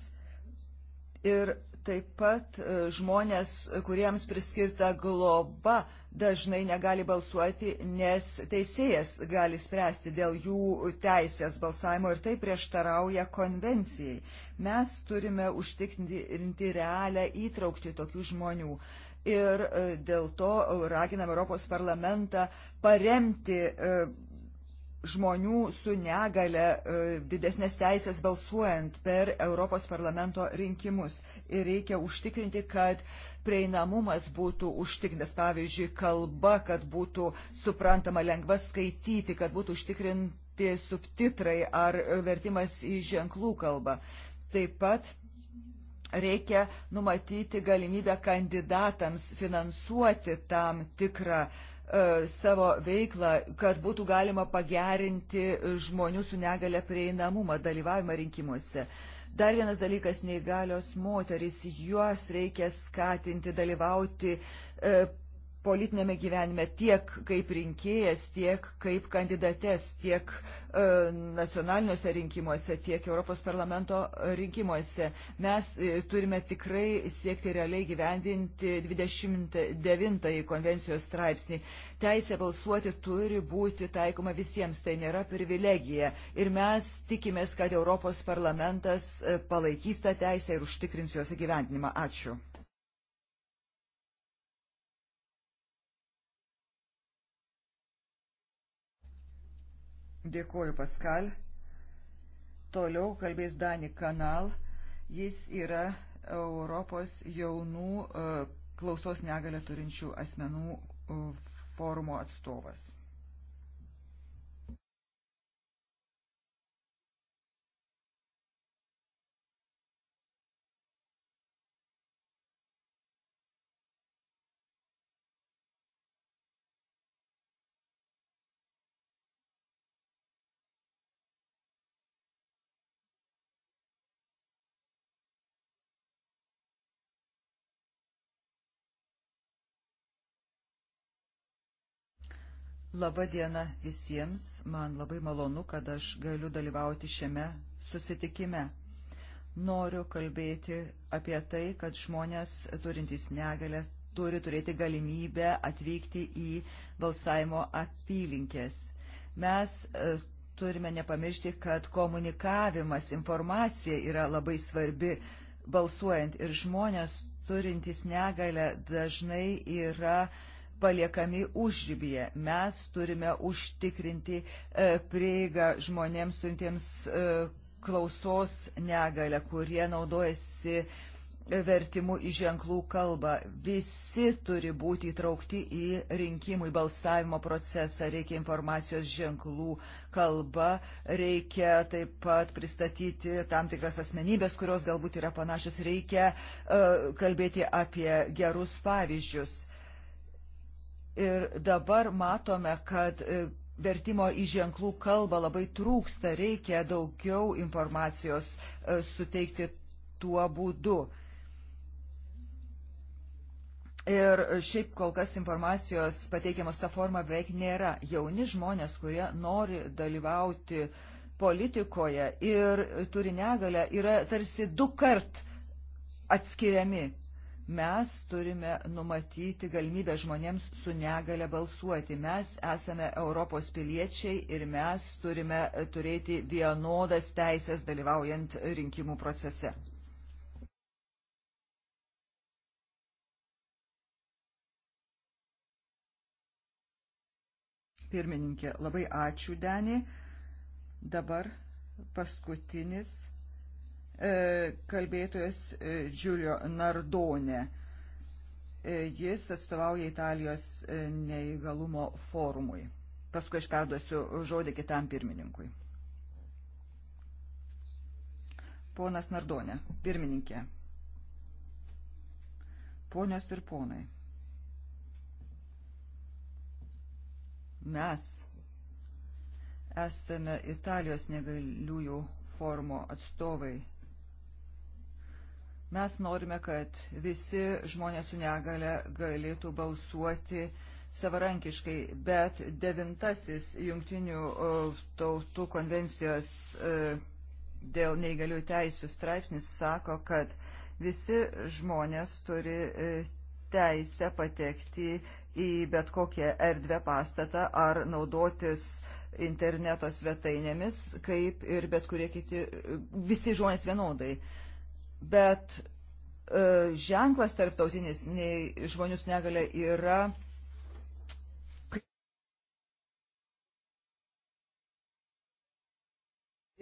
Ir taip pat e, žmonės, kuriems priskirta globa, dažnai negali balsuoti, nes teisėjas gali spręsti dėl jų teisės balsavimo ir tai prieštarauja konvencijai. Mes turime užtikrinti realią įtraukti tokių žmonių. Ir dėl to raginam Europos parlamentą paremti žmonių su negale e, didesnės teisės balsuojant per Europos parlamento rinkimus. Ir reikia užtikrinti, kad prieinamumas būtų užtikrintas, pavyzdžiui, kalba, kad būtų suprantama lengva skaityti, kad būtų užtikrinti subtitrai ar vertimas į ženklų kalbą. Taip pat reikia numatyti galimybę kandidatams finansuoti tam tikrą uh, E, savo veiklą, kad būtų galima pagerinti žmonių su negale prieinamumą, dalyvavimą rinkimuose. Dar vienas dalykas - neįgalios moteris. Juos reikia skatinti dalyvauti e, politinėme gyvenime tiek kaip rinkėjas, tiek kaip kandidates, tiek e, nacionaliniuose rinkimuose, tiek Europos parlamento rinkimuose. Mes e, turime tikrai siekti realiai gyvendinti 29 konvencijos straipsnį. Teisė balsuoti turi būti taikoma visiems, tai nėra privilegija. Ir mes tikimės, kad Europos parlamentas e, palaikys tą teisę ir užtikrins jos įgyvendinimą. Ačiū. Dėkuoju, Paskal. Toliau kalbės Dani Kanal. Jis yra Europos jaunų e, klausos negalę turinčių asmenų e, forumo atstovas. Labą dieną visiems. Man labai malonu, kad aš galiu dalyvauti šiame susitikime. Noriu kalbėti apie tai, kad žmonės turintys negalę turi turėti galimybę atvykti į balsavimo apylinkės. Mes e, turime nepamiršti, kad komunikavimas, informacija yra labai svarbi balsuojant ir žmonės turintys negalę dažnai yra uh, paliekami užrybėje. Mes turime užtikrinti e, prieigą žmonėms turintiems e, klausos negalę, kurie naudojasi e, vertimu į ženklų kalbą. Visi turi būti įtraukti į rinkimų, į balsavimo procesą. Reikia informacijos ženklų kalba, reikia taip pat pristatyti tam tikras asmenybės, kurios galbūt yra panašios, reikia uh, kalbėti apie gerus pavyzdžius. Ir dabar matome, kad e, vertimo į ženklų kalbą labai trūksta, reikia daugiau informacijos e, suteikti tuo būdu. Ir šiaip kol kas informacijos pateikiamos tą formą beveik nėra. Jauni žmonės, kurie nori dalyvauti politikoje ir turi negalę, yra tarsi du kart atskiriami. Mes turime numatyti galimybę žmonėms su negale balsuoti. Mes esame Europos piliečiai ir mes turime turėti vienodas teisės dalyvaujant rinkimų procese. Pirmininkė, labai ačiū, Denį. Dabar paskutinis E, kalbėtojas e, Giulio Nardone. E, jis atstovauja Italijos neįgalumo forumui. Paskui aš perduosiu žodį kitam pirmininkui. Ponas Nardone, pirmininkė. Ponios ir ponai. Mes esame Italijos negaliųjų forumo atstovai Mes norime, kad visi žmonės su negale galėtų balsuoti savarankiškai, bet devintasis jungtinių tautų konvencijos e, dėl neįgalių teisų straipsnis sako, kad visi žmonės turi e, teisę patekti į bet kokią erdvę pastatą ar naudotis interneto svetainėmis, kaip ir bet kurie kiti, visi žmonės vienodai. Uh, bet e, ženklas tarptautinis nei žmonių su negale yra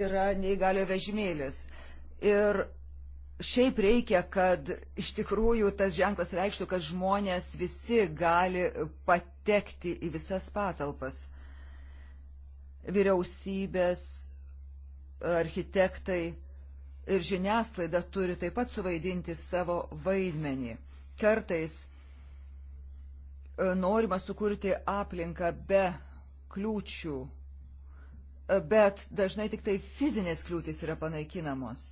yra neįgalio vežimėlis. Ir šiaip reikia, kad iš tikrųjų tas ženklas reikštų, kad žmonės visi gali patekti į visas patalpas. Vyriausybės, architektai, ir žiniasklaida turi taip pat suvaidinti savo vaidmenį. Kartais e, norima sukurti aplinką be kliūčių, e, bet dažnai tik tai fizinės kliūtis yra panaikinamos,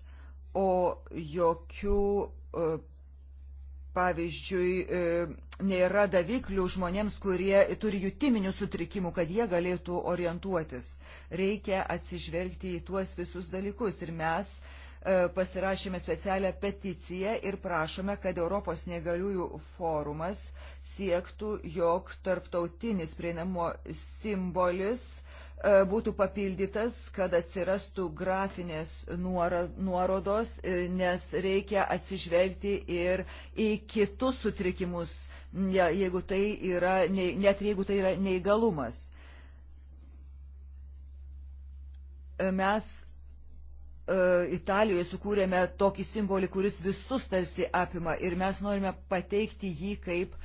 o jokių, e, pavyzdžiui, nėra daviklių žmonėms, kurie turi jutiminių sutrikimų, kad jie galėtų orientuotis. Reikia atsižvelgti į tuos visus dalykus ir mes uh, E, pasirašėme specialią peticiją ir prašome, kad Europos negaliųjų forumas siektų, jog tarptautinis prieinamo simbolis e, būtų papildytas, kad atsirastų grafinės nuorodos, e, nes reikia atsižvelgti ir į kitus sutrikimus, jeigu tai yra, net jeigu tai yra neįgalumas. Mes E, Italijoje sukūrėme tokį simbolį, kuris visus tarsi apima ir mes norime pateikti jį kaip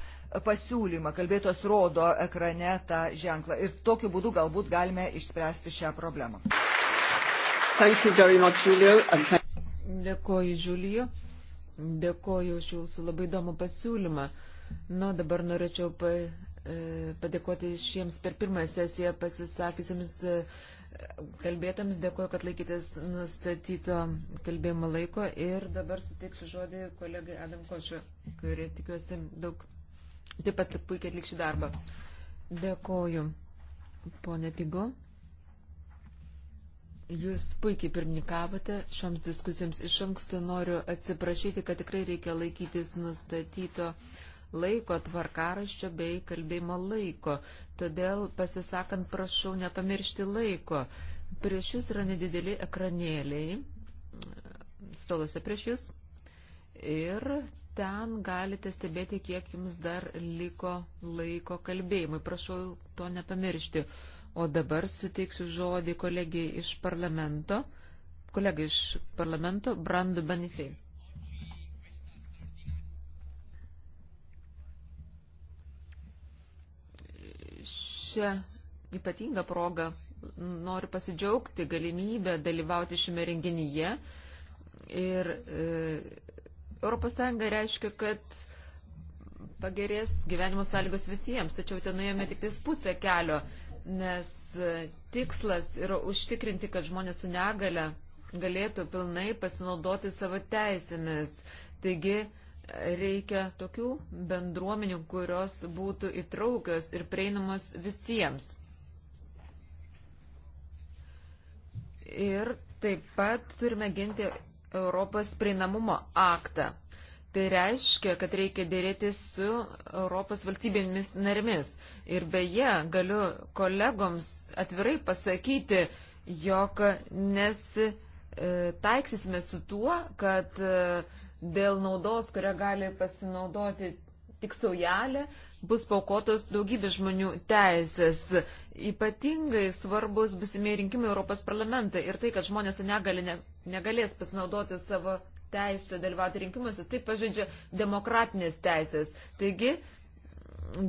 pasiūlymą. Kalbėtos rodo ekrane tą ženklą ir tokiu būdu galbūt galime išspręsti šią problemą. Much, Julio. Dėkoju, Žiulio. Dėkoju už jūsų labai įdomų pasiūlymą. Nu, dabar norėčiau pa, e, padėkoti šiems per pirmąją sesiją pasisakysiems. E, kalbėtams. Dėkuoju, kad laikytės nustatyto kalbėjimo laiko ir dabar suteiksiu žodį kolegai Adam Košiu, kuri tikiuosi daug taip pat puikiai atlikšį darbą. Dėkuoju, ponė Pigo. Jūs puikiai pirmininkavote šioms diskusijoms. Iš anksto noriu atsiprašyti, kad tikrai reikia laikytis nustatyto uh, laiko tvarkaraščio bei kalbėjimo laiko. Todėl pasisakant prašau nepamiršti laiko. Prieš jūs yra nedideli ekranėliai stolose prieš jūs ir ten galite stebėti, kiek jums dar liko laiko kalbėjimui. Prašau to nepamiršti. O dabar suteiksiu žodį kolegijai iš parlamento, kolegai iš parlamento, Brandu Banifei. šią ypatingą progą noriu pasidžiaugti galimybę dalyvauti šiame renginyje. Ir e, ES reiškia, kad pagerės gyvenimo sąlygos visiems, tačiau ten nuėjome tik tais pusę kelio, nes e, tikslas yra užtikrinti, kad žmonės su negale galėtų pilnai pasinaudoti savo teisėmis. Taigi, reikia tokių bendruomenių, kurios būtų įtraukios ir prieinamos visiems. Ir taip pat turime ginti Europos prieinamumo aktą. Tai reiškia, kad reikia dėrėti su Europos valstybėmis narimis. Ir beje, galiu kolegoms atvirai pasakyti, jog nesitaiksime e, su tuo, kad uh, dėl naudos, kurią gali pasinaudoti tik saujelė, bus paukotos daugybė žmonių teisės. Ypatingai svarbus busimieji rinkimai Europos parlamentą ir tai, kad žmonės su negali, ne, negalės pasinaudoti savo teisę dalyvauti rinkimuose, tai pažeidžia demokratinės teisės. Taigi,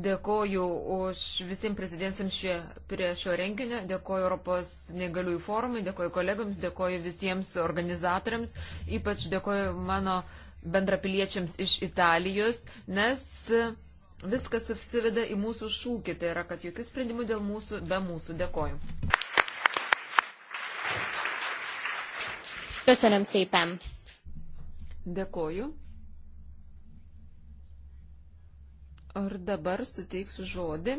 dėkoju už visiems prezidentams šie, prie šio renginio, dėkoju Europos negaliųjų forumui, dėkoju kolegams, dėkoju visiems organizatoriams, ypač dėkoju mano uh, bendrapiliečiams iš Italijos, nes viskas susiveda į mūsų šūkį, tai yra, kad jokių sprendimų dėl mūsų be mūsų. Dėkoju. Köszönöm szépen! Dėkoju. Ir dabar suteiksiu žodį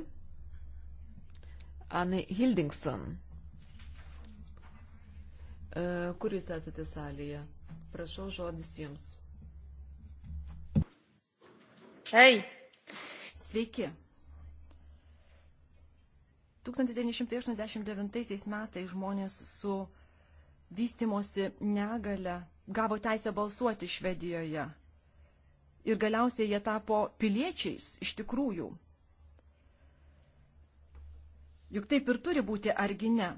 Anai Hildingson. E, Kur jūs esate salėje? Prašau žodis jums. Hei. Sveiki. 1989 metais žmonės su vystimosi negale gavo teisę balsuoti Švedijoje. Ir galiausiai jie tapo piliečiais iš tikrųjų. Juk taip ir turi būti, argi ne?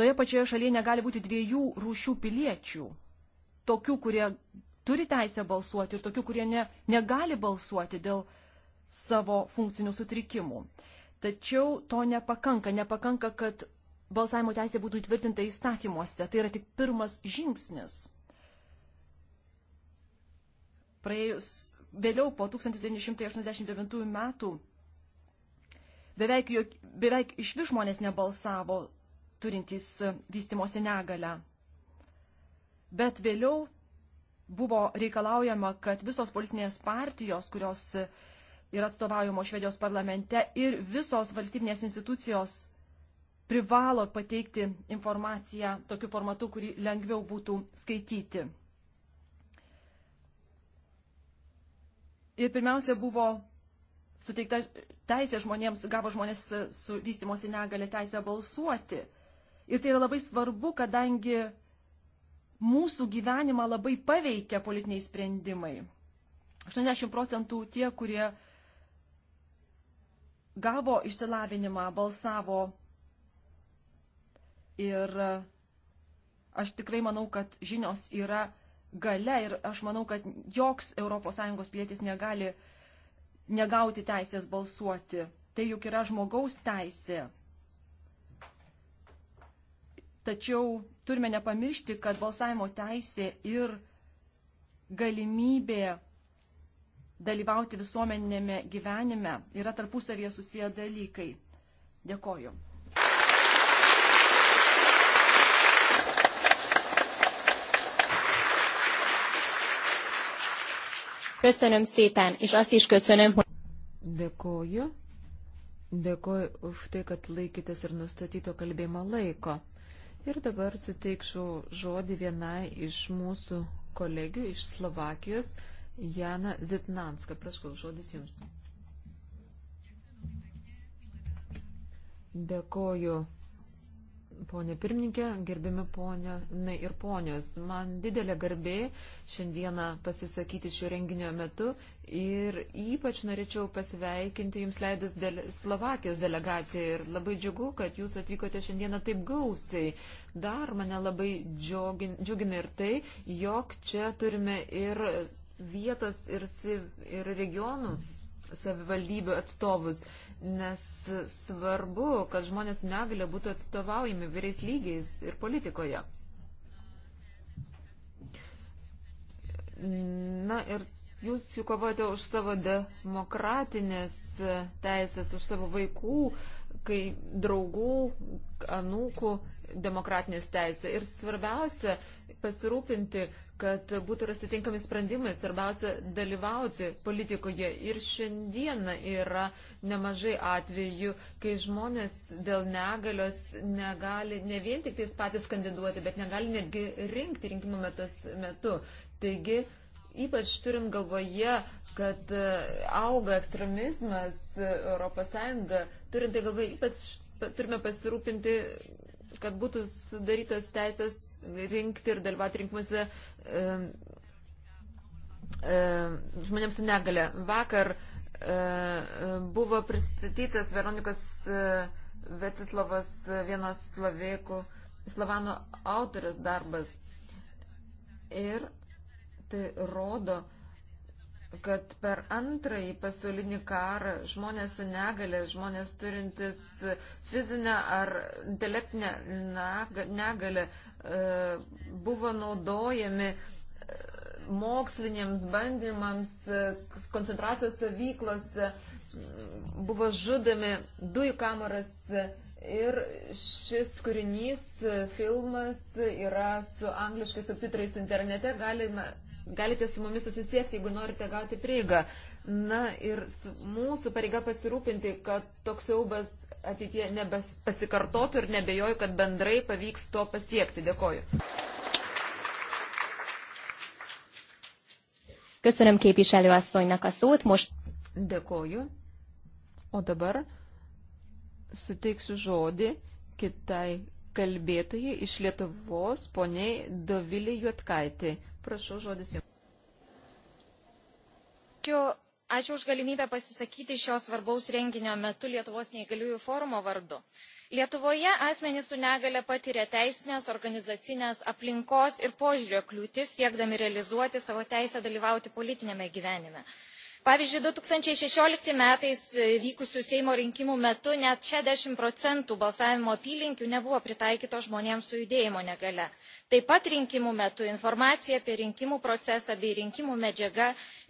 Toje pačioje šalyje negali būti dviejų rūšių piliečių. Tokių, kurie turi teisę balsuoti ir tokių, kurie ne, negali balsuoti dėl savo funkcinių sutrikimų. Tačiau to nepakanka. Nepakanka, kad balsavimo teisė būtų įtvirtinta įstatymuose. Tai yra tik pirmas žingsnis. Praėjus vėliau po 1989 metų beveik, jok, beveik iš vis žmonės nebalsavo turintys vystimosi negalę. Bet vėliau buvo reikalaujama, kad visos politinės partijos, kurios yra atstovaujamos Švedijos parlamente ir visos valstybinės institucijos privalo pateikti informaciją tokiu formatu, kurį lengviau būtų skaityti. Ir pirmiausia buvo suteikta teisė žmonėms, gavo žmonės su vystimosi negalė teisę balsuoti. Ir tai yra labai svarbu, kadangi mūsų gyvenimą labai paveikia politiniai sprendimai. 80 procentų tie, kurie gavo išsilavinimą, balsavo ir aš tikrai manau, kad žinios yra gale ir aš manau, kad joks ES pilietis negali negauti teisės balsuoti. Tai juk yra žmogaus teisė Tačiau turime nepamiršti, kad balsavimo teisė ir galimybė dalyvauti visuomenėme gyvenime yra tarpusavėje susiję dalykai. Dėkoju. Köszönöm szépen, és azt is köszönöm, hogy... Dėkoju. Dėkoju už tai, kad laikytės ir nustatyto kalbėjimo laiko. Ir dabar suteikšau žodį vienai iš mūsų kolegių iš Slovakijos, Jana Zitnanska. Prašau, žodis jums. Dėkoju Pone pirmininkė, gerbiami ponai ir ponios, man didelė garbė šiandieną pasisakyti šio renginio metu ir ypač norėčiau pasveikinti Jums leidus dele Slovakijos delegaciją ir labai džiugu, kad Jūs atvykote šiandieną taip gausiai. Dar mane labai džiugina ir tai, jog čia turime ir vietos, ir, ir regionų savivaldybių atstovus. Mm nes svarbu, kad žmonės su negale būtų atstovaujami vyriais lygiais ir politikoje. Na ir jūs jau kovojate už savo demokratinės teisės, už savo vaikų, kai draugų, anūkų demokratinės teisės. Ir svarbiausia pasirūpinti, kad būtų rasti tinkami sprendimai, svarbiausia dalyvauti politikoje. Ir šiandieną yra nemažai atvejų, kai žmonės dėl negalios negali ne vien tik tais patys kandiduoti, bet negali netgi rinkti rinkimų metus, metu. Taigi, ypač turint galvoje, kad e, auga ekstremizmas ES, turint tai galvoje, ypač turime pasirūpinti, kad būtų sudarytos teisės rinkti ir dalyvauti rinkimuose e, e, žmonėms su negale. Vakar e, buvo pristatytas Veronikos Vecislavos vienos slovėkų, slavano autorės darbas. Ir tai rodo, kad per antrąjį pasaulinį karą žmonės su negale, žmonės turintis fizinę ar intelektinę negalę e, buvo naudojami e, moksliniams bandymams, e, koncentracijos stovyklose, buvo žudami dujų kameras ir šis kūrinys, filmas yra su angliškais subtitrais internete, galime galite su mumis susisiekti, jeigu norite gauti prieigą. Na ir mūsų pareiga pasirūpinti, kad toks siaubas ateitie nepasikartotų ir nebejoju, kad bendrai pavyks to pasiekti. Dėkoju. Köszönöm képviselő asszonynak a szót, most... Dėkoju. O dabar suteiksiu žodį kitai kalbėtojai iš Lietuvos, poniai Dovilį Juotkaitį. Prašau žodis jums. Ačiū, ačiū už galimybę pasisakyti šio svarbaus renginio metu Lietuvos neįgaliųjų forumo vardu. Lietuvoje asmenys su negale patiria teisinės, organizacinės, aplinkos ir požiūrio kliūtis, siekdami realizuoti savo teisę dalyvauti politinėme gyvenime pavyzdžiui du tūkstančiai šešiolika metais e, vykusių seimo rinkimų metu net šešiasdešimt procentų balsavimo apylinkių nebuvo pritaikytos žmonėms su judėjimo negalia. taip pat rinkimų metu informacija apie rinkimų procesą bei rinkimų medžiagą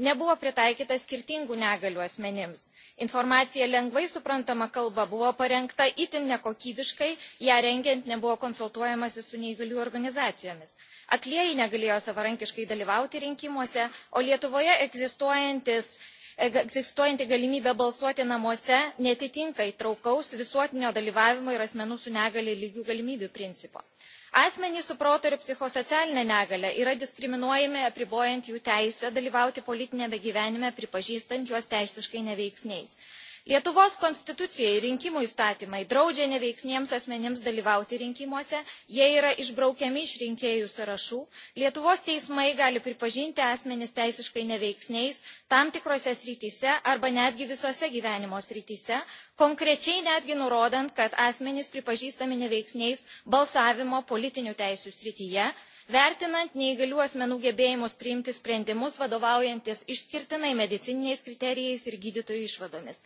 nebuvo pritaikyta skirtingų negalių asmenims. informacija lengvai suprantama kalba buvo parengta itin nekokybiškai ją rengiant nebuvo konsultuojamasi su neįgaliųjų organizacijomis aklieji negalėjo savarankiškai dalyvauti rinkimuose o lietuvoje egzistuojanti galimybė balsuoti namuose neatitinka įtraukaus visuotinio dalyvavimo ir asmenų su negalia lygių galimybių principo. asmenys su proto ir psichosocialine negalia yra diskriminuojami apribojant jų teisę dalyvauti politiniame gyvenime pripažįstant juos teisiškai neveiksniais lietuvos konstitucija ir rinkimų įstatymai draudžia neveiksniems asmenims dalyvauti rinkimuose jie yra išbraukiami iš rinkėjų sąrašų lietuvos teismai gali pripažinti asmenis teisiškai neveiksniais tam tikrose srityse arba netgi visose gyvenimo srityse konkrečiai netgi nurodant kad asmenys pripažįstami neveiksniais balsavimo politinių teisių srityje vertinant neįgalių asmenų gebėjimus priimti sprendimus vadovaujantis išskirtinai medicininiais kriterijais ir gydytojų išvadomis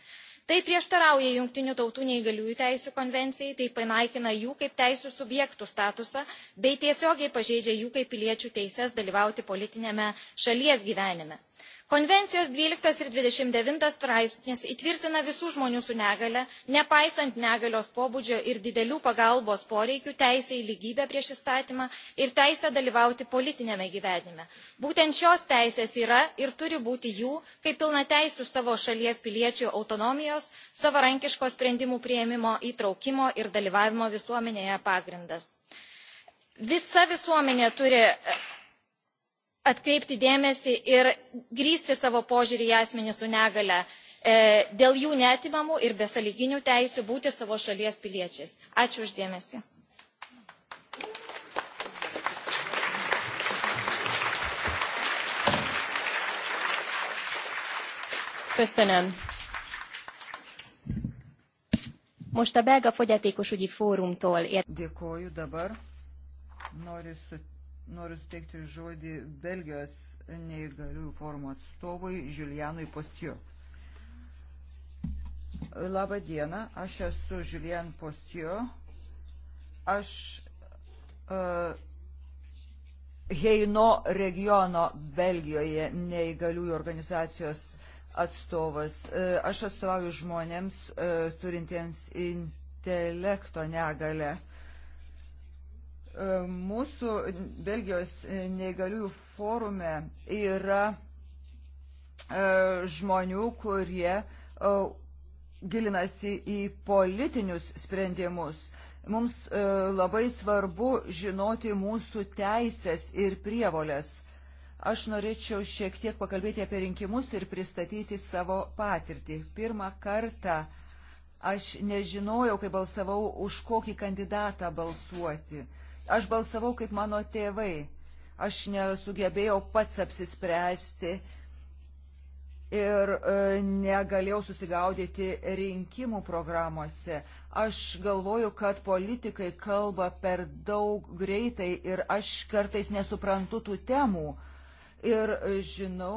tai prieštarauja jungtinių tautų neįgaliųjų teisių konvencijai tai panaikina jų kaip teisių subjektų statusą bei tiesiogiai pažeidžia jų kaip piliečių teises dalyvauti politiniame šalies gyvenime. Konvencijos 12 ir 29 straipsnis įtvirtina visų žmonių su negale, nepaisant negalios pobūdžio ir didelių pagalbos poreikių teisę į lygybę prieš įstatymą ir teisę dalyvauti politinėme gyvenime. Būtent šios teisės yra ir turi būti jų, kaip pilna teisų savo šalies piliečių autonomijos, savarankiško sprendimų prieimimo, įtraukimo ir dalyvavimo visuomenėje pagrindas. Visa visuomenė turi atkreipti dėmesį ir grįsti savo požiūrį į asmenį su negale e, dėl jų netimamų ir besaliginių teisių būti savo šalies piliečiais. Ačiū uždėmesi. Köszönöm. Most a Belga Fogyatékosügyi Fórumtól ér... Dėkoju dabar. Noriu sutikti Noriu suteikti žodį Belgijos neįgaliųjų forumo atstovui Žiulianui Postiju. Labą dieną, aš esu Žiulian Postiju. Aš uh, Heino regiono Belgijoje neįgaliųjų organizacijos atstovas. Uh, aš atstovauju žmonėms uh, turintiems intelekto negalę. Uh, Mūsų Belgijos neįgaliųjų forume yra e, žmonių, kurie e, gilinasi į politinius sprendimus. Mums e, labai svarbu žinoti mūsų teisės ir prievolės. Aš norėčiau šiek tiek pakalbėti apie rinkimus ir pristatyti savo patirtį. Pirmą kartą aš nežinojau, kai balsavau, už kokį kandidatą balsuoti. Aš balsavau kaip mano tėvai. Aš nesugebėjau pats apsispręsti ir e, negalėjau susigaudyti rinkimų programuose. Aš galvoju, kad politikai kalba per daug greitai ir aš kartais nesuprantu tų temų. Ir e, žinau,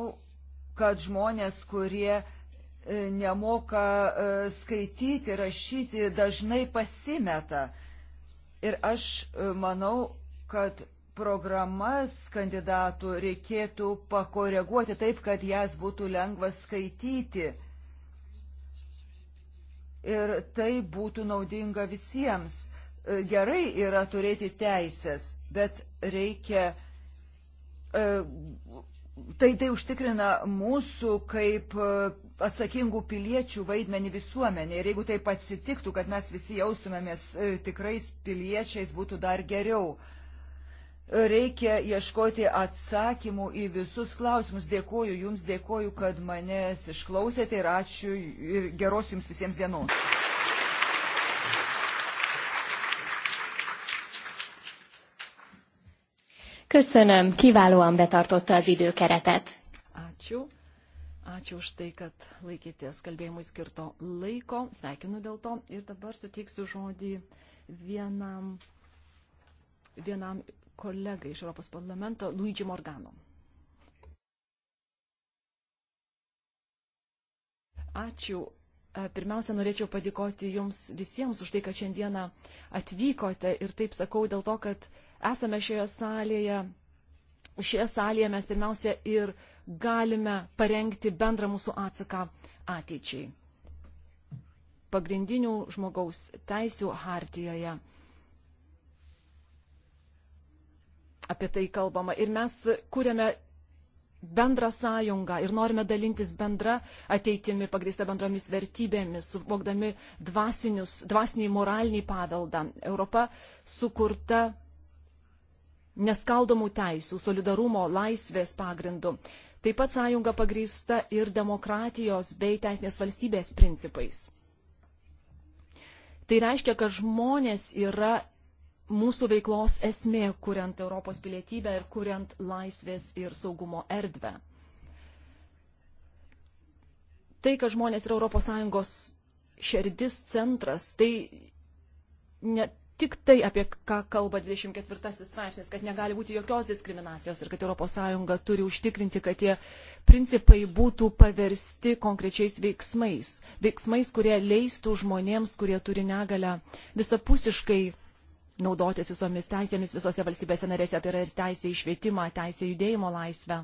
kad žmonės, kurie e, nemoka e, skaityti, rašyti, dažnai pasimeta. Ir aš e, manau, kad programas kandidatų reikėtų pakoreguoti taip, kad jas būtų lengva skaityti. Ir tai būtų naudinga visiems. E, gerai yra turėti teisės, bet reikia e, Tai tai užtikrina mūsų kaip e, atsakingų piliečių vaidmenį visuomenė. Ir jeigu taip atsitiktų, kad mes visi jaustumėmės e, tikrais piliečiais, būtų dar geriau. Reikia ieškoti atsakymų į visus klausimus. Dėkuoju Jums, dėkuoju, kad manęs išklausėte ir ačiū ir geros Jums visiems dienos. Köszönöm, kiválóan betartotta az időkeretet. Ačiū. Ačiū už tai, kad laikytės kalbėjimui skirto laiko. Sveikinu dėl to. Ir dabar suteiksiu žodį vienam, vienam kolegai iš Europos parlamento, Luigi Morgano. Ačiū. E, pirmiausia, norėčiau padėkoti Jums visiems už tai, kad šiandieną atvykote ir taip sakau dėl to, kad esame šioje salėje, šioje salėje mes pirmiausia ir galime parengti bendrą mūsų atsaką ateičiai. Pagrindinių žmogaus teisių hartijoje apie tai kalbama ir mes kūrėme bendrą sąjungą ir norime dalintis bendra ateitimi, pagrįsta bendromis vertybėmis, suvokdami dvasinį moralinį paveldą. Europa sukurta neskaldomų teisų, solidarumo, laisvės pagrindu. Taip pat sąjunga pagrįsta ir demokratijos bei teisinės valstybės principais. Tai reiškia, kad žmonės yra mūsų veiklos esmė, kuriant Europos pilietybę ir kuriant laisvės ir saugumo erdvę. Tai, kad žmonės yra ES šerdis centras, tai ne, tik tai, apie ką kalba 24 straipsnis, kad negali būti jokios diskriminacijos ir kad ES turi užtikrinti, kad tie principai būtų paversti konkrečiais veiksmais. Veiksmais, kurie leistų žmonėms, kurie turi negalę, visapusiškai naudotis visomis teisėmis visose valstybėse narėse. Tai yra ir teisė į švietimą, teisė į judėjimo laisvę,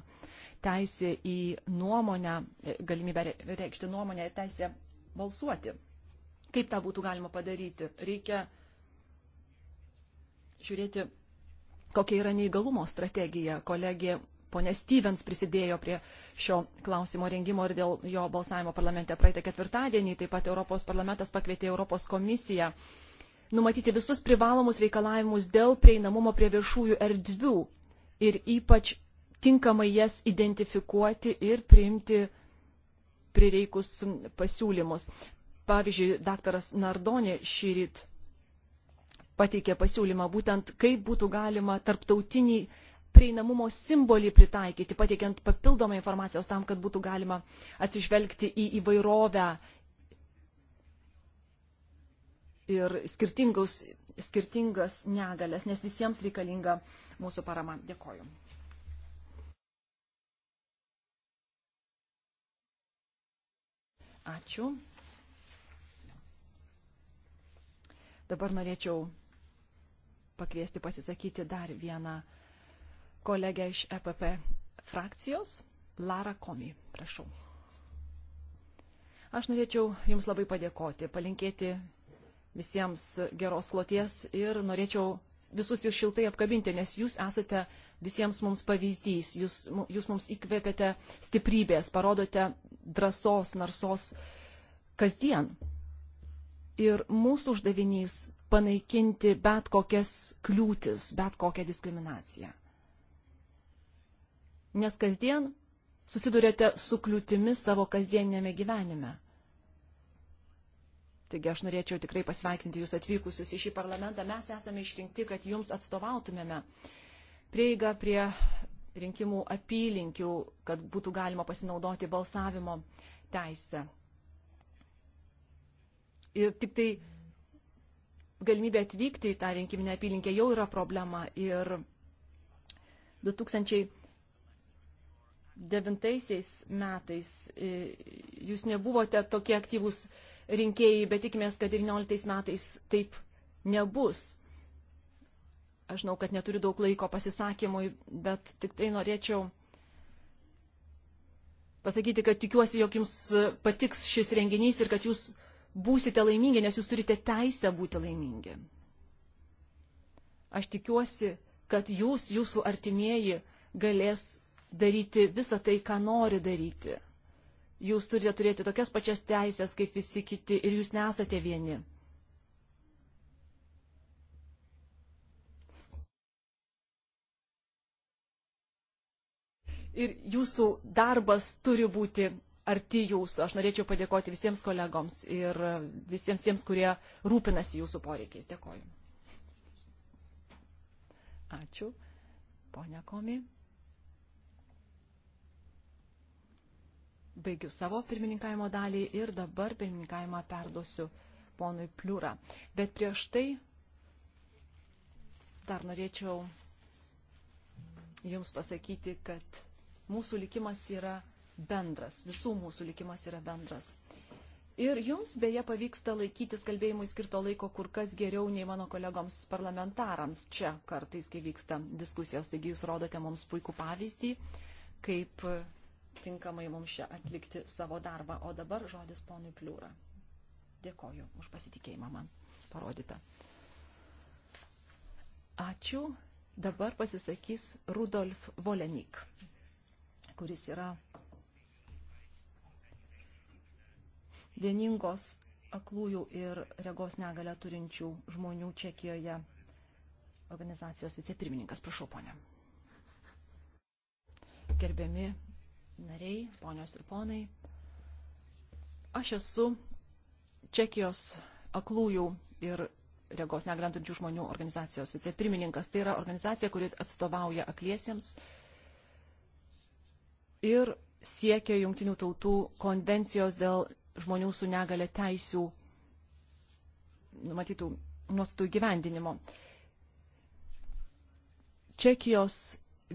teisė į nuomonę, galimybę reikšti nuomonę ir teisė balsuoti. Kaip tą būtų galima padaryti? Reikia žiūrėti, kokia yra neįgalumo strategija. Kolegė ponė Stevens prisidėjo prie šio klausimo rengimo ir dėl jo balsavimo parlamente praeitą ketvirtadienį. Taip pat Europos parlamentas pakvietė Europos komisiją numatyti visus privalomus reikalavimus dėl prieinamumo prie viešųjų erdvių ir ypač tinkamai jas identifikuoti ir priimti prireikus pasiūlymus. Pavyzdžiui, daktaras Nardonė šį rytą pateikė pasiūlymą būtent, kaip būtų galima tarptautinį prieinamumo simbolį pritaikyti, pateikiant papildomą informacijos tam, kad būtų galima atsižvelgti į įvairovę ir skirtingus, skirtingas negalės, nes visiems reikalinga mūsų parama. Dėkoju. Ačiū. Dabar norėčiau pakviesti pasisakyti dar vieną kolegę iš EPP frakcijos, Lara Komi. Prašau. Aš norėčiau Jums labai padėkoti, palinkėti visiems geros kloties ir norėčiau visus Jūs šiltai apkabinti, nes Jūs esate visiems mums pavyzdys, Jūs, jūs mums įkvėpėte stiprybės, parodote drąsos, narsos kasdien. Ir mūsų uždavinys panaikinti bet kokias kliūtis, bet kokią diskriminaciją. Nes kasdien susidurėte su kliūtimis savo kasdienėme gyvenime. Taigi aš norėčiau tikrai pasveikinti Jūs atvykusius į šį parlamentą. Mes esame išrinkti, kad Jums atstovautumėme prieigą prie rinkimų apylinkių, kad būtų galima pasinaudoti balsavimo teisę. Ir tik tai galimybė atvykti į tą rinkiminę apylinkę jau yra problema. Ir 2009 metais e, jūs nebuvote tokie aktyvūs rinkėjai, bet tikimės, kad 19 metais taip nebus. Aš žinau, kad neturiu daug laiko pasisakymui, bet tik tai norėčiau pasakyti, kad tikiuosi, jog jums patiks šis renginys ir kad jūs būsite laimingi, nes jūs turite teisę būti laimingi. Aš tikiuosi, kad jūs, jūsų artimieji, galės daryti visą tai, ką nori daryti. Jūs turite turėti tokias pačias teisės, kaip visi kiti, ir jūs nesate vieni. ir jūsų darbas turi būti arti jūsų. Aš norėčiau padėkoti visiems kolegoms ir visiems tiems, kurie rūpinasi jūsų poreikiais. Dėkoju. Ačiū. Pone Komi. Baigiu savo pirmininkavimo dalį ir dabar pirmininkavimą perduosiu ponui Pliūrą. Bet prieš tai dar norėčiau Jums pasakyti, kad mūsų likimas yra bendras, visų mūsų likimas yra bendras. Ir jums beje pavyksta laikytis kalbėjimui skirto laiko kur kas geriau nei mano kolegoms parlamentarams čia kartais, kai vyksta diskusijos. Taigi jūs rodote mums puikų pavyzdį, kaip tinkamai mums čia atlikti savo darbą. O dabar žodis ponui Pliūra. Dėkoju už pasitikėjimą man parodytą. Ačiū. Dabar pasisakys Rudolf Volenik, kuris yra vieningos aklųjų ir regos negalę turinčių žmonių Čekijoje organizacijos vicepirmininkas. Prašau, ponė. Gerbiami nariai, ponios ir ponai, aš esu Čekijos aklųjų ir regos negalantančių žmonių organizacijos vicepirmininkas. Tai yra organizacija, kuri atstovauja akliesiems ir siekia jungtinių tautų konvencijos dėl žmonių su negale teisių numatytų nuostatų įgyvendinimo. Čekijos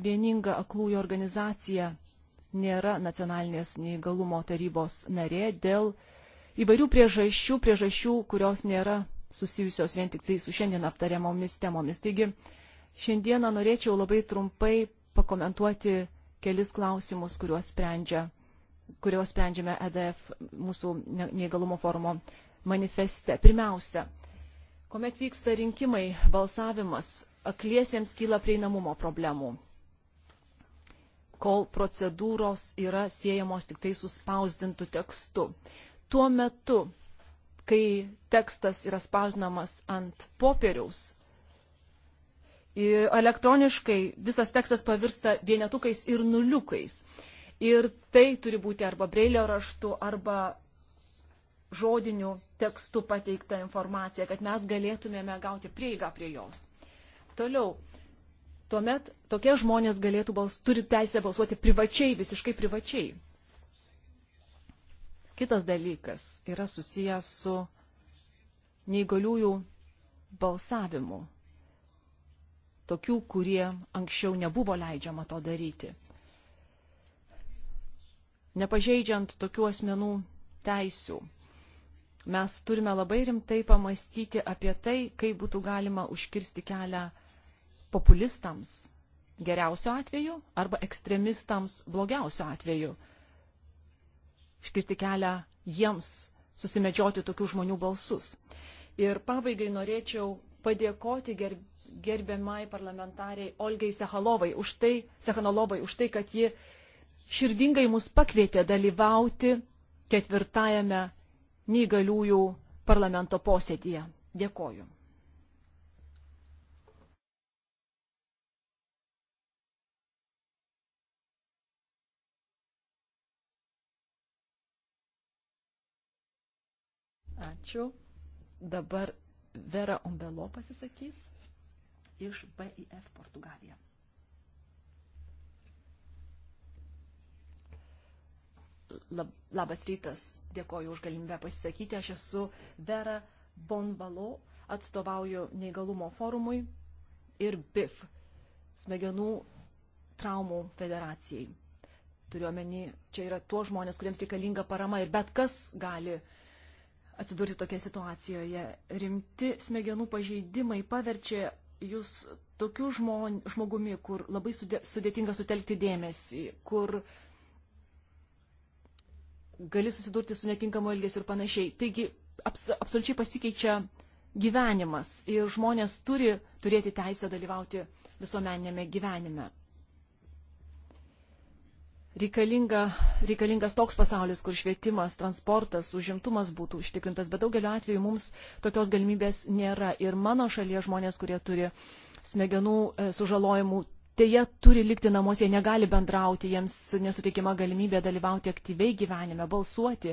vieninga aklųjų organizacija nėra nacionalinės neįgalumo tarybos narė dėl įvairių priežasčių, priežasčių, kurios nėra susijusios vien tik tai su šiandien aptariamomis temomis. Taigi, šiandieną norėčiau labai trumpai pakomentuoti kelis klausimus, kuriuos sprendžia kurios sprendžiame EDF mūsų neįgalumo forumo manifeste. Pirmiausia, kuomet vyksta rinkimai, balsavimas, akliesiems kyla prieinamumo problemų kol procedūros yra siejamos tik tai su spausdintu tekstu. Tuo metu, kai tekstas yra spausdinamas ant popieriaus, elektroniškai visas tekstas pavirsta vienetukais ir nuliukais ir tai turi būti arba breilio raštu, arba žodiniu tekstu pateikta informacija, kad mes galėtumėme gauti prieigą prie jos. Toliau, tuomet tokie žmonės galėtų bals, turi teisę balsuoti privačiai, visiškai privačiai. Kitas dalykas yra susijęs su neįgaliųjų balsavimu. Tokių, kurie anksčiau nebuvo leidžiama to daryti nepažeidžiant tokių asmenų teisių. Mes turime labai rimtai pamastyti apie tai, kaip būtų galima užkirsti kelią populistams geriausiu atveju arba ekstremistams blogiausiu atveju. Užkirsti kelią jiems susimedžioti tokių žmonių balsus. Ir pabaigai norėčiau padėkoti gerbiamai parlamentariai Olgai Sehalovai už tai, Sehanolovai už tai, kad ji širdingai mus pakvietė dalyvauti ketvirtajame neįgaliųjų parlamento posėdyje. Dėkoju. Ačiū. Dabar Vera Umbelo pasisakys iš BIF Portugalija. lab, labas rytas, dėkoju už galimybę pasisakyti. Aš esu Vera Bonvalo, atstovauju neįgalumo forumui ir BIF, smegenų traumų federacijai. Turiuomenį, čia yra tuo žmonės, kuriems reikalinga parama ir bet kas gali atsidurti tokia situacijoje. Rimti smegenų pažeidimai paverčia jūs tokiu žmon, žmogumi, kur labai sudėtinga sutelkti dėmesį, kur uh, gali susidurti su netinkamo elgesio ir panašiai. Taigi abs absoliučiai pasikeičia gyvenimas ir žmonės turi turėti teisę dalyvauti visuomeninėme gyvenime. Reikalinga, reikalingas toks pasaulis, kur švietimas, transportas, užimtumas būtų užtikrintas, bet daugeliu atveju mums tokios galimybės nėra. Ir mano šalyje žmonės, kurie turi smegenų e, sužalojimų, dėja turi likti namuose, negali bendrauti, jiems nesuteikiama galimybė dalyvauti aktyviai gyvenime, balsuoti.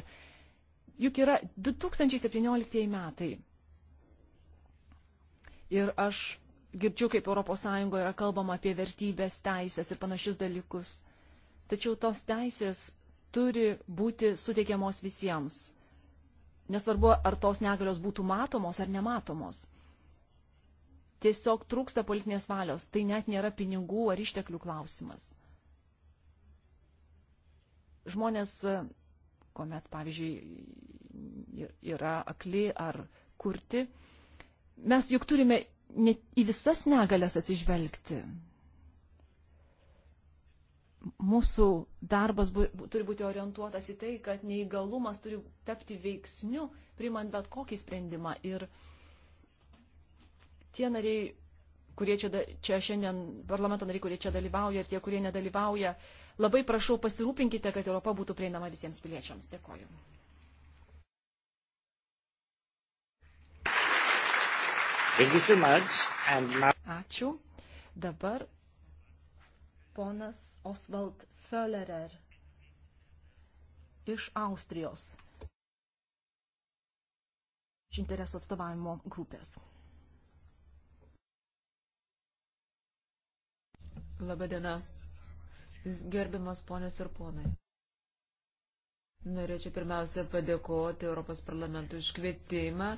Juk yra 2017 metai. Ir aš girdžiu, kaip ES yra kalbama apie vertybės, teisės ir panašius dalykus. Tačiau tos teisės turi būti suteikiamos visiems. Nesvarbu, ar tos negalios būtų matomos ar nematomos. Tiesiog trūksta politinės valios. Tai net nėra pinigų ar išteklių klausimas. Žmonės, e, kuomet, pavyzdžiui, yra akli ar kurti, mes juk turime į visas negalės atsižvelgti mūsų darbas bu, turi būti orientuotas į tai, kad neįgalumas turi tapti veiksniu, primant bet kokį sprendimą. Ir uh, tie nariai, kurie čia, čia šiandien, parlamento nariai, kurie čia dalyvauja ir tie, kurie nedalyvauja, labai prašau pasirūpinkite, kad Europa būtų prieinama visiems piliečiams. Dėkoju. Ačiū. Dabar ponas Oswald Föllerer iš Austrijos iš interesų atstovavimo grupės. Labadiena, gerbiamas ponės ir ponai. Norėčiau pirmiausia padėkoti Europos parlamentui už kvietimą.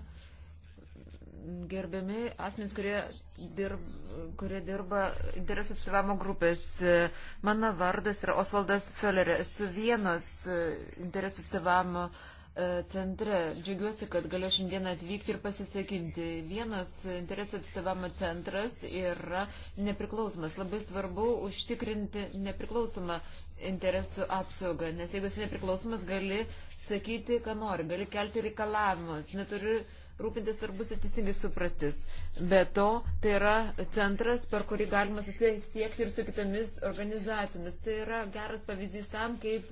Gerbiami asmenys, kurie, dirb, kurie dirba interesų atstovavimo grupės. Mano vardas yra Osvaldas Fellerė. Esu vienos e, interesų atstovavimo grupės E, centre. Džiugiuosi, kad galiu šiandien atvykti ir pasisakinti. Vienas interesų atstovamo centras yra nepriklausomas. Labai svarbu užtikrinti nepriklausomą interesų apsaugą, nes jeigu esi nepriklausomas, gali sakyti, ką nori, gali kelti reikalavimus, neturi rūpintis ar bus teisingai suprastis. Be to, tai yra centras, per kurį galima susisiekti ir su kitomis organizacijomis. Tai yra geras pavyzdys tam, kaip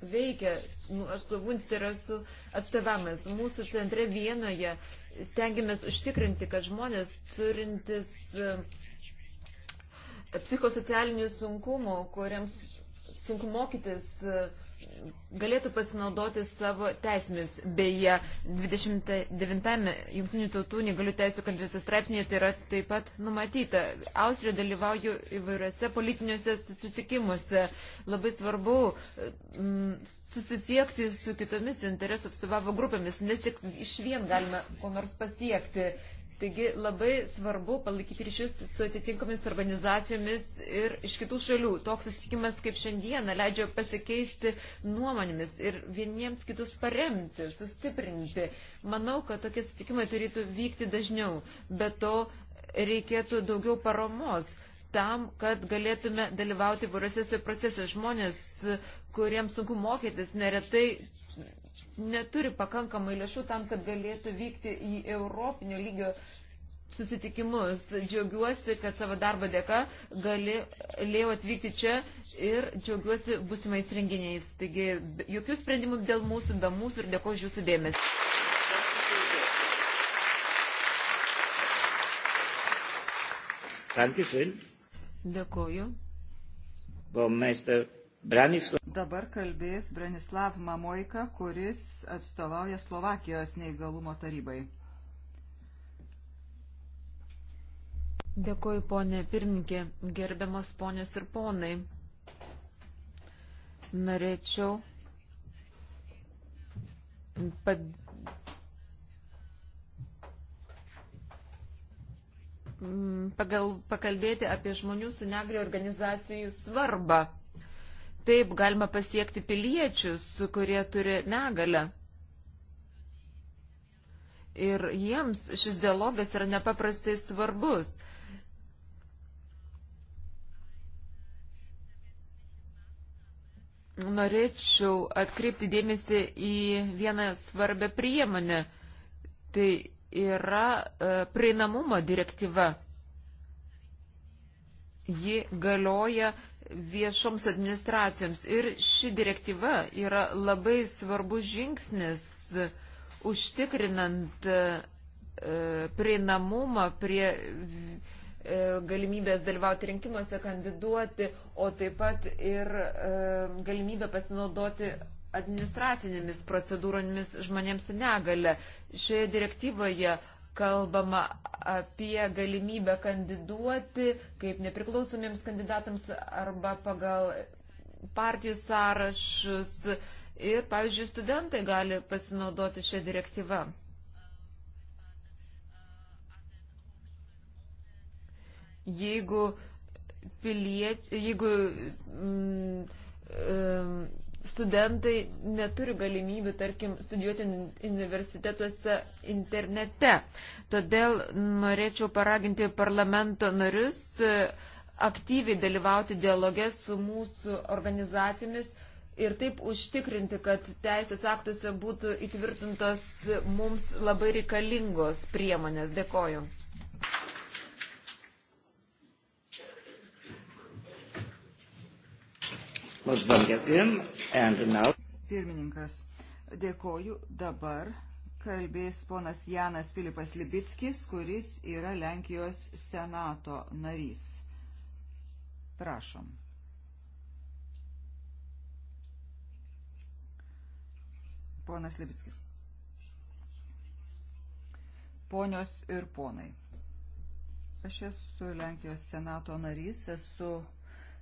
veikia nu, atstovų tai interesų atstovamas. Mūsų centre vienoje stengiamės užtikrinti, kad žmonės turintis e, psichosocialinių sunkumų, kuriems sunku mokytis, e, galėtų pasinaudoti savo teisėmis. Beje, 29-ame Junktinių tautų negalių teisų konvencijos straipsnėje tai yra taip pat numatyta. Austrija dalyvauju įvairiose politiniuose susitikimuose. Labai svarbu m, mm, susisiekti su kitomis interesų atstovavo grupėmis, nes tik iš vien galime ko nors pasiekti. Taigi labai svarbu palaikyti ryšius su atitinkamis organizacijomis ir iš kitų šalių. Toks susitikimas kaip šiandieną leidžia pasikeisti nuomonėmis ir vieniems kitus paremti, sustiprinti. Manau, kad tokie susitikimai turėtų vykti dažniau, bet to reikėtų daugiau paramos tam, kad galėtume dalyvauti įvairiuose procesuose. Žmonės, kuriems sunku mokytis, neretai neturi pakankamai lėšų tam, kad galėtų vykti į Europinio lygio susitikimus. Džiaugiuosi, kad savo darbo dėka galėjau atvykti čia ir džiaugiuosi būsimais renginiais. Taigi jokių sprendimų dėl mūsų, be mūsų ir dėkoju jūsų dėmesį. Dankeschön. Dėkoju. Baumeister Branislav... Dabar kalbės Branislav Mamojka, kuris atstovauja Slovakijos neįgalumo tarybai. Dėkuoju, ponė pirmininkė, gerbiamas ponės ir ponai. Norėčiau pad... pagal... pakalbėti apie žmonių su negaliu organizacijų svarbą taip galima pasiekti piliečius, kurie turi negalę. Ir jiems šis dialogas yra nepaprastai svarbus. Norėčiau atkreipti dėmesį į vieną svarbę priemonę. Tai yra e, prieinamumo direktyva ji galioja viešoms administracijoms. Ir ši direktyva yra labai svarbus žingsnis užtikrinant e, prieinamumą prie e, galimybės dalyvauti rinkimuose, kandiduoti, o taip pat ir e, galimybę pasinaudoti administracinėmis procedūromis žmonėms su negale. Šioje direktyvoje kalbama apie galimybę kandiduoti kaip nepriklausomiems kandidatams arba pagal partijų sąrašus. Ir, pavyzdžiui, studentai gali pasinaudoti šią direktyvą. Jeigu piliečiai, jeigu mm, mm, studentai neturi galimybių, tarkim, studijuoti universitetuose internete. Todėl norėčiau paraginti parlamento narius e, aktyviai dalyvauti dialogę su mūsų organizacijomis ir taip užtikrinti, kad teisės aktuose būtų įtvirtintos mums labai reikalingos priemonės. Dėkoju. Pirmininkas, dėkoju. Dabar kalbės ponas Janas Filipas Libickis, kuris yra Lenkijos senato narys. Prašom. Ponas Libickis. Ponios ir ponai. Aš esu Lenkijos senato narys, esu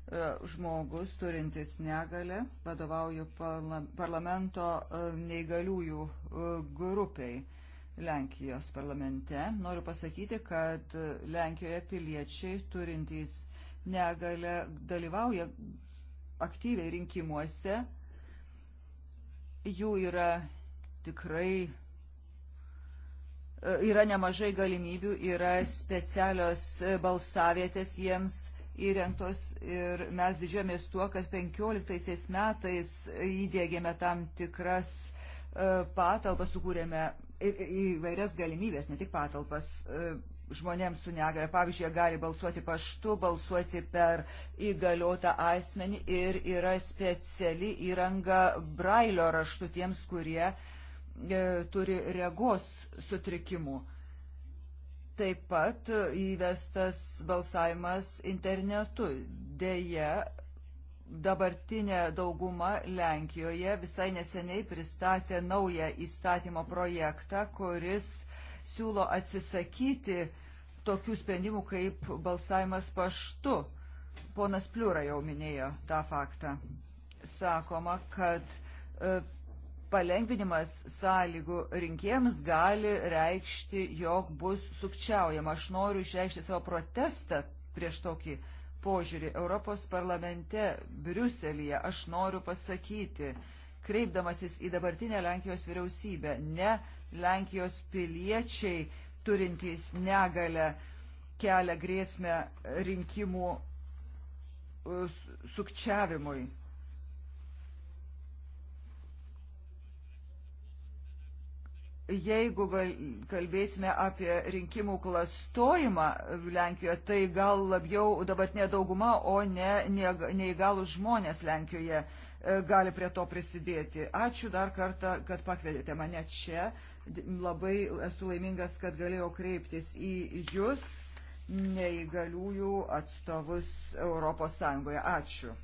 E, žmogus turintis negalę, vadovauju parlamento e, neįgaliųjų e, grupiai Lenkijos parlamente. Noriu pasakyti, kad Lenkijoje piliečiai turintys negalę dalyvauja aktyviai rinkimuose. Jų yra tikrai yra nemažai galimybių, yra specialios balsavietės jiems įrengtos ir mes didžiuojamės tuo, kad 15 metais įdėgėme tam tikras e, patalpas, sukūrėme įvairias galimybės, ne tik patalpas e, žmonėms su negare. Pavyzdžiui, jie gali balsuoti paštu, balsuoti per įgaliotą asmenį ir yra speciali įranga brailio raštu tiems, kurie e, turi regos sutrikimų. Taip pat įvestas balsavimas internetu. Deja, dabartinė dauguma Lenkijoje visai neseniai pristatė naują įstatymo projektą, kuris siūlo atsisakyti tokių sprendimų kaip balsavimas paštu. Ponas Pliūra jau minėjo tą faktą. Sakoma, kad e, palengvinimas sąlygų rinkėjams gali reikšti, jog bus sukčiaujama. Aš noriu išreikšti savo protestą prieš tokį požiūrį Europos parlamente Briuselėje. Aš noriu pasakyti, kreipdamasis į dabartinę Lenkijos vyriausybę, ne Lenkijos piliečiai turintys negalę kelia grėsmę rinkimų uh, sukčiavimui. jeigu kalbėsime apie rinkimų klastojimą Lenkijoje, tai gal labiau dabartinė dauguma, o ne neįgalų žmonės Lenkijoje e, gali prie to prisidėti. Ačiū dar kartą, kad pakvietėte mane čia. Labai esu laimingas, kad galėjau kreiptis į jūs, neįgaliųjų atstovus Europos Sąjungoje. Ačiū.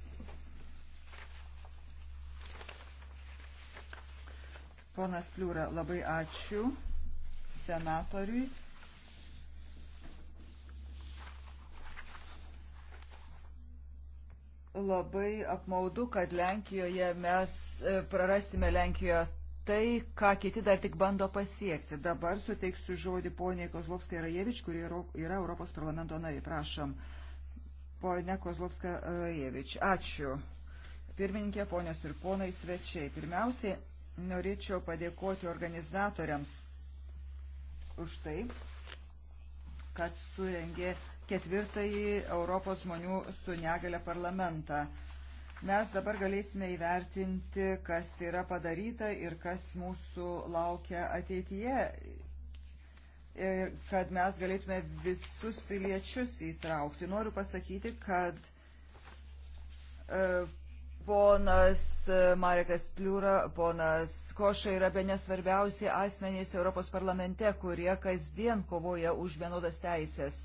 Ponas Pliūra, labai ačiū senatoriui. Labai apmaudu, kad Lenkijoje mes e, prarasime Lenkijoje tai, ką kiti dar tik bando pasiekti. Dabar suteiksiu žodį poniai Kozlovskai Rajevič, kuri yra Europos parlamento nariai. Prašom. Pone Kozlovska Rajevič, ačiū. Pirmininkė, ponios ir ponai svečiai. Pirmiausiai, Norėčiau padėkoti organizatoriams už tai, kad surengė ketvirtąjį Europos žmonių su negale parlamentą. Mes dabar galėsime įvertinti, kas yra padaryta ir kas mūsų laukia ateityje ir kad mes galėtume visus piliečius įtraukti. Noriu pasakyti, kad e, Ponas e, Marekas Pliūra, ponas Koša yra be nesvarbiausiai asmenys Europos parlamente, kurie kasdien kovoja už vienodas teisės.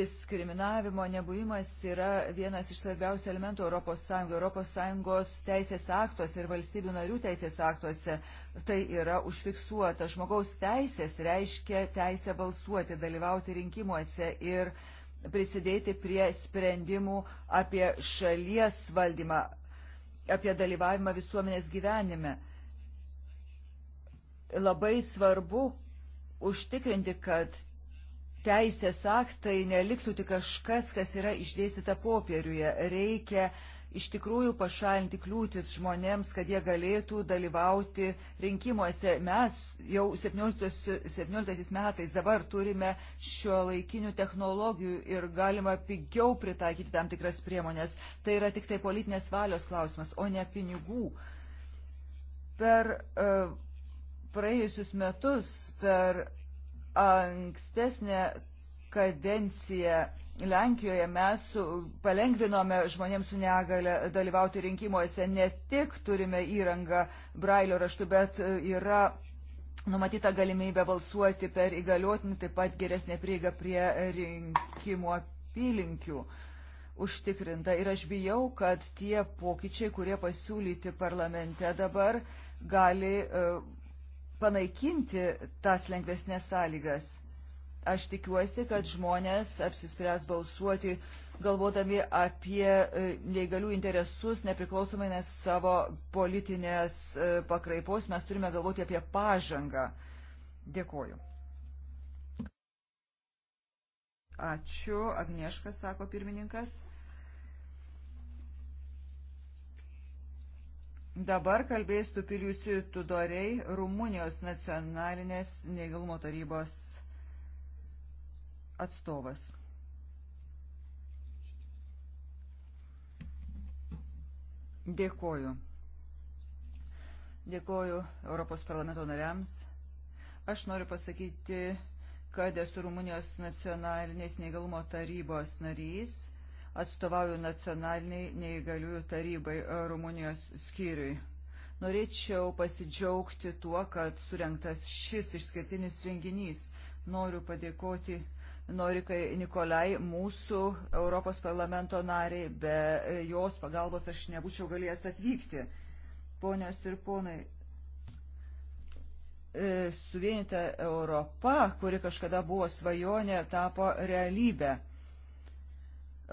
Diskriminavimo nebuvimas yra vienas iš svarbiausių elementų ES, ES teisės aktuose ir valstybių narių teisės aktuose. Tai yra užfiksuota. Žmogaus teisės reiškia teisę balsuoti, dalyvauti rinkimuose ir rinkimuose prisidėti prie sprendimų apie šalies valdymą, apie dalyvavimą visuomenės gyvenime. Labai svarbu užtikrinti, kad teisės aktai neliktų tik kažkas, kas yra išdėstyta popieriuje. Reikia uh, iš tikrųjų pašalinti kliūtis žmonėms, kad jie galėtų dalyvauti rinkimuose. Mes jau 17, 17 metais dabar turime šio laikinių technologijų ir galima pigiau pritaikyti tam tikras priemonės. Tai yra tik tai politinės valios klausimas, o ne pinigų. Per uh, praėjusius metus, per ankstesnę kadenciją Lenkijoje mes palengvinome žmonėms su negale dalyvauti rinkimuose. Ne tik turime įrangą brailio raštu, bet yra numatyta galimybė balsuoti per įgaliotinį, taip pat geresnė prieiga prie rinkimų apylinkių užtikrinta. Ir aš bijau, kad tie pokyčiai, kurie pasiūlyti parlamente dabar, gali e, panaikinti tas lengvesnės sąlygas. Aš tikiuosi, kad žmonės apsispręs balsuoti galvodami apie e, neįgalių interesus, nepriklausomai nes savo politinės e, pakraipos, mes turime galvoti apie pažangą. Dėkoju. Ačiū, Agnieška, sako pirmininkas. Dabar kalbės Tupiliusi Tudoriai, Rumunijos nacionalinės neįgalumo tarybos atstovas. Dėkoju. Dėkoju Europos parlamento nariams. Aš noriu pasakyti, kad esu Rumunijos nacionalinės neįgalumo tarybos narys, atstovauju nacionaliniai neįgaliųjų tarybai e, Rumunijos skyriui. Norėčiau pasidžiaugti tuo, kad surinktas šis išskirtinis renginys. Noriu padėkoti Norikai Nikolai, mūsų Europos parlamento nariai, be e, jos pagalbos aš nebūčiau galėjęs atvykti. Ponios ir ponai, e, suvienyta Europa, kuri kažkada buvo svajonė, tapo realybę.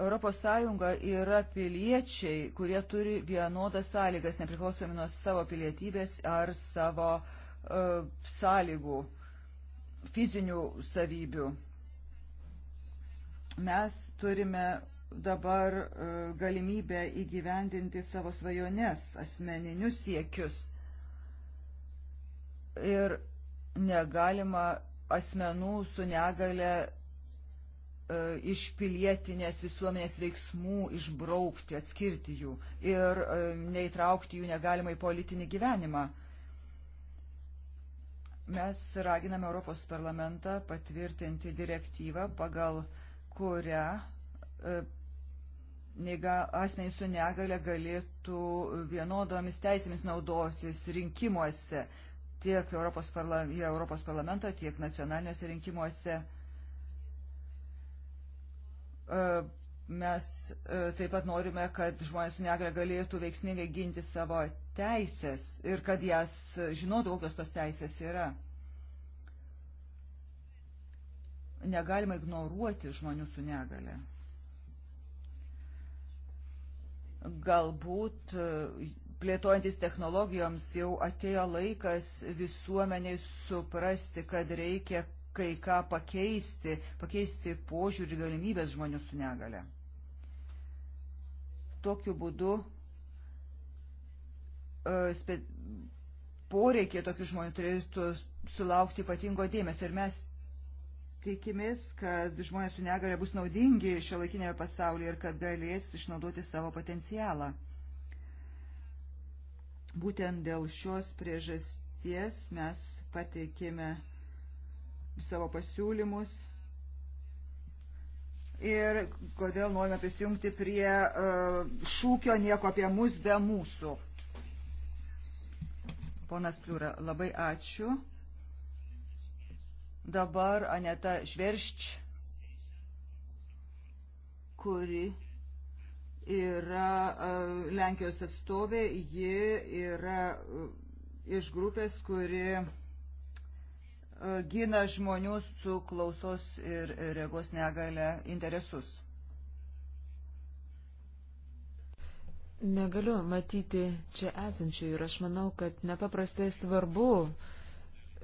Europos Sąjunga yra piliečiai, kurie turi vienodas sąlygas, nepriklausomi nuo savo pilietybės ar savo uh, sąlygų, fizinių savybių. Mes turime dabar e, galimybę įgyvendinti savo svajones, asmeninius siekius. Ir negalima asmenų su negale e, iš pilietinės visuomenės veiksmų išbraukti, atskirti jų ir e, neįtraukti jų negalima į politinį gyvenimą. Mes raginame Europos parlamentą patvirtinti direktyvą, pagal kurią e, asmenys su negale galėtų vienodomis teisėmis naudotis rinkimuose tiek Europos, parla, į Europos parlamentą, tiek nacionaliniuose rinkimuose. E, mes e, taip pat norime, kad žmonės su negale galėtų veiksmingai ginti savo teisės ir kad jas žinotų, kokios tos teisės yra. negalima ignoruoti žmonių su negale. Galbūt e, plėtojantis technologijoms jau atėjo laikas visuomeniai suprasti, kad reikia kai ką pakeisti, pakeisti požiūrį galimybės žmonių su negale. Tokiu būdu e, poreikiai tokių žmonių turėtų sulaukti ypatingo dėmesio ir mes Tikimės, kad žmonės su negare bus naudingi šio laikinėme pasaulyje ir kad galės išnaudoti savo potencialą. Būtent dėl šios priežasties mes pateikėme savo pasiūlymus ir kodėl norime prisijungti prie e, šūkio nieko apie mus be mūsų. Ponas Pliūra, labai ačiū. Dabar Aneta Žveršč, kuri yra e, Lenkijos atstovė, ji yra e, iš grupės, kuri e, gina žmonių su klausos ir regos negale interesus. Negaliu matyti čia esančių ir aš manau, kad nepaprastai svarbu uh,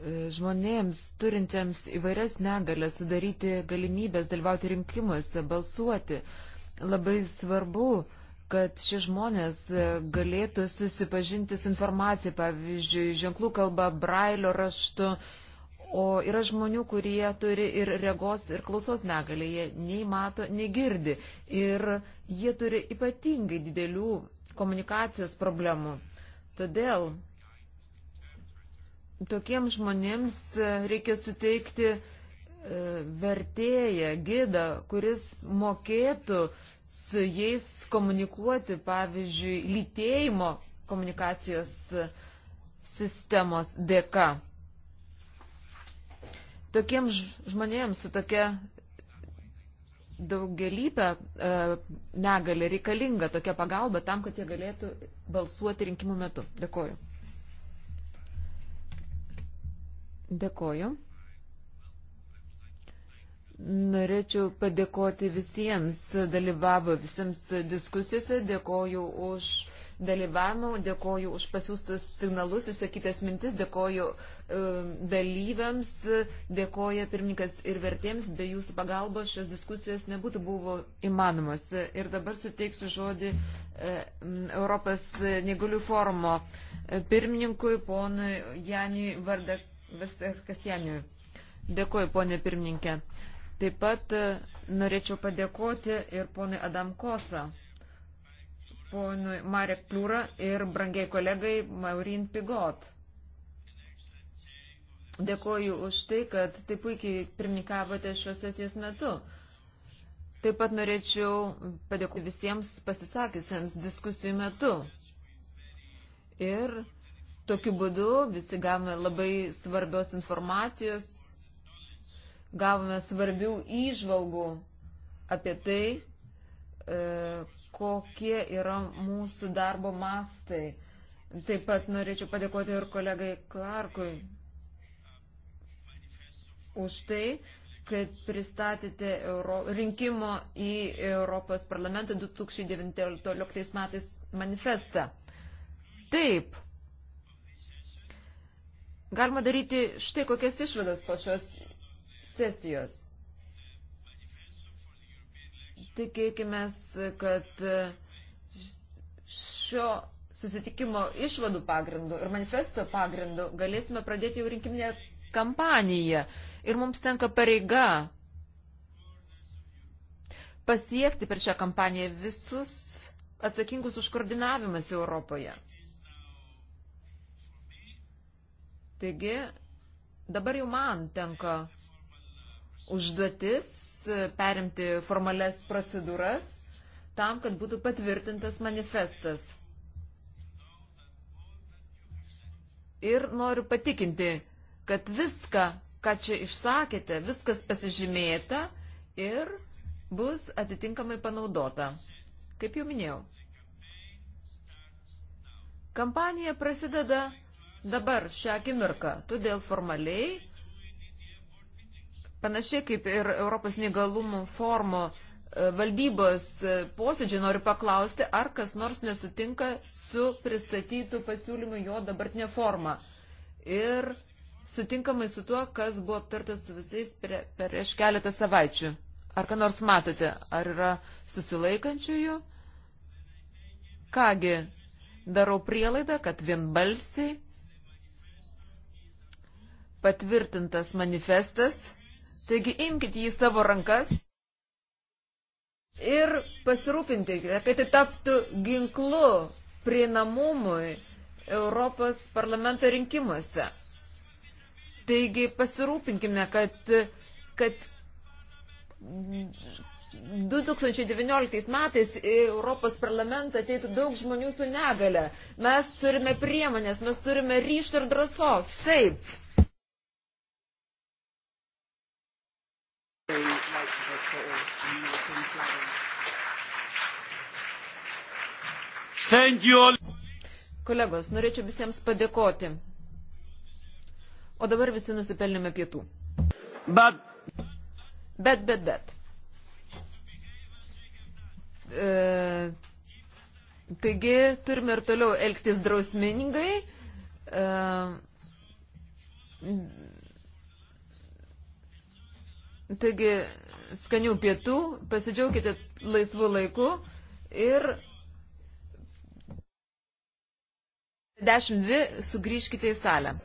E, žmonėms turintiems įvairias negalės sudaryti galimybės dalyvauti rinkimuose, balsuoti. Labai svarbu, kad šie žmonės e, galėtų susipažinti su informacija, pavyzdžiui, ženklų kalba, brailio raštu. O yra žmonių, kurie turi ir regos, ir klausos negalį, jie nei mato, nei girdi. Ir jie turi ypatingai didelių komunikacijos problemų. Todėl tokiems žmonėms e, reikia suteikti e, vertėją, gidą, kuris mokėtų su jais komunikuoti, pavyzdžiui, lytėjimo komunikacijos e, sistemos dėka. Tokiems žmonėms su tokia daugelybė e, negalė reikalinga tokia pagalba tam, kad jie galėtų balsuoti rinkimų metu. Dėkuoju. Dėkoju. Norėčiau padėkoti visiems dalyvavo, visiems diskusijose, dėkoju už dalyvavimą, dėkoju už pasiūstus signalus, išsakytas mintis, dėkoju e, dalyviams, dėkoju pirmininkas ir vertėms, be jūsų pagalbos šios diskusijos nebūtų buvo įmanomas. Ir dabar suteiksiu žodį e, Europos negalių forumo e, pirmininkui, ponui Janui Vardak. Kasieniui. Dėkuoju, ponė pirmininkė. Taip pat e, norėčiau padėkoti ir ponui Adamkosa, ponui Marek Pliūra ir brangiai kolegai Maurin Pigot. Dėkuoju už tai, kad taip puikiai pirmininkavote šios sesijos metu. Taip pat norėčiau padėkoti visiems pasisakysiams diskusijų metu. Ir Tokiu būdu visi gavome labai svarbios informacijos, gavome svarbių įžvalgų apie tai, e, kokie yra mūsų darbo mastai. Taip pat norėčiau padėkoti ir kolegai Klarkui už tai, kad pristatėte Euro, rinkimo į Europos parlamentą 2019 metais manifestą. Taip, Galima daryti štai kokias išvadas po šios sesijos. Tikėkime, kad šio susitikimo išvadų pagrindų ir manifesto pagrindų galėsime pradėti jau rinkiminę kampaniją. Ir mums tenka pareiga pasiekti per šią kampaniją visus atsakingus už koordinavimas Europoje. Taigi, dabar jau man tenka užduotis perimti formales procedūras tam, kad būtų patvirtintas manifestas. Ir noriu patikinti, kad viską, ką čia išsakėte, viskas pasižymėta ir bus atitinkamai panaudota. Kaip jau minėjau, kampanija prasideda dabar, šią akimirką. Todėl formaliai, panašiai kaip ir Europos negalumų formo e, valdybos e, posėdžiai, noriu paklausti, ar kas nors nesutinka su pristatytų pasiūlymu jo dabartinė forma. Ir sutinkamai su tuo, kas buvo aptartas su visais prieš keletą savaičių. Ar ką nors matote, ar yra susilaikančiųjų? Kągi, darau prielaidą, kad vienbalsiai patvirtintas manifestas, taigi imkite jį savo rankas ir pasirūpinkite, kad tai taptų ginklu prieinamumui Europos parlamento rinkimuose. Taigi pasirūpinkime, kad, kad 2019 metais į Europos parlamentą ateitų daug žmonių su negale. Mes turime priemonės, mes turime ryštą ir drąsos. Taip. the right to vote for all on European platform. Thank you all. Kolegos, norėčiau visiems padėkoti. O dabar visi nusipelnėme pietų. But... Bet, bet, bet. E, taigi turime ir toliau elgtis drausmeningai. E, Taigi, skanių pietų, pasidžiaukite laisvu laiku ir 12 sugrįžkite į salę.